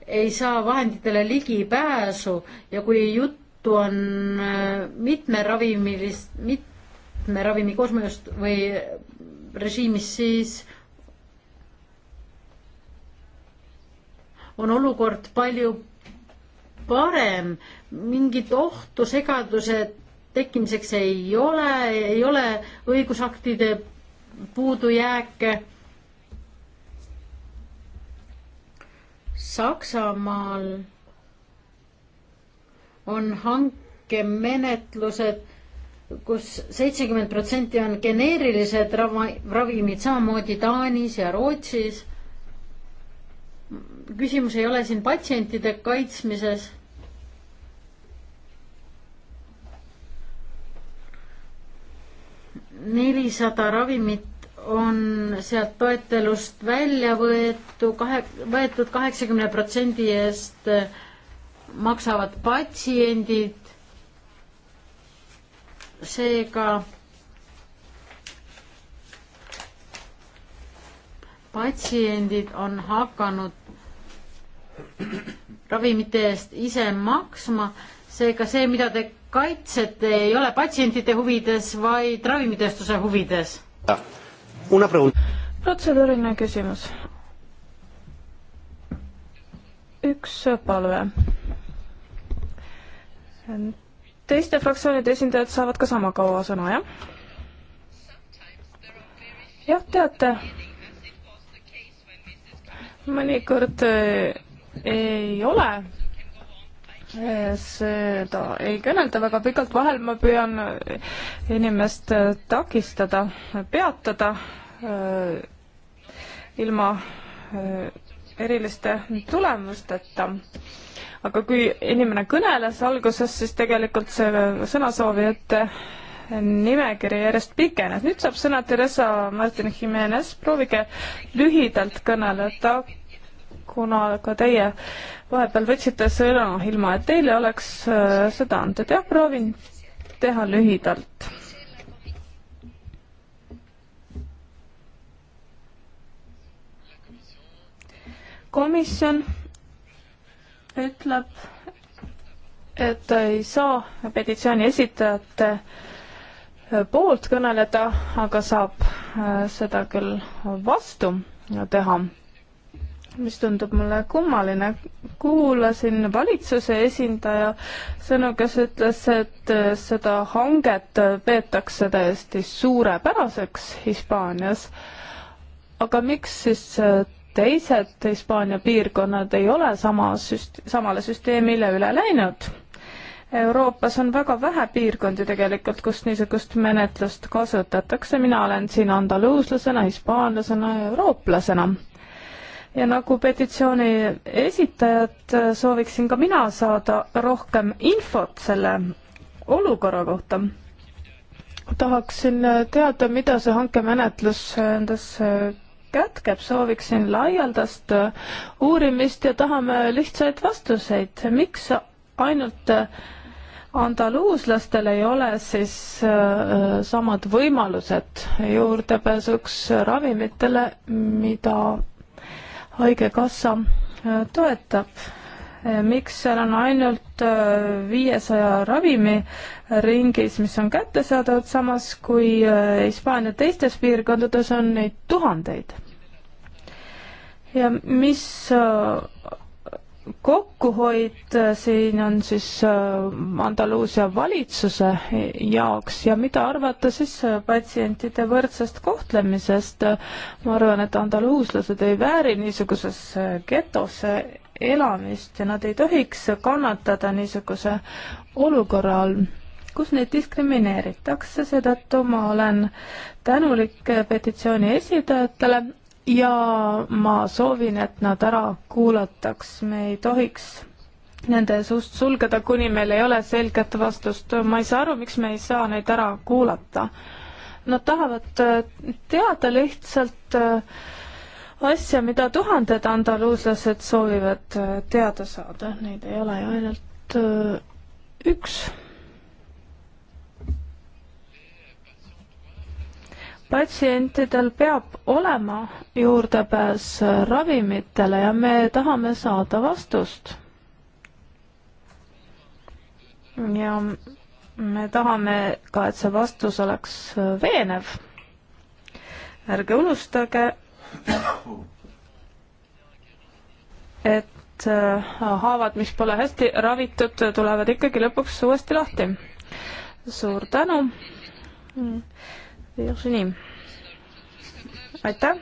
ei saa vahenditele ligipääsu ja kui juttu on äh, mitmeravimilist, mitme ravimi koosmõjust või režiimist, siis on olukord palju parem, mingit ohtu segaduse tekkimiseks ei ole, ei ole õigusaktide puudujääke. Saksamaal on hankemenetlused kus seitsekümmend protsenti on geneerilised ravimid, samamoodi Taanis ja Rootsis küsimus ei ole siin patsientide kaitsmises. nelisada ravimit on sealt toetelust välja võetu, kahe, võetud kaheksakümne protsendi eest eh, maksavad patsiendid. seega patsiendid on hakanud ravimite eest ise maksma, seega see, mida te kaitsete, ei ole patsientide huvides, vaid ravimitööstuse huvides. protseduuriline küsimus. üks palve. teiste fraktsioonide esindajad saavad ka sama kaua sõna, jah? jah, teate, mõnikord ei ole. seda ei kõnelda väga pikalt, vahel ma püüan inimest takistada, peatada äh, ilma äh, eriliste tulemusteta. aga kui inimene kõneles alguses, siis tegelikult see sõnasoovijate nimekiri järjest pikenes. nüüd saab sõna Theresa Martin Jimenez, proovige lühidalt kõneleda kuna ka teie vahepeal võtsite sõna, ilma et teile oleks äh, seda antud. jah, proovin teha lühidalt. komisjon ütleb, et ei saa petitsiooni esitajate poolt kõneleda, aga saab äh, seda küll vastu teha mis tundub mulle kummaline. kuulasin valitsuse esindaja sõnu, kes ütles, et seda hanget peetakse täiesti suurepäraseks Hispaanias. aga miks siis teised Hispaania piirkonnad ei ole sama süst-, samale süsteemile üle läinud? Euroopas on väga vähe piirkondi tegelikult, kus niisugust menetlust kasutatakse, mina olen siin andaluuslasena, hispaanlasena ja eurooplasena ja nagu petitsiooni esitajad, äh, sooviksin ka mina saada rohkem infot selle olukorra kohta. tahaksin äh, teada, mida see hankemenetlus endas äh, kätkeb, sooviksin laialdast uurimist ja tahame lihtsaid vastuseid, miks ainult andaluuslastel ei ole siis äh, samad võimalused juurdepääsuks ravimitele, mida haigekassa äh, toetab. Äh, miks seal on ainult äh, viiesaja ravimi ringis, mis on kättesaadavad, samas kui Hispaania teistes piirkondades on neid tuhandeid? ja mis kokkuhoid äh, siin on siis äh, Andaluusia valitsuse jaoks ja mida arvata siis äh, patsientide võrdsest kohtlemisest? ma arvan, et andaluuslased ei vääri niisuguses getos elamist ja nad ei tohiks kannatada niisuguse olukorra all, kus neid diskrimineeritakse, seetõttu ma olen tänulik petitsiooni esitajatele, ja ma soovin, et nad ära kuulataks, me ei tohiks nende suust sulgeda, kuni meil ei ole selget vastust. ma ei saa aru, miks me ei saa neid ära kuulata. Nad tahavad äh, teada lihtsalt äh, asja, mida tuhanded andaluuslased soovivad äh, teada saada, neid ei ole ju ainult üks patsientidel peab olema juurdepääs ravimitele ja me tahame saada vastust. ja me tahame ka, et see vastus oleks veenev. ärge unustage, et äh, haavad, mis pole hästi ravitud, tulevad ikkagi lõpuks uuesti lahti. suur tänu just nii. aitäh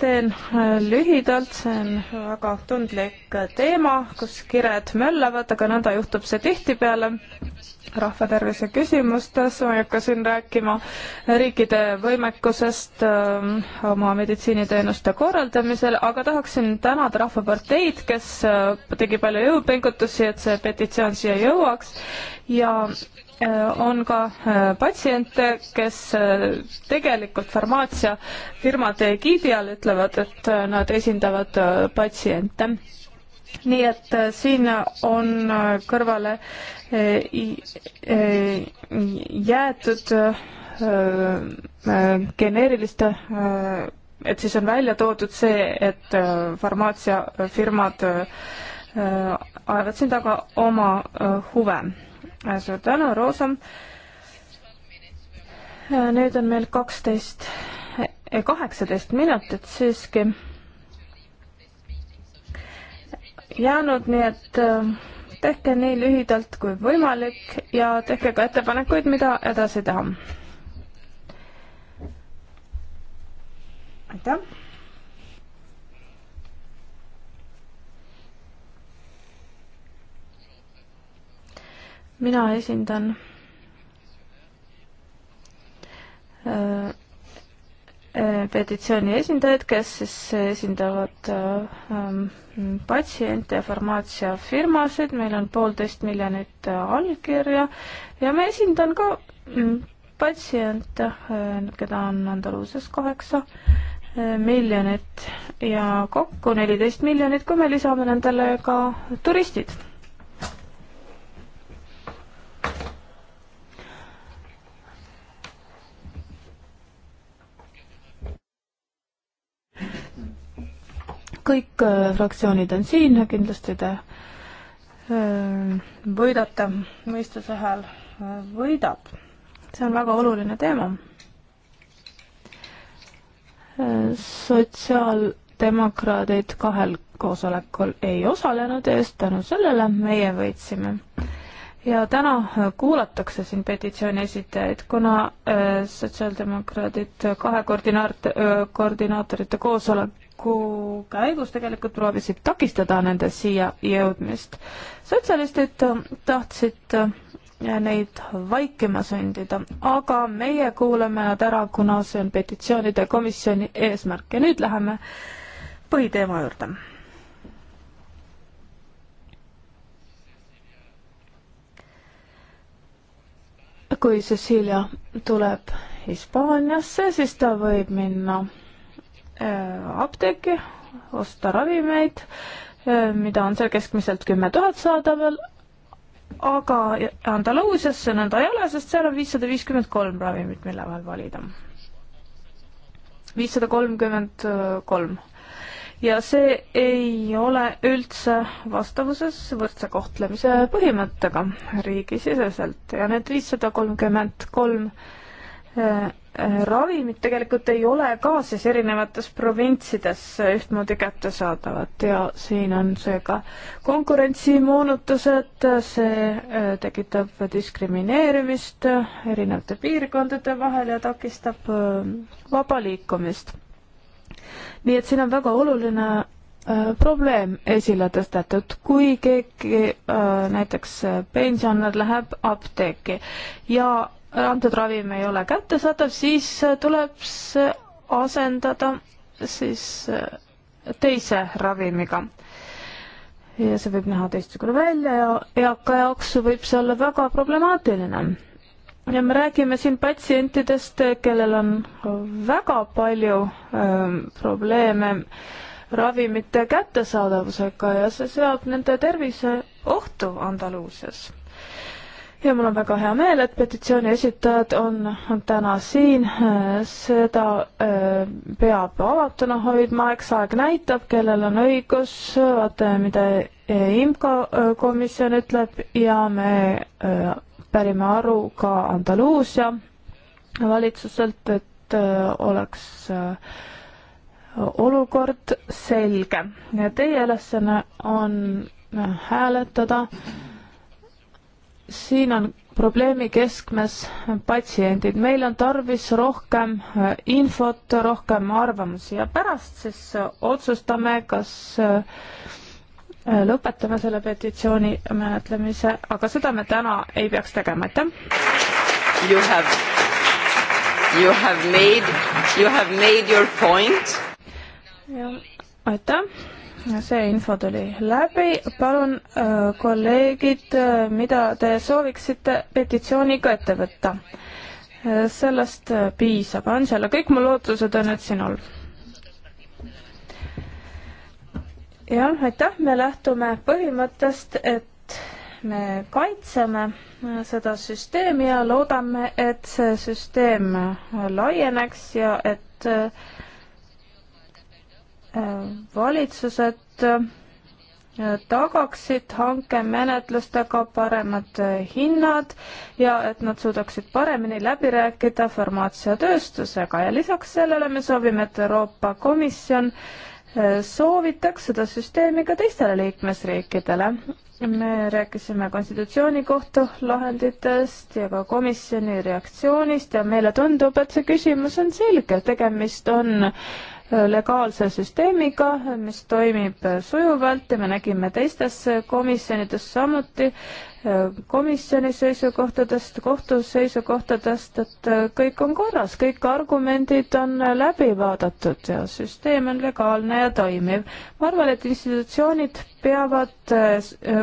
teen äh, lühidalt, see on väga tundlik teema, kus kired möllavad, aga nõnda juhtub see tihtipeale rahvatervise küsimustes, ma ei hakka siin rääkima riikide võimekusest öö, ähm, oma meditsiiniteenuste korraldamisel, aga tahaksin tänada Rahvaparteid, kes öö, äh, tegi palju jõupingutusi, et see petitsioon siia jõuaks ja Äh, on ka äh, patsiente, kes äh, tegelikult farmaatsiafirmade giidi all ütlevad, et nad esindavad patsiente. nii et siin on kõrvale jäetud geneeriliste, et siis on välja toodud see, et farmaatsiafirmad ajavad siin taga oma huve suur tänu, Roosa. nüüd on meil kaksteist, eh, kaheksateist minutit siiski jäänud, nii et eh, tehke nii lühidalt kui võimalik ja tehke ka ettepanekuid, mida edasi teha. aitäh. mina esindan äh, äh, petitsiooni esindajaid, kes siis esindavad äh, ähm, patsiente ja farmaatsiafirmasid, meil on poolteist miljonit allkirja ja ma esindan ka mm, patsiente, keda on Andaluusias kaheksa miljonit ja kokku neliteist miljonit, kui me lisame nendele ka turistid kõik äh, fraktsioonid on siin ja kindlasti te äh, võidate, mõistuse hääl äh, võidab. see on väga oluline teema. sotsiaaldemokraadid kahel koosolekul ei osalenud ja just tänu sellele meie võitsime ja täna kuulatakse siin petitsiooni esitajaid, kuna sotsiaaldemokraadid kahe koordinaat-, koordinaatorite koosolek ettepaneku käigus tegelikult proovisid takistada nende siia jõudmist. sotsialistid ähm, tahtsid äh, neid vaikima sündida, aga meie kuulame nad ära, kuna see on petitsioonide komisjoni eesmärk ja nüüd läheme põhiteema juurde. kui Cecilia tuleb Hispaaniasse, siis ta võib minna Äh, apteeki, osta ravimeid, äh, mida on seal keskmiselt kümme tuhat saadaval, aga Andaluusiasse nõnda ei ole, sest seal on viissada viiskümmend kolm ravimit, mille vahel valida. viissada kolmkümmend kolm. ja see ei ole üldse vastavuses võrdse kohtlemise põhimõttega riigisiseselt ja need viissada kolmkümmend kolm äh, Eh, ravimid tegelikult ei ole ka siis erinevates provintsides eh, ühtmoodi kättesaadavad ja siin on seega konkurentsimoonutused, eh, see tekitab diskrimineerimist erinevate piirkondade vahel ja takistab vaba liikumist. nii et siin on väga oluline probleem esile tõstetud, kui keegi näiteks pensionär läheb apteeki ja antud ravim ei ole kättesaadav, siis tuleb see asendada siis äh, teise ravimiga. ja see võib näha teistsugune välja ja eaka jaoks võib see olla väga problemaatiline. ja me räägime siin patsientidest, kellel on väga palju ähm, probleeme ravimite kättesaadavusega ja see seab nende tervise ohtu Andaluusias ja mul on väga hea meel, et petitsiooni esitajad on, on täna siin, seda äh, peab avatuna hoidma, eks aeg näitab, kellel on õigus, vaatame, mida IMCO äh, komisjon ütleb ja me äh, pärime aru ka Andaluusia valitsuselt, et oleks olukord selge ja teie ülesanne on hääletada äh, siin on probleemi keskmes patsiendid, meil on tarvis rohkem äh, infot, rohkem arvamusi ja pärast siis äh, otsustame, kas äh, lõpetame selle petitsiooni menetlemise, aga seda me täna ei peaks tegema, aitäh. You have, you have made, you have made your point. aitäh see info tuli läbi, palun äh, kolleegid, äh, mida te sooviksite petitsiooniga ette võtta? Äh, sellest piisab, Angela, kõik mu lootused on nüüd sinul. jah, aitäh, me lähtume põhimõttest, et me kaitseme seda süsteemi ja loodame, et see süsteem laieneks ja et äh, valitsused äh, tagaksid hankemenetlustega paremad äh, hinnad ja et nad suudaksid paremini läbi rääkida farmaatsiatööstusega ja lisaks sellele me soovime, et Euroopa Komisjon äh, soovitaks seda süsteemi ka teistele liikmesriikidele. me rääkisime konstitutsioonikohtu lahenditest ja ka komisjoni reaktsioonist ja meile tundub, et see küsimus on selge, tegemist on äh, legaalse süsteemiga, mis toimib sujuvalt ja me nägime teistes komisjonides samuti komisjoni seisukohtadest, kohtu seisukohtadest, et kõik on korras, kõik argumendid on läbi vaadatud ja süsteem on legaalne ja toimiv. ma arvan, et institutsioonid peavad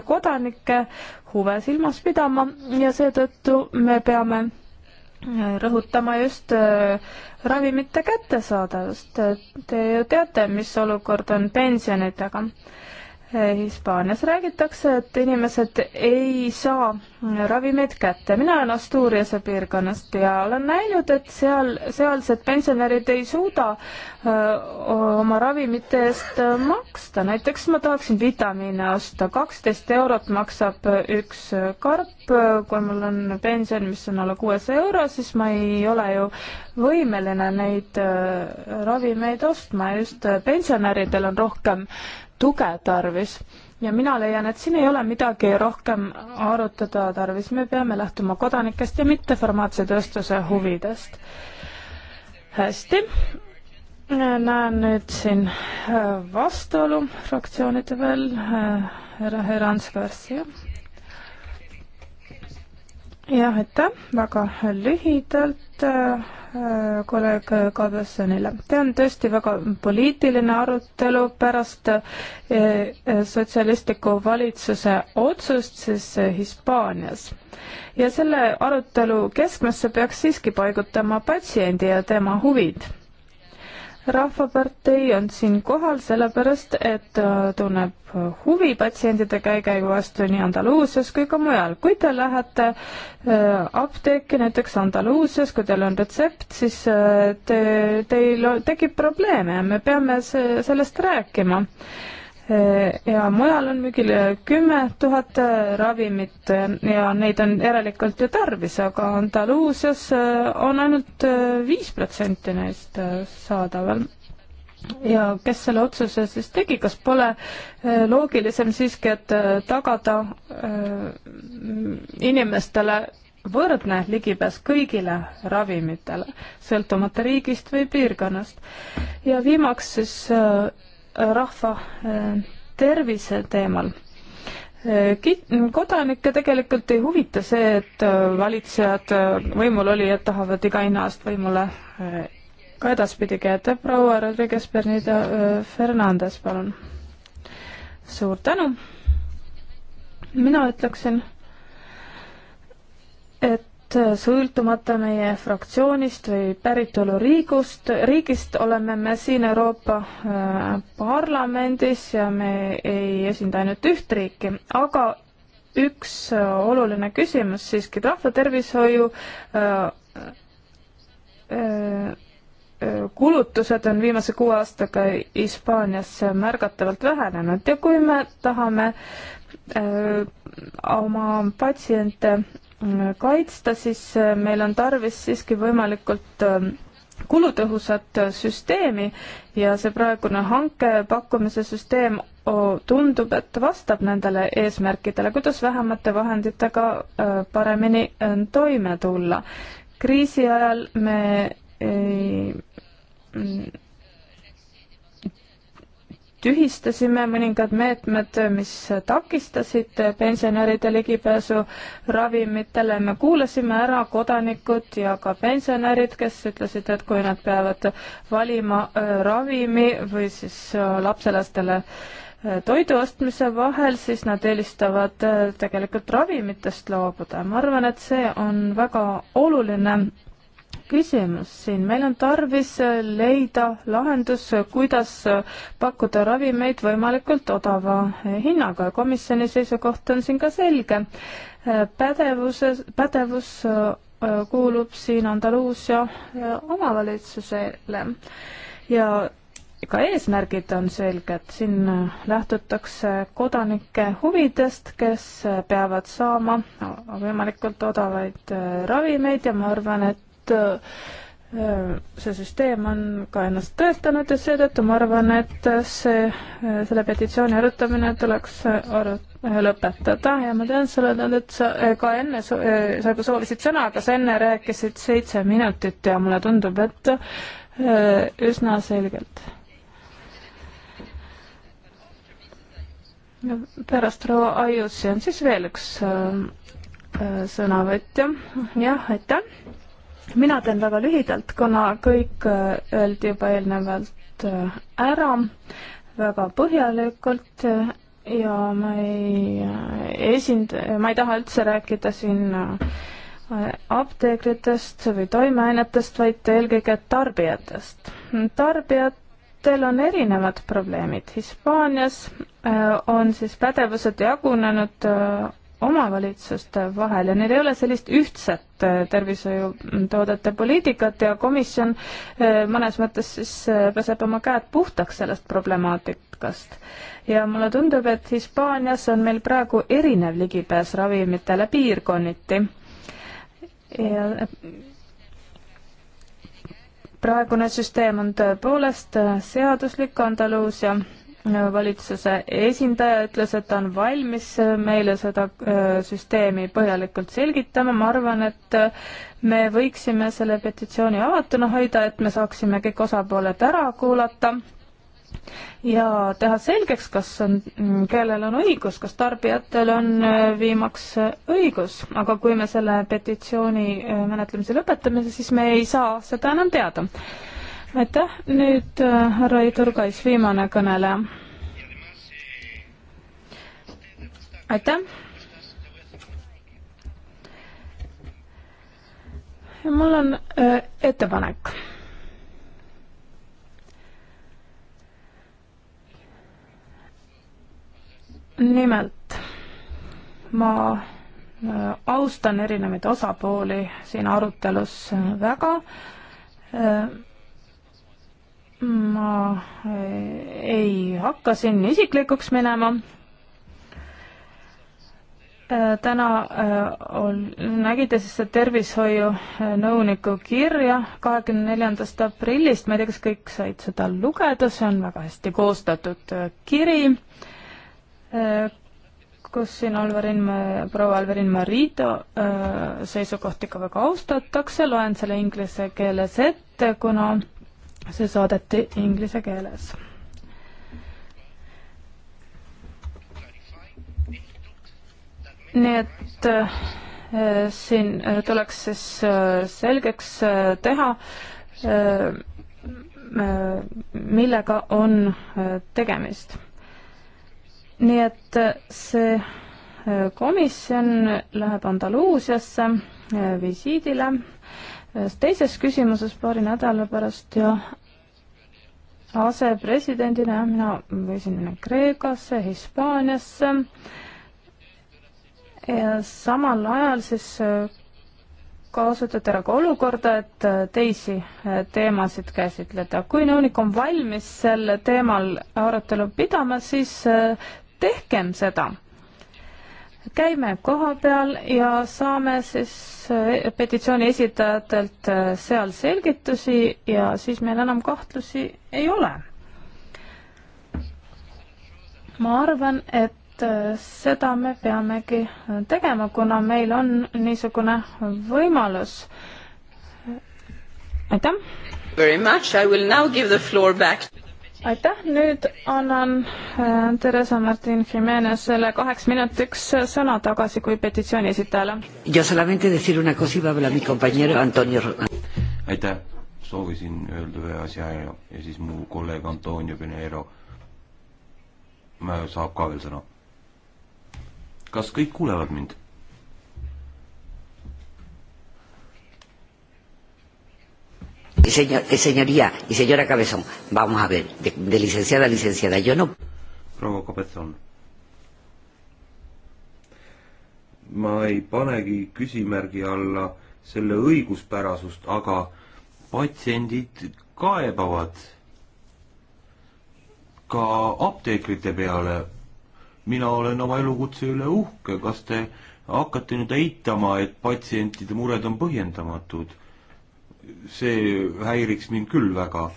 kodanike huve silmas pidama ja seetõttu me peame rõhutama just äh, ravimite kättesaadavust. Te ju teate, mis olukord on pensionidega Hispaanias räägitakse, et inimesed ei saa ravimeid kätte. mina olen Asturiase piirkonnast ja olen näinud, et seal, sealsed pensionärid ei suuda öö, oma ravimite eest maksta. näiteks ma tahaksin vitamiine osta, kaksteist eurot maksab üks karp. kui mul on pension, mis on alla kuuesaja euro, siis ma ei ole ju võimeline neid öö, ravimeid ostma. just pensionäridel on rohkem öö, tuge tarvis ja mina leian, et siin ei ole midagi rohkem arutada tarvis, me peame lähtuma kodanikest ja mitteformaatse tööstuse huvidest. hästi, näen nüüd siin äh, vastuolu fraktsioonide veel, äh, härra Herans Garcia jah, aitäh, väga lühidalt äh, kolleeg Kadasonile. see on tõesti väga poliitiline arutelu pärast äh, äh, sotsialistliku valitsuse otsust siis äh, Hispaanias. ja selle arutelu keskmesse peaks siiski paigutama patsiendi ja tema huvid rahvapartei on siin kohal sellepärast, et äh, tunneb huvi patsientide käikäigu vastu nii Andaluusias kui ka mujal. kui te lähete äh, apteeki näiteks Andaluusias, kui teil on retsept, siis äh, te, teil tekib probleeme ja me peame see, sellest rääkima Äh, ja mujal on müügil äh, kümme tuhat äh, ravimit ja neid on järelikult ju tarvis, aga Andaluusias on ainult viis protsenti neist saadaval. ja kes selle otsuse siis tegi, kas pole loogilisem siiski, et tagada inimestele võrdne ligipääs kõigile ravimitele, sõltumata riigist või piirkonnast. ja viimaks siis rahva äh, tervise teemal. Äh, kodanikke tegelikult ei huvita see, et äh, valitsejad, võimulolijad tahavad iga hinna eest võimule ka edaspidigi, et proua Rodriguez Bernida Fernandes, palun. suur tänu. mina ütleksin, et et äh, sõltumata meie fraktsioonist või päritoluriigust, riigist oleme me siin Euroopa äh, Parlamendis ja me ei esinda ainult üht riiki, aga üks äh, oluline küsimus siiski, rahvatervishoiu kulutused on viimase kuue aastaga Hispaanias märgatavalt vähenenud ja kui me tahame oma patsiente kaitsta, siis äh, meil on tarvis siiski võimalikult ähm, kulutõhusat äh, süsteemi ja see praegune hanke pakkumise süsteem tundub, et vastab nendele eesmärkidele, kuidas vähemate vahenditega äh, paremini toime tulla. kriisi ajal me ei mm, tühistasime mõningad meetmed, mis takistasid pensionäride ligipääsu ravimitele. me kuulasime ära kodanikud ja ka pensionärid, kes ütlesid, et kui nad peavad valima äh, ravimi või siis äh, lapselastele äh, toidu ostmise vahel, siis nad eelistavad tegelikult ravimitest loobuda. ma arvan, et see on väga oluline küsimus siin, meil on tarvis leida lahendus, kuidas pakkuda ravimeid võimalikult odava hinnaga, komisjoni seisukoht on siin ka selge. pädevuses, pädevus äh, kuulub siin Andaluusia äh, omavalitsusele ja ka eesmärgid on selged, siin äh, lähtutakse kodanike huvidest, kes peavad saama võimalikult odavaid ravimeid ja ma arvan, et et äh, see süsteem on ka ennast tõestanud ja seetõttu ma arvan, et see, äh, selle petitsiooni arutamine tuleks äh, aru, lõpetada ja ma tean, sa oled, et sa ka enne, sa juba soovisid sõna, aga sa enne rääkisid seitse minutit ja mulle tundub, et üsna selgelt. pärast proua Aiusi on siis veel üks sõnavõtja. jah, aitäh mina teen väga lühidalt, kuna kõik äh, öeldi juba eelnevalt äh, ära väga põhjalikult äh, ja ma ei esind-, ma ei taha üldse rääkida siin apteekritest või toimeainetest, vaid eelkõige tarbijatest. tarbijatel on erinevad probleemid. Hispaanias on siis pädevused jagunenud omavalitsuste vahel ja neil ei ole sellist ühtset äh, tervishoiutoodete poliitikat ja komisjon äh, mõnes mõttes siis äh, peseb oma käed puhtaks sellest problemaatikast. ja mulle tundub, et Hispaanias on meil praegu erinev ligipääs ravimitele piirkonniti. ja praegune süsteem on tõepoolest seaduslik Andaluusia valitsuse esindaja ütles, et ta on valmis äh, meile seda äh, süsteemi põhjalikult selgitama, ma arvan, et äh, me võiksime selle petitsiooni avatuna hoida, et me saaksime kõik osapooled ära kuulata ja teha selgeks, kas on, mm, kellel on õigus, kas tarbijatel on viimaks õigus, aga kui me selle petitsiooni menetlemise lõpetame, siis me ei saa seda enam teada aitäh, nüüd äh, härra Igor Kais, viimane kõneleja. aitäh. mul on öö, äh, ettepanek nimelt ma äh, austan erinevaid osapooli siin arutelus väga ma eh, ei hakka siin isiklikuks minema. Eh, täna eh, on, nägite siis seda tervishoiunõuniku kirja kahekümne neljandast aprillist, ma ei tea, kas kõik said seda lugeda, see on väga hästi koostatud kiri, kus siin Alvar Inme, proua Alvar Inme Riido seisukohti ka väga austatakse, loen selle inglise keeles ette, kuna see saadeti inglise keeles. nii et äh, siin äh, tuleks siis äh, selgeks teha, millega on tegemist. nii et see komisjon läheb Andaluusiasse visiidile ühes teises küsimuses paari nädala pärast ja asepresidendina mina võisin minna Kreekasse, Hispaaniasse ja samal ajal siis äh, kasutad ära ka olukorda, et äh, teisi äh, teemasid käsitleda. kui nõunik on valmis sel teemal arutelu pidama, siis tehkem seda käime koha peal ja saame siis äh, petitsiooni esitajatelt äh, seal selgitusi ja siis meil enam kahtlusi ei ole. ma arvan, et äh, seda me peamegi tegema, kuna meil on niisugune võimalus. aitäh! Very much, I will now give the floor back aitäh, nüüd annan äh, Theresa Martin Jimenezele kaheks minutiks sõna tagasi kui petitsiooni esitajale. aitäh, soovisin öelda ühe asja ja, ja siis mu kolleeg Antonio Pinheiro saab ka veel sõna. kas kõik kuulevad mind? Señor, eh, señoría y señora Cabezón, vamos a ver, de, de licenciada a licenciada, yo no. proua Cabezón. ma ei panegi küsimärgi alla selle õiguspärasust, aga patsiendid kaebavad ka apteekrite peale. mina olen oma elukutse üle uhke, kas te hakkate nüüd eitama, et patsientide mured on põhjendamatud? see häiriks mind küll väga.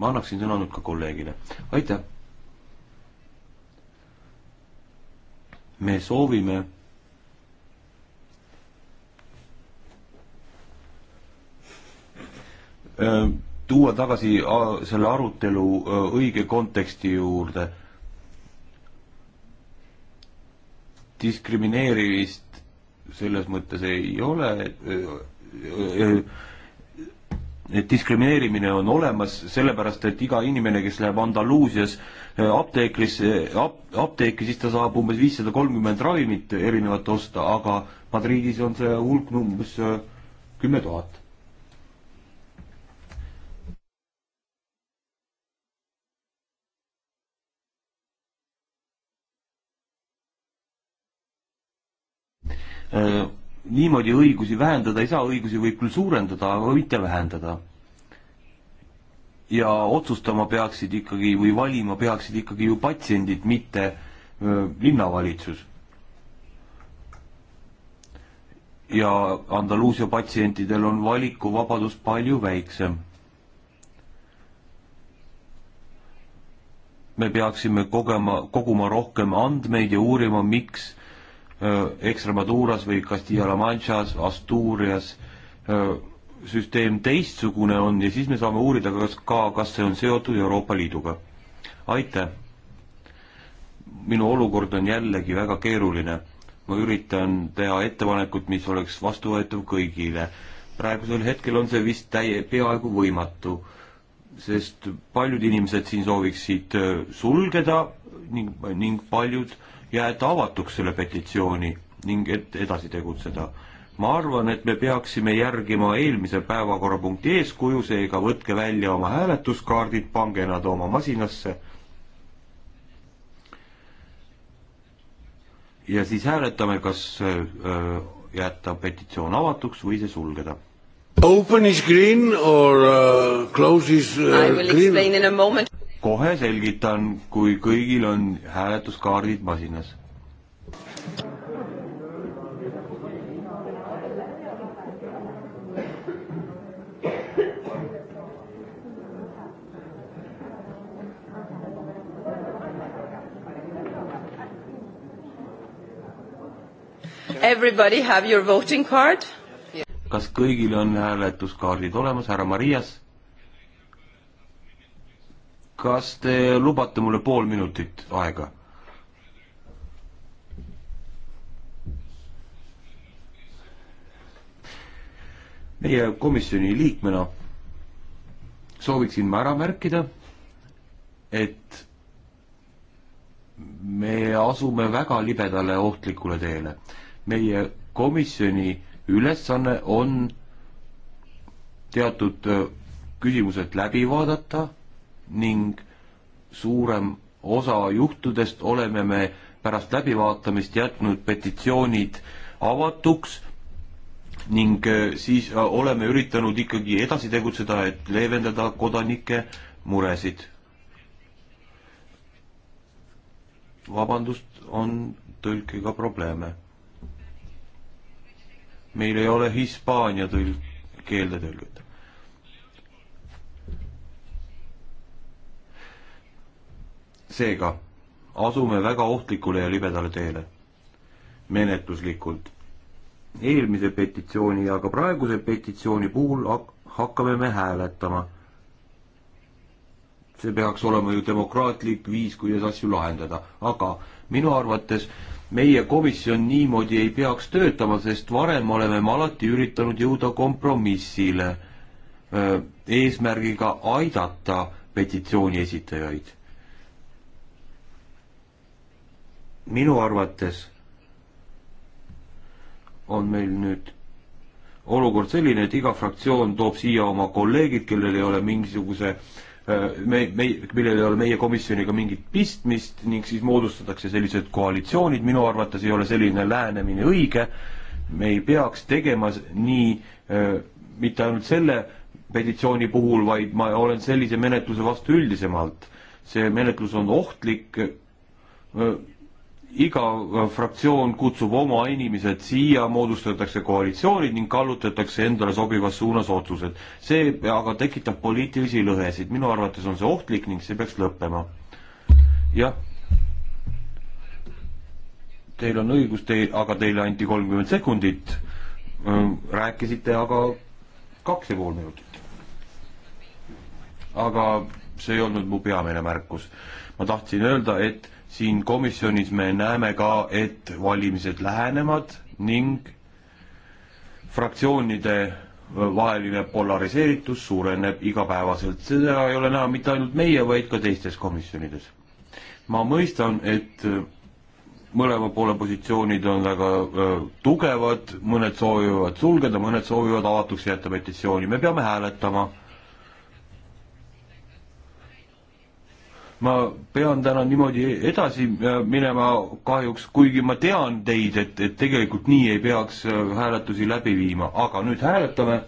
ma annaksin sõna nüüd ka kolleegile. aitäh. me soovime äh, tuua tagasi äh, selle arutelu äh, õige konteksti juurde. diskrimineerimist selles mõttes ei ole et diskrimineerimine on olemas, sellepärast et iga inimene, kes läheb Andaluusias äh, apteekrisse äh, ap,, apteeki, siis ta saab umbes viissada kolmkümmend ravimit erinevat osta, aga Madridis on see hulk umbes äh, kümme tuhat. niimoodi õigusi vähendada ei saa, õigusi võib küll suurendada, aga mitte vähendada. ja otsustama peaksid ikkagi või valima peaksid ikkagi ju patsiendid, mitte linnavalitsus. ja Andaluusia patsientidel on valikuvabadus palju väiksem me peaksime kogema, koguma rohkem andmeid ja uurima, miks Äh, Extremaduras või Castilla-La Manchas, Asturias äh, süsteem teistsugune on ja siis me saame uurida kas ka, kas see on seotud Euroopa Liiduga. aitäh! minu olukord on jällegi väga keeruline. ma üritan teha ettepanekut, mis oleks vastuvõetav kõigile. praegusel hetkel on see vist täie, peaaegu võimatu, sest paljud inimesed siin sooviksid äh, sulgeda ning, ning paljud äh, jäeta avatuks selle petitsiooni ning et edasi tegutseda. ma arvan, et me peaksime järgima eelmise päevakorrapunkti eeskuju, seega võtke välja oma hääletuskaardid, pange nad oma masinasse ja siis hääletame, kas öö, jätta petitsioon avatuks või see sulgeda. Open is green or uh, close is uh, I will green. explain in a moment kohe selgitan, kui kõigil on hääletuskaardid masinas. Everybody have your voting card? kas kõigil on hääletuskaardid olemas, härra Marias? kas te lubate mulle pool minutit aega? meie komisjoni liikmena sooviksin ma ära märkida, et me asume väga libedale ohtlikule teele. meie komisjoni ülesanne on teatud äh, küsimused läbi vaadata ning suurem osa juhtudest oleme me pärast läbivaatamist jätnud petitsioonid avatuks ning äh, siis äh, oleme üritanud ikkagi edasi tegutseda, et leevendada kodanike muresid. vabandust, on tõlkega probleeme. meil ei ole Hispaania tõlk, keelde tõlget seega asume väga ohtlikule ja libedale teele. menetluslikult. eelmise petitsiooni ja ka praeguse petitsiooni puhul hakkame me hääletama. see peaks olema ju demokraatlik viis, kuidas asju lahendada, aga minu arvates meie komisjon niimoodi ei peaks töötama, sest varem oleme me alati üritanud jõuda kompromissile, eesmärgiga aidata petitsiooni esitajaid minu arvates on meil nüüd olukord selline, et iga fraktsioon toob siia oma kolleegid, kellel ei ole mingisuguse äh, me, me, millel ei ole meie komisjoniga mingit pistmist ning siis moodustatakse sellised koalitsioonid, minu arvates ei ole selline lähenemine õige, me ei peaks tegema nii äh, mitte ainult selle petitsiooni puhul, vaid ma olen sellise menetluse vastu üldisemalt. see menetlus on ohtlik äh, iga fraktsioon kutsub oma inimesed siia, moodustatakse koalitsioonid ning kallutatakse endale sobivas suunas otsused. see aga tekitab poliitilisi lõhesid, minu arvates on see ohtlik ning see peaks lõppema. jah, teil on õigus, te, aga teile anti kolmkümmend sekundit, rääkisite aga kaks ja pool minutit. aga see ei olnud mu peamine märkus. ma tahtsin öelda, et siin komisjonis me näeme ka, et valimised lähenevad ning fraktsioonide vaheline polariseeritus suureneb igapäevaselt, seda ei ole näha mitte ainult meie, vaid ka teistes komisjonides. ma mõistan, et mõlema poole positsioonid on väga öö, tugevad, mõned soovivad sulgeda, mõned soovivad avatuks jätta petitsiooni, me peame hääletama ma pean täna niimoodi edasi äh, minema kahjuks, kuigi ma tean teid, et, et tegelikult nii ei peaks äh, hääletusi läbi viima, aga nüüd hääletame.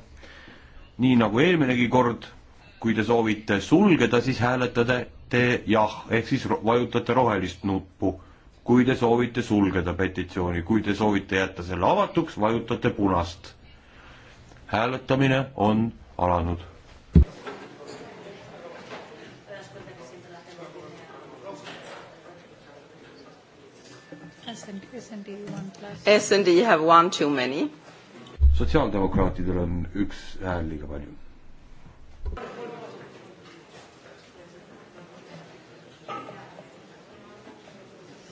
nii nagu eelminegi kord, kui te soovite sulgeda, siis hääletate te jah, ehk siis vajutate rohelist nuppu. kui te soovite sulgeda petitsiooni, kui te soovite jätta selle avatuks, vajutate punast. hääletamine on alanud SND have one too many. sotsiaaldemokraatidel on üks hääl liiga palju.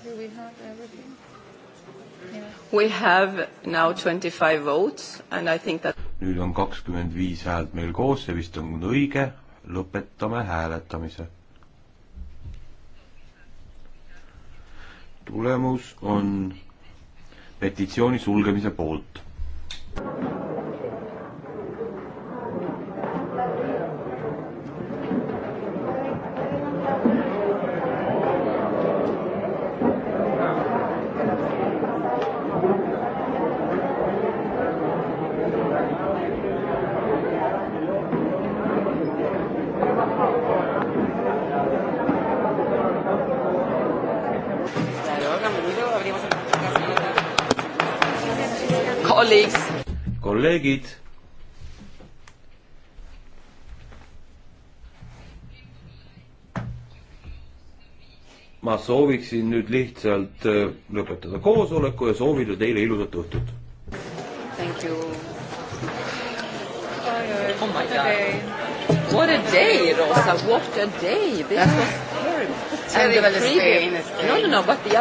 Do we have everything? Yeah. We have now 25 votes and I think that nüüd on kakskümmend viis häält meil koos, see vist on õige, lõpetame hääletamise tulemus on petitsiooni sulgemise poolt. kolleegid. ma sooviksin nüüd lihtsalt äh, lõpetada koosoleku ja soovida teile ilusat õhtut. Thank you. Oh my god. What a day, Rosa. What a day. This was terrible. And the previous. No, no, no, but the other.